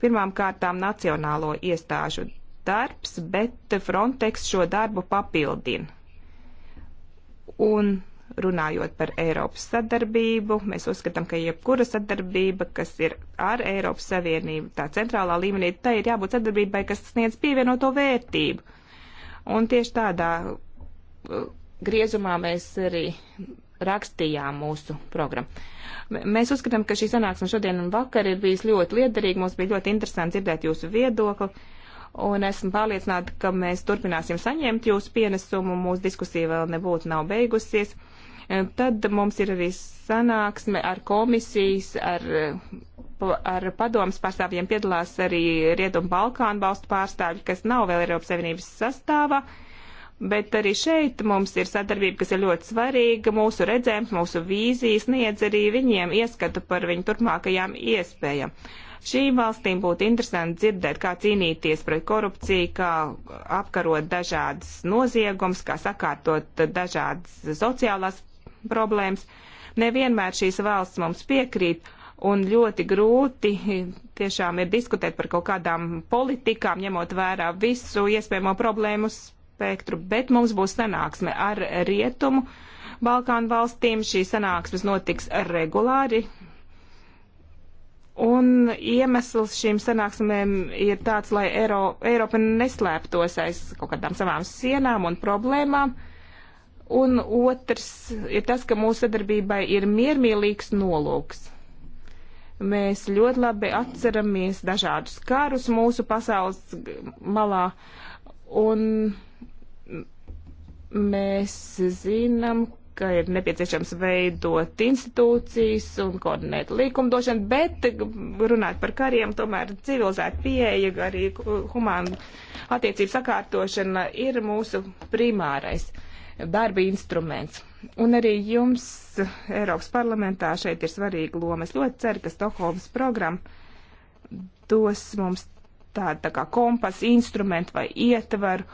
pirmām kārtām nacionālo iestāžu darbs, bet Frontex šo darbu papildina. Un runājot par Eiropas sadarbību, mēs uzskatām, ka jebkura sadarbība, kas ir ar Eiropas Savienību, tā centrālā līmenī, tai ir jābūt sadarbībai, kas sniedz pievienoto vērtību. Un tieši tādā uh, griezumā mēs arī rakstījām mūsu programmu. Mēs uzskatām, ka šī sanāksme šodien un vakar ir bijis ļoti liederīga. Mums bija ļoti interesanti dzirdēt jūsu viedokli. Un esmu pārliecināta, ka mēs turpināsim saņemt jūsu pienesumu. Mūsu diskusija vēl nebūtu nav beigusies. Tad mums ir arī sanāksme ar komisijas, ar ar padomas pārstāvjiem piedalās arī Rietumu Balkānu valstu pārstāvji, kas nav vēl Eiropas Savienības sastāvā. Bet arī šeit mums ir sadarbība, kas ir ļoti svarīga. Mūsu redzējums, mūsu vīzijas niedz arī viņiem ieskatu par viņu turpmākajām iespējām. Šīm valstīm būtu interesanti dzirdēt, kā cīnīties pret korupciju, kā apkarot dažādas noziegums, kā sakārtot dažādas sociālās problēmas. Nevienmēr šīs valsts mums piekrīt, un ļoti grūti tiešām ir diskutēt par kaut kādām politikām, ņemot vērā visu iespējamo problēmu spektru, bet mums būs sanāksme ar rietumu Balkānu valstīm. Šī sanāksmes notiks regulāri. Un iemesls šīm sanāksmēm ir tāds, lai Eiro, Eiropa neslēptos aiz kaut kādām savām sienām un problēmām. Un otrs ir tas, ka mūsu sadarbībai ir miermīlīgs nolūks Mēs ļoti labi atceramies dažādus karus mūsu pasaules malā, un mēs zinām, ka ir nepieciešams veidot institūcijas un koordinēt likumdošanu, bet runāt par kariem, tomēr civilizēta pieeja, arī humāna attiecību sakārtošana ir mūsu primārais darba instruments. Un arī jums, Eiropas parlamentā, šeit ir svarīga loma. Es ļoti ceru, ka Stokholmas programma dos mums tādu tā kā kompasu, instrumentu vai ietvaru,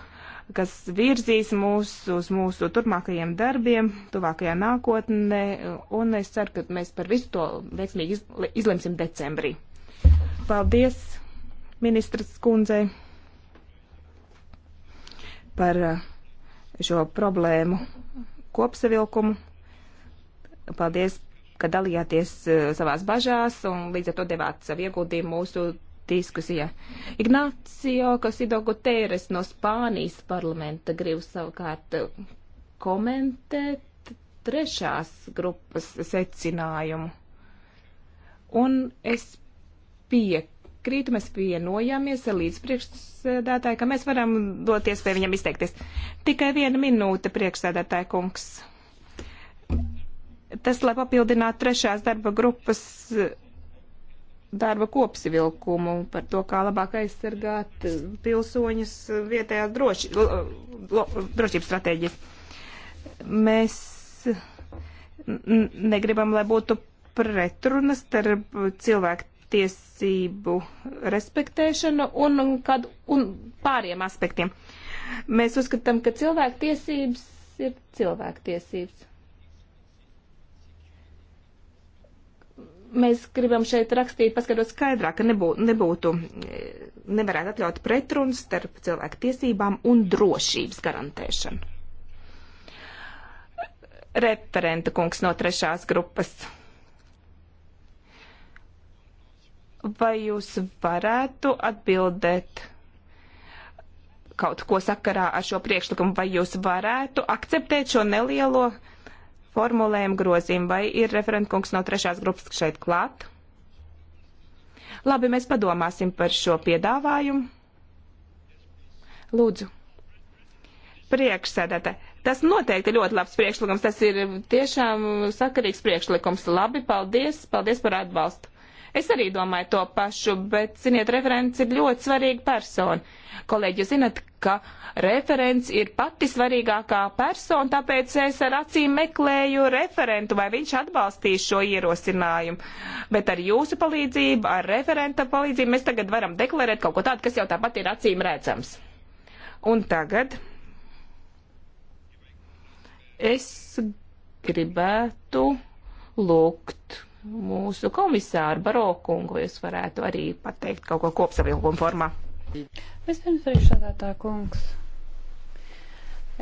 kas virzīs mūs uz mūsu turpmākajiem darbiem, tuvākajā nākotnē, un es ceru, ka mēs par visu to veiksmīgi izlemsim decembrī. Paldies, ministras kundzei, par eh, šo problēmu kopsavilkumu. Paldies, ka dalījāties eh, savās bažās un līdz ar to devāt savu ieguldījumu mūsu diskusijā. Ignācio Kasido Guterres no Spānijas parlamenta grib savukārt eh, komentēt trešās grupas secinājumu. Un es piekrītu piekrītu, mēs vienojāmies ar līdzpriekšsēdētāju, ka mēs varam doties pie viņam izteikties. Tikai viena minūte, priekšsēdētāja kungs. Tas, lai papildinātu trešās darba grupas eh, darba kopsivilkumu par to, kā labāk aizsargāt eh, pilsoņus vietējās droši, lo, lo, drošības stratēģijas. Mēs negribam, lai būtu pretruna starp cilvēku tiesību respektēšanu un, un, kad, un pāriem aspektiem. Mēs uzskatām, ka cilvēktiesības ir cilvēktiesības. Mēs gribam šeit rakstīt, paskatot skaidrāk, ka nebū, nebūtu, nevarētu atļaut pretrunas starp cilvēku tiesībām un drošības garantēšanu. Referenta kungs no trešās grupas vai jūs varētu atbildēt kaut ko sakarā ar šo priekšlikumu, vai jūs varētu akceptēt šo nelielo formulējumu grozījumu, vai ir referentkungs no trešās grupas šeit klāt? Labi, mēs padomāsim par šo piedāvājumu. Lūdzu. Priekšsēdētāji, tas noteikti ļoti labs priekšlikums, tas ir tiešām sakarīgs priekšlikums. Labi, paldies, paldies par atbalstu. Es arī domāju to pašu, bet, ziniet, referents ir ļoti svarīga persona. Kolēģi, jūs zinat, ka referents ir pati svarīgākā persona, tāpēc es ar acīm meklēju referentu, vai viņš atbalstīs šo ierosinājumu. Bet ar jūsu palīdzību, ar referenta palīdzību mēs tagad varam deklarēt kaut ko tādu, kas jau tāpat ir acīm redzams. Un tagad es gribētu lūgt mūsu komisāru Barokungu, jūs varētu arī pateikt kaut ko kopsavilkuma formā. Vispirms priekšsādātā kungs.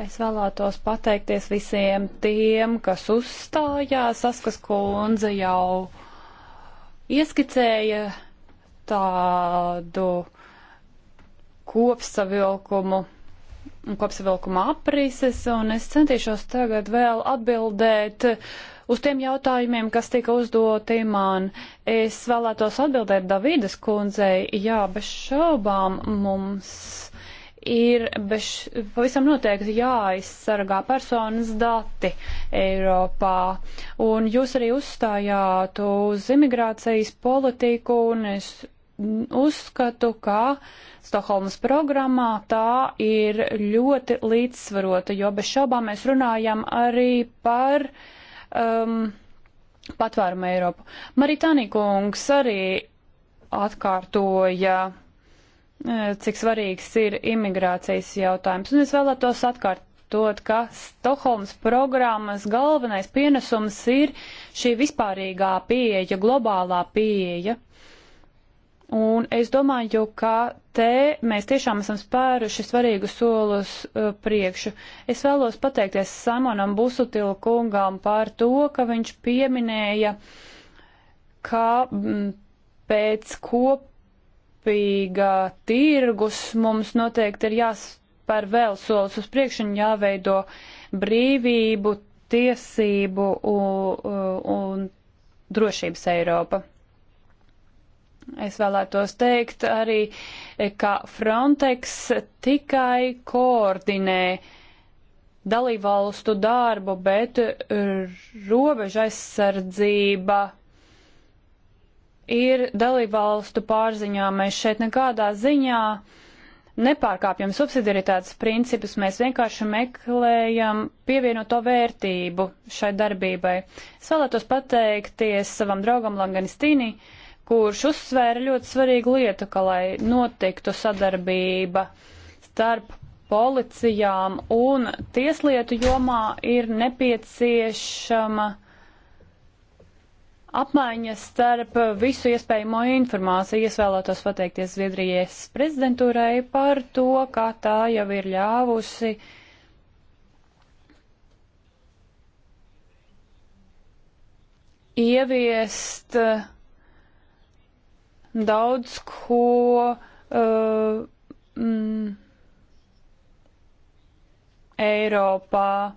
Es vēlētos pateikties visiem tiem, kas uzstājās. Askas kundze jau ieskicēja tādu kopsavilkumu, kopsavilkuma aprises, un es centīšos tagad vēl atbildēt uh, Uz tiem jautājumiem, kas tika uzdoti man, es vēlētos atbildēt Davidas kundzei, jā, bez šaubām mums ir bez, pavisam noteikti jāaizsargā personas dati Eiropā. Un jūs arī uzstājāt uz imigrācijas politiku, un es uzskatu, ka Stokholmas programmā tā ir ļoti līdzsvarota, jo bez šaubām mēs runājam arī par uh, um, patvērumu Eiropu. Maritāni kungs arī atkārtoja, e, cik svarīgs ir imigrācijas jautājums. Un es vēlētos atkārtot, ka Stokholmas programmas galvenais pienesums ir šī vispārīgā pieeja, globālā pieeja. Uh, Un es domāju, ka te mēs tiešām esam spēruši svarīgu solus uh, priekšu. Es vēlos pateikties Samonam Busutilu kungām par to, ka viņš pieminēja, ka m, mm, pēc kopīga tirgus mums noteikti ir jāspēr vēl solis uz priekšu un jāveido brīvību, tiesību un, un drošības Eiropa. Es vēlētos teikt arī, ka Frontex tikai koordinē dalībvalstu darbu, bet robeža aizsardzība ir dalībvalstu pārziņā. Mēs šeit nekādā ziņā nepārkāpjam subsidiaritātes principus, mēs vienkārši meklējam pievienoto vērtību šai darbībai. Es vēlētos pateikties savam draugam Langanistīnijam kurš uzsvēra ļoti svarīgu lietu, ka lai notiktu sadarbība starp policijām un tieslietu jomā ir nepieciešama apmaiņa starp visu iespējamo informāciju. Es vēlētos pateikties Zviedrijas prezidentūrai par to, kā tā jau ir ļāvusi ieviest uh, daudz ko. Uh, mm, Eiropā.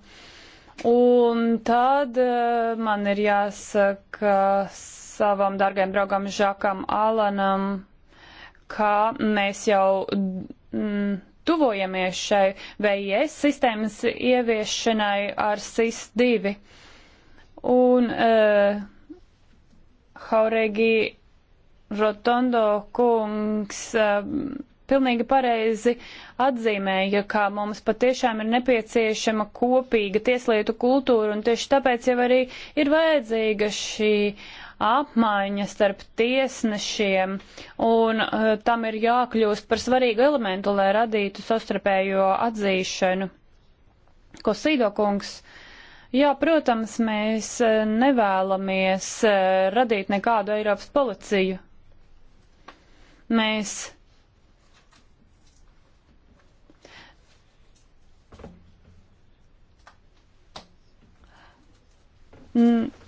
Un tad uh, man ir jāsaka savam dargajam draugam Žakam Alanam, ka mēs jau mm, tuvojamies šai VIS sistēmas ieviešanai ar SIS-2. Un uh, Hauregi Rotondo kungs eh, pilnīgi pareizi atzīmēja, ka mums patiešām ir nepieciešama kopīga tieslietu kultūra, un tieši tāpēc jau arī ir vajadzīga šī apmaiņa starp tiesnešiem, un uh, tam ir jākļūst par svarīgu elementu, lai radītu sastarpējo atzīšanu. Ko Sīdokungs? Jā, protams, mēs eh, nevēlamies radīt nekādu Eiropas policiju, mēs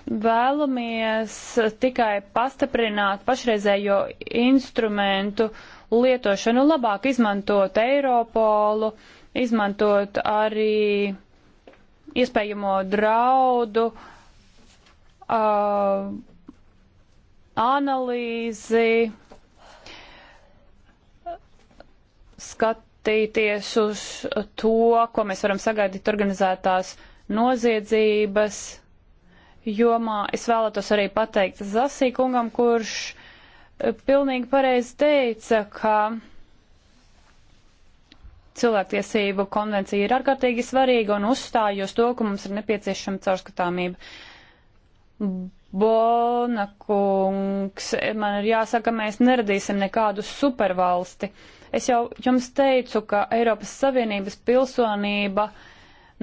vēlamies tikai pastiprināt pašreizējo instrumentu lietošanu, labāk izmantot Eiropolu, izmantot arī iespējamo draudu, uh, analīzi, skatīties uz to, ko mēs varam sagaidīt organizētās noziedzības jomā. Es vēlētos arī pateikt Zasīkungam, kurš eh, pilnīgi pareizi teica, ka cilvēktiesību konvencija ir ārkārtīgi svarīga un uzstājos to, ka mums ir nepieciešama caurskatāmība. Bona kungs, man ir jāsaka, mēs neradīsim nekādu supervalsti. Uh, Es jau jums teicu, ka Eiropas Savienības pilsonība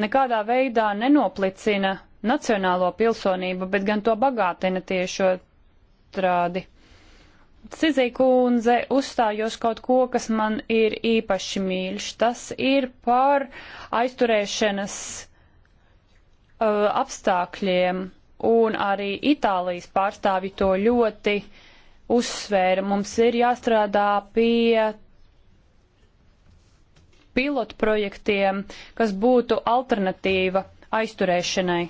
nekādā veidā nenoplicina nacionālo pilsonību, bet gan to bagātina tieši otrādi. Cizīkundze uzstājos kaut ko, kas man ir īpaši mīļš. Tas ir par aizturēšanas uh, apstākļiem, un arī Itālijas pārstāvi to ļoti uzsvēra. Mums ir jāstrādā pie pilotprojektiem, kas būtu alternatīva aizturēšanai.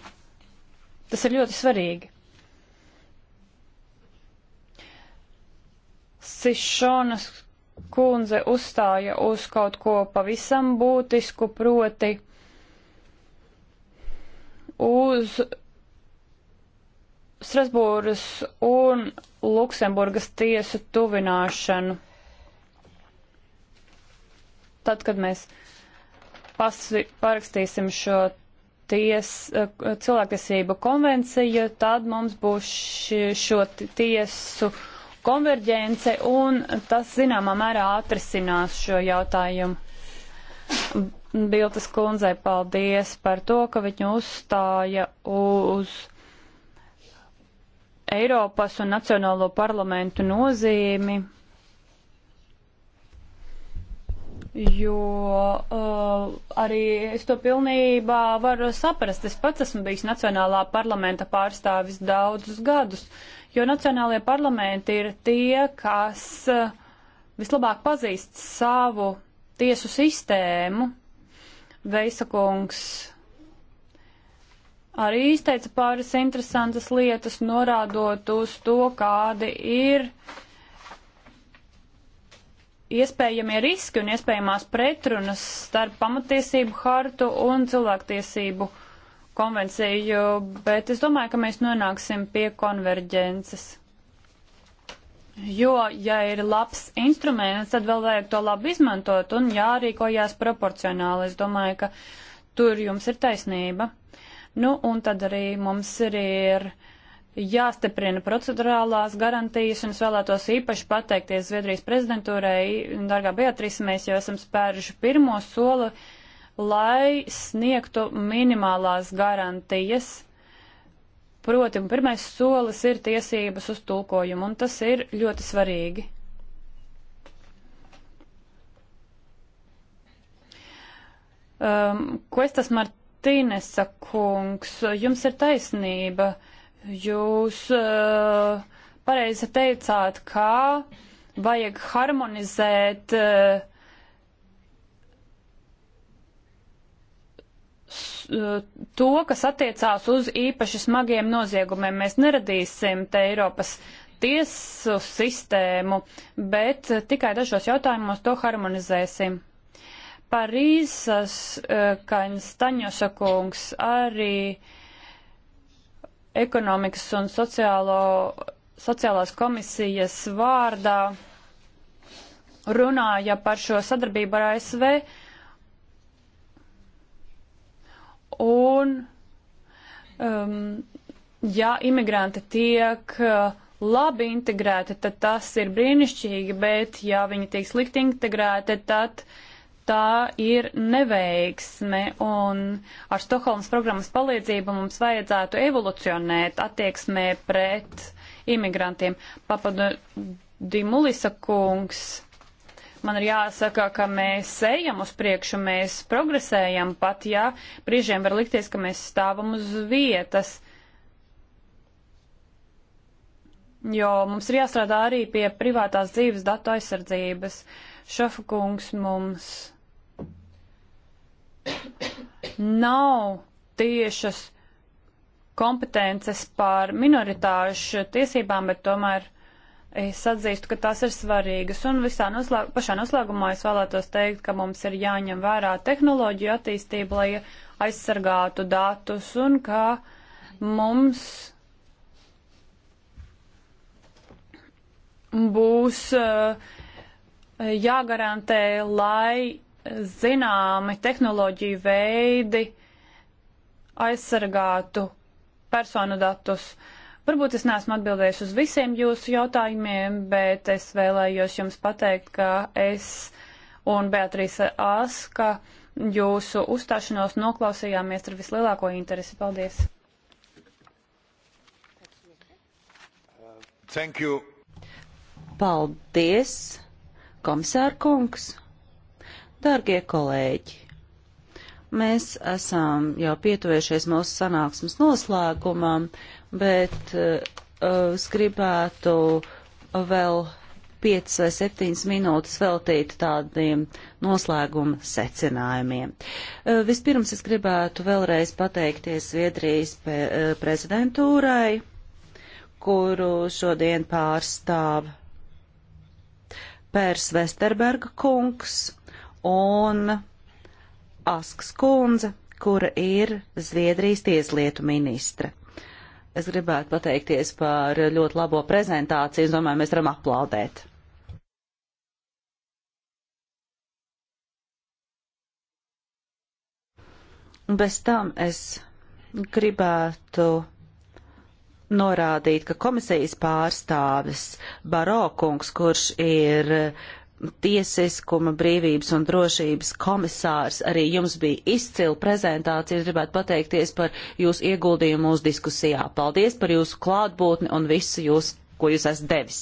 Tas ir ļoti svarīgi. Sišonas kundze uzstāja uz kaut ko pavisam būtisku, proti uz Strasbūras un Luksemburgas tiesu tuvināšanu tad, kad mēs pasvi, parakstīsim šo ties, eh, cilvēktiesību konvenciju, tad mums būs ši, šo tiesu konverģence un tas zināmā mērā atrisinās šo jautājumu. Biltas kundzei paldies par to, ka viņa uzstāja uz Eiropas un Nacionālo parlamentu nozīmi jo uh, arī es to pilnībā varu saprast. Es pats esmu bijis Nacionālā parlamenta pārstāvis daudzus gadus, jo Nacionālajie parlamenti ir tie, kas uh, vislabāk pazīst savu tiesu sistēmu. Veisakungs arī izteica pāris interesantas lietas, norādot uz to, kādi ir uh, iespējamie riski un iespējamās pretrunas starp pamatiesību hartu un cilvēktiesību konvenciju, bet es domāju, ka mēs nonāksim pie konverģences. Jo, ja ir labs instruments, tad vēl vajag to labi izmantot un jārīkojās proporcionāli. Es domāju, ka tur jums ir taisnība. Nu, un tad arī mums ir. ir jāstiprina procedurālās garantijas, un es vēlētos īpaši pateikties Zviedrijas prezidentūrai, dargā Beatrice, mēs jau esam spēruši pirmo soli, lai sniegtu minimālās garantijas. Proti, pirmais solis ir tiesības uz tulkojumu, un tas ir ļoti svarīgi. Um, Kvestas Martīnesa kungs, jums ir taisnība. Uh, Jūs uh, pareizi teicāt, ka vajag harmonizēt uh, to, kas attiecās uz īpaši smagiem noziegumiem. Mēs neradīsim te Eiropas tiesu sistēmu, bet tikai dažos jautājumos to harmonizēsim. Parīzas eh, Kaņstaņosa kungs arī uh, ekonomikas un sociālo, sociālās komisijas vārdā runāja par šo sadarbību ar ASV. Un, um, ja imigranti tiek uh, labi integrēti, tad tas ir brīnišķīgi, bet ja viņi tiek slikti integrēti, tad uh, tā ir neveiksme, un ar Stokholmas programmas palīdzību mums vajadzētu evolucionēt attieksmē pret imigrantiem. Papadu Dimulisa kungs, man ir jāsaka, ka mēs ejam uz priekšu, mēs progresējam, pat ja brīžiem var likties, ka mēs stāvam uz vietas. Jo mums ir jāstrādā arī pie privātās dzīves datu aizsardzības. Šafakungs mums nav tiešas kompetences pār minoritāšu tiesībām, bet tomēr es atzīstu, ka tās ir svarīgas. Un visā noslēg pašā noslēgumā es vēlētos teikt, ka mums ir jāņem vērā tehnoloģiju attīstība, lai aizsargātu datus un ka mums būs eh, jāgarantē, lai zināmi tehnoloģiju veidi aizsargātu personu datus. Varbūt es neesmu atbildējis uz visiem jūsu jautājumiem, bet es vēlējos jums pateikt, ka es un Beatrīse Aska jūsu uzstāšanos noklausījāmies ar vislielāko interesi. Paldies! Thank you. Paldies, komisārkungs! Dārgie kolēģi, mēs esam jau pietuvējušies mūsu sanāksmes noslēgumam, bet uh, es gribētu vēl 5 vai 7 minūtes veltīt tādiem noslēguma secinājumiem. Eh, vispirms es gribētu vēlreiz pateikties Zviedrijas eh, prezidentūrai, kuru šodien pārstāv Pērs Vesterberga kungs un Asks kundze, kura ir Zviedrijas tieslietu ministre. Es gribētu pateikties par ļoti labo prezentāciju, es domāju, mēs varam aplaudēt. Bez tam es gribētu norādīt, ka komisijas pārstāvis Barokungs, kurš ir tiesiskuma, brīvības un drošības komisārs. Arī jums bija izcila prezentācija. Es gribētu pateikties par jūsu ieguldījumu mūsu diskusijā. Paldies par jūsu klātbūtni un visu jūs, ko jūs esat devis.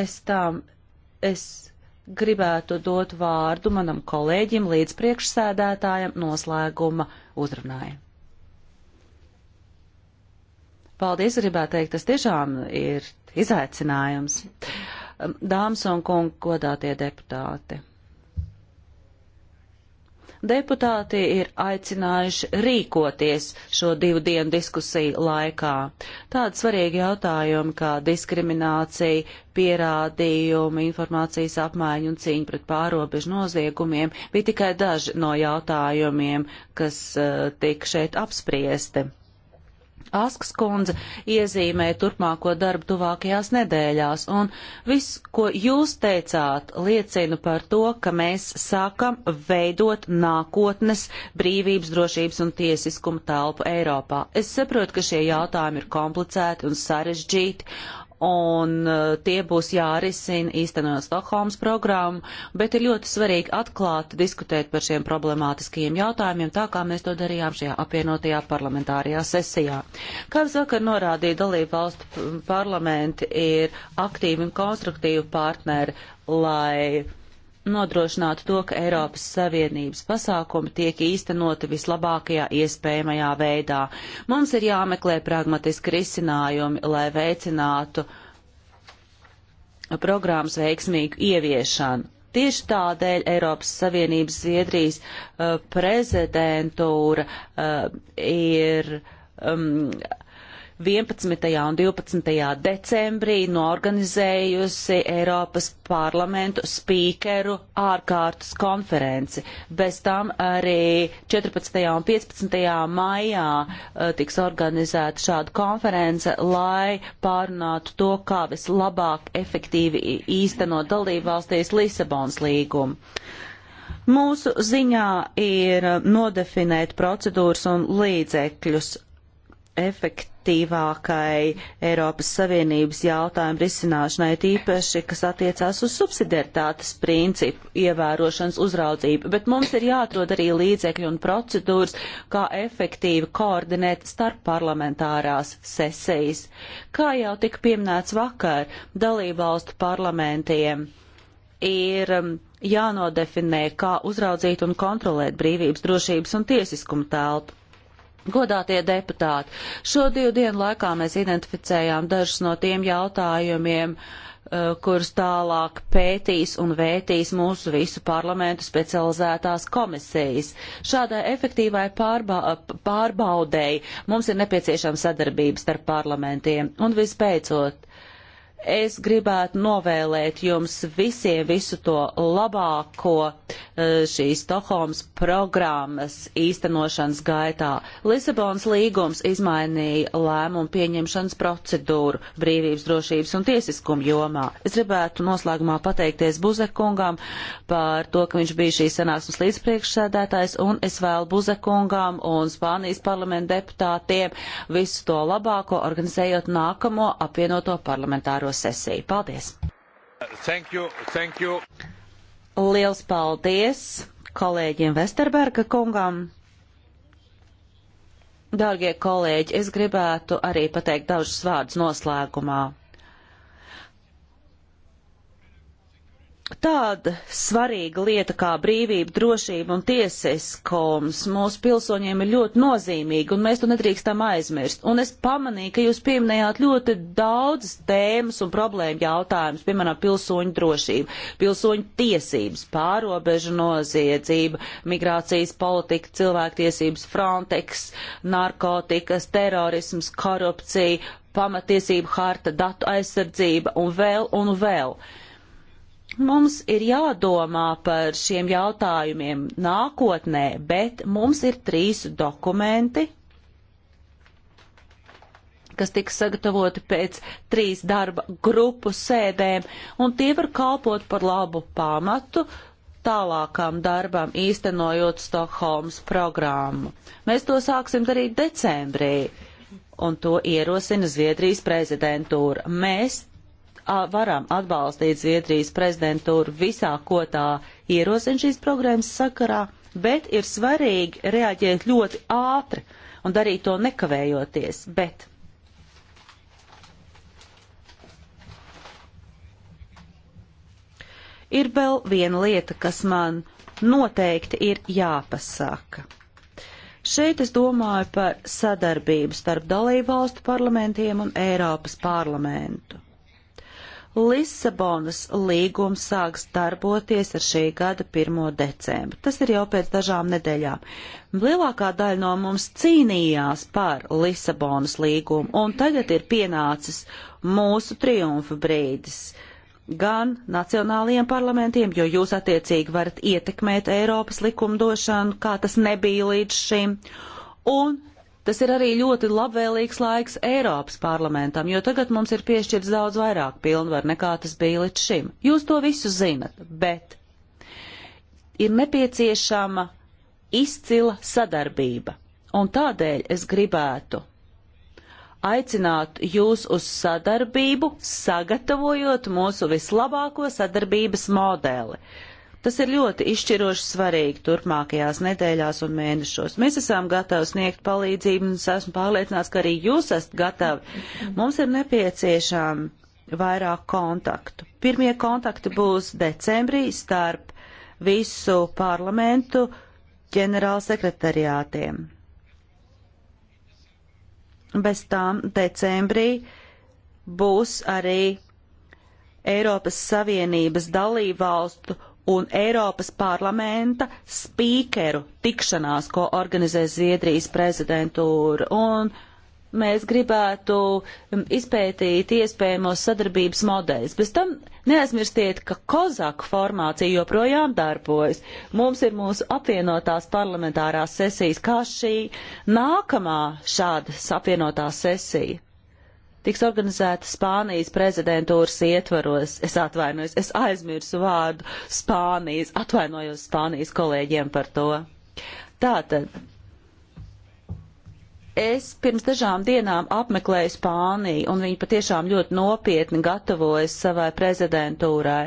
Bez tām es gribētu dot vārdu manam kolēģim līdz priekšsēdētājam noslēguma uzrunājumu. Paldies, gribētu teikt, tas tiešām ir izaicinājums. Ehm, dāmas un kungi, godātie deputāti. Deputāti ir aicinājuši rīkoties šo divu dienu diskusiju laikā. Tāda svarīga jautājuma kā diskriminācija, pierādījumi, informācijas apmaiņa un cīņa pret pārobežu noziegumiem bija tikai daži no jautājumiem, kas uh, ehm, tika šeit apspriesti. Asks kundze iezīmē turpmāko darbu tuvākajās nedēļās, un viss, ko jūs teicāt, liecina par to, ka mēs sākam veidot nākotnes brīvības, drošības un tiesiskuma telpu Eiropā. Es saprotu, ka šie jautājumi ir komplicēti un sarežģīti, un uh, tie būs jārisina īstenot Stokholmas programmu, bet ir ļoti svarīgi atklāt, diskutēt par šiem problemātiskajiem jautājumiem, tā kā mēs to darījām šajā apvienotajā parlamentārajā sesijā. Kā vakar norādīja dalību valstu parlamenti ir aktīvi un konstruktīvi partneri, lai nodrošinātu to, ka Eiropas Savienības pasākumi tiek īstenoti vislabākajā iespējamajā veidā. Mums ir jāmeklē pragmatiski risinājumi, lai veicinātu programmas veiksmīgu ieviešanu. Tieši tādēļ Eiropas Savienības Zviedrijas uh, prezidentūra uh, ir um, 11. un 12. decembrī norganizējusi Eiropas parlamentu spīkeru ārkārtas konferenci. Bez tam arī 14. un 15. maijā eh, tiks organizēta šāda konference, lai pārunātu to, kā vislabāk efektīvi īstenot dalībvalstīs Lisabonas līgumu. Mūsu ziņā ir nodefinēt procedūras un līdzekļus efekt aktīvākai Eiropas Savienības jautājumu risināšanai, tīpaši, kas attiecās uz subsidiaritātes principu ievērošanas uzraudzību. Bet mums ir jāatrod arī līdzekļi un procedūras, kā efektīvi koordinēt starp parlamentārās sesijas. Kā jau tika pieminēts vakar, dalībvalstu parlamentiem ir um, jānodefinē, kā uzraudzīt un kontrolēt brīvības, drošības un tiesiskuma telpu. Godātie deputāti, šo divu dienu laikā mēs identificējām dažus no tiem jautājumiem, eh, kurus tālāk pētīs un vētīs mūsu visu parlamentu specializētās komisijas. Šādai efektīvai pārba pārbaudēji mums ir nepieciešama sadarbības starp parlamentiem. Un visbeidzot, Es gribētu novēlēt jums visiem visu to labāko eh, šīs Stokholmas programmas īstenošanas gaitā. Lisabonas līgums izmainīja lēmumu pieņemšanas procedūru brīvības, drošības un tiesiskuma jomā. Es gribētu noslēgumā pateikties Buzekungam par to, ka viņš bija šīs sanāksmes līdzpriekšsēdētājs, un es vēlu Buzekungam un Spānijas parlamenta deputātiem visu to labāko, organizējot nākamo apvienoto parlamentāro šo sesiju. Paldies! Thank you, thank you. Liels paldies kolēģiem Vesterberga kungam! Dārgie kolēģi, es gribētu arī pateikt dažus vārdus noslēgumā. tāda svarīga lieta kā brīvība, drošība un tiesiskums mūsu pilsoņiem ir ļoti nozīmīga, un mēs to nedrīkstam aizmirst. Un es pamanīju, ka jūs pieminējāt ļoti daudzas tēmas un problēma jautājumus, piemēram, pilsoņu drošību, pilsoņu tiesības, pārobežu noziedzība, migrācijas politika, cilvēktiesības, Frontex, narkotikas, terorisms, korupcija, pamatiesību harta, datu aizsardzība un vēl un vēl. Uh, Mums ir jādomā par šiem jautājumiem nākotnē, bet mums ir trīs dokumenti, kas tiks sagatavoti pēc trīs darba grupu sēdēm, un tie var kalpot par labu pamatu tālākām darbām īstenojot Stokholmas programmu. Mēs to sāksim darīt decembrī, un to ierosina Zviedrijas prezidentūra. Mēs varam atbalstīt Zviedrijas prezidentūru visā, ko tā ierosina šīs programmas sakarā, bet ir svarīgi reaģēt ļoti ātri un darīt to nekavējoties. Bet ir vēl viena lieta, kas man noteikti ir jāpasaka. Šeit es domāju par sadarbību starp dalībvalstu parlamentiem un Eiropas parlamentu. Lisabonas līgums sāks darboties ar šī gada 1. decembru. Tas ir jau pēc dažām nedēļām. Lielākā daļa no mums cīnījās par Lisabonas līgumu, un tagad ir pienācis mūsu triumfa brīdis gan nacionālajiem parlamentiem, jo jūs attiecīgi varat ietekmēt Eiropas likumdošanu, kā tas nebija līdz šim, un Tas ir arī ļoti labvēlīgs laiks Eiropas parlamentam, jo tagad mums ir piešķirts daudz vairāk pilnvaru nekā tas bija līdz šim. Jūs to visu zinat, bet ir nepieciešama izcila sadarbība. Un tādēļ es gribētu aicināt jūs uz sadarbību, sagatavojot mūsu vislabāko sadarbības modeli. Uh, Tas ir ļoti izšķiroši svarīgi turpmākajās nedēļās un mēnešos. Mēs esam gatavi sniegt palīdzību un es esmu pārliecināts, ka arī jūs esat gatavi. Mums ir nepieciešami vairāk kontaktu. Pirmie kontakti būs decembrī starp visu parlamentu ģenerālsekretariātiem. Bez tām decembrī būs arī Eiropas Savienības dalībvalstu un Eiropas parlamenta spīkeru tikšanās, ko organizē Zviedrijas prezidentūra. Un mēs gribētu izpētīt iespējamos sadarbības modeļus. Bez tam neaizmirstiet, ka Kozaka formācija joprojām darbojas. Mums ir mūsu apvienotās parlamentārās sesijas, kā šī nākamā šādas apvienotā sesija tiks organizēta Spānijas prezidentūras ietvaros. Es atvainojos, es aizmirsu vārdu Spānijas, atvainojos Spānijas kolēģiem par to. Tātad. Es pirms dažām dienām apmeklēju Spāniju, un viņi patiešām ļoti nopietni gatavojas savai prezidentūrai.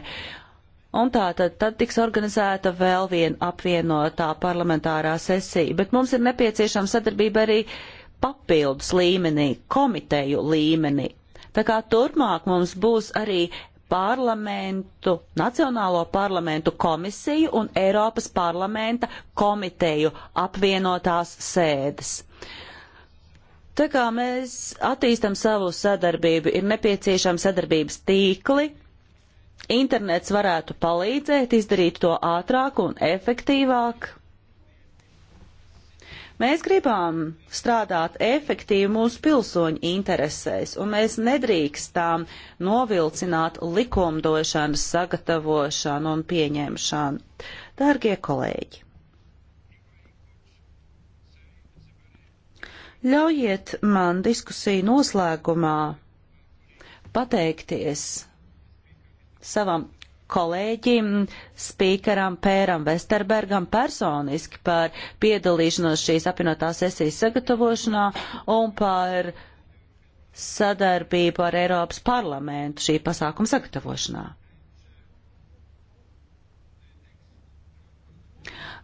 Un tā tad, tad tiks organizēta vēl viena apvienotā parlamentārā sesija, bet mums ir nepieciešama sadarbība arī uh, papildus līmenī, komiteju līmenī. Tā kā turpmāk mums būs arī parlamentu, Nacionālo parlamentu komisiju un Eiropas parlamenta komiteju apvienotās sēdes. Tā kā mēs attīstam savu sadarbību, ir nepieciešama sadarbības tīkli. Internets varētu palīdzēt izdarīt to ātrāk un efektīvāk. Mēs gribam strādāt efektīvi mūsu pilsoņu interesēs, un mēs nedrīkstām novilcināt likumdošanas sagatavošanu un pieņemšanu. Dārgie kolēģi! Ļaujiet man diskusiju noslēgumā pateikties savam kolēģim, spīkeram Pēram Vesterbergam personiski par piedalīšanos šīs apvienotās sesijas sagatavošanā un par sadarbību ar Eiropas parlamentu šī pasākuma sagatavošanā.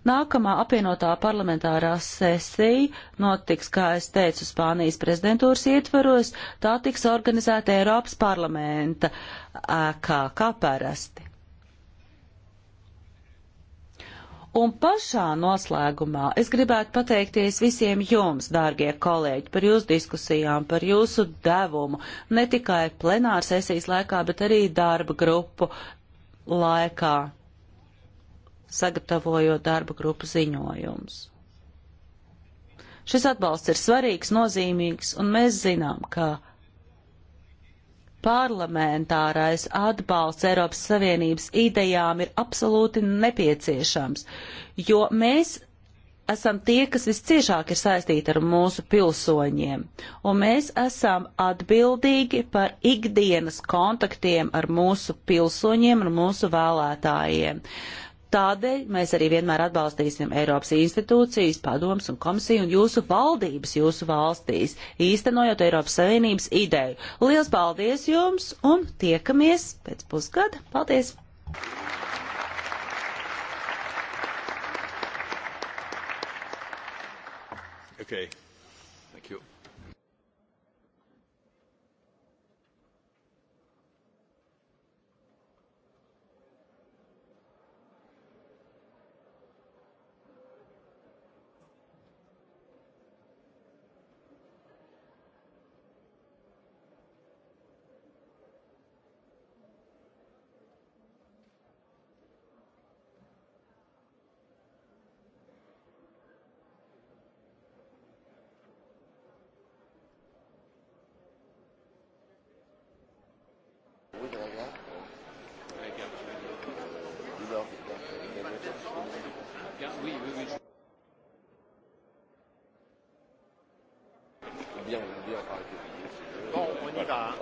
Nākamā apvienotā parlamentārā sesija notiks, kā es teicu, Spānijas prezidentūras ietvaros, tā tiks organizēta Eiropas parlamenta ēkā, kā, kā parasti. Un pašā noslēgumā es gribētu pateikties visiem jums, dārgie kolēģi, par jūsu diskusijām, par jūsu devumu, ne tikai plenāra sesijas laikā, bet arī darba grupu laikā, sagatavojot darba grupu ziņojumus. Šis atbalsts ir svarīgs, nozīmīgs, un mēs zinām, ka parlamentārais atbalsts Eiropas Savienības idejām ir absolūti nepieciešams, jo mēs esam tie, kas visciešāk ir saistīti ar mūsu pilsoņiem, un mēs esam atbildīgi par ikdienas kontaktiem ar mūsu pilsoņiem, ar mūsu vēlētājiem. Tādēļ mēs arī vienmēr atbalstīsim Eiropas institūcijas, padoms un komisiju un jūsu valdības jūsu valstīs, īstenojot Eiropas Savienības ideju. Lielas paldies jums un tiekamies pēc pusgada. Paldies! Okay.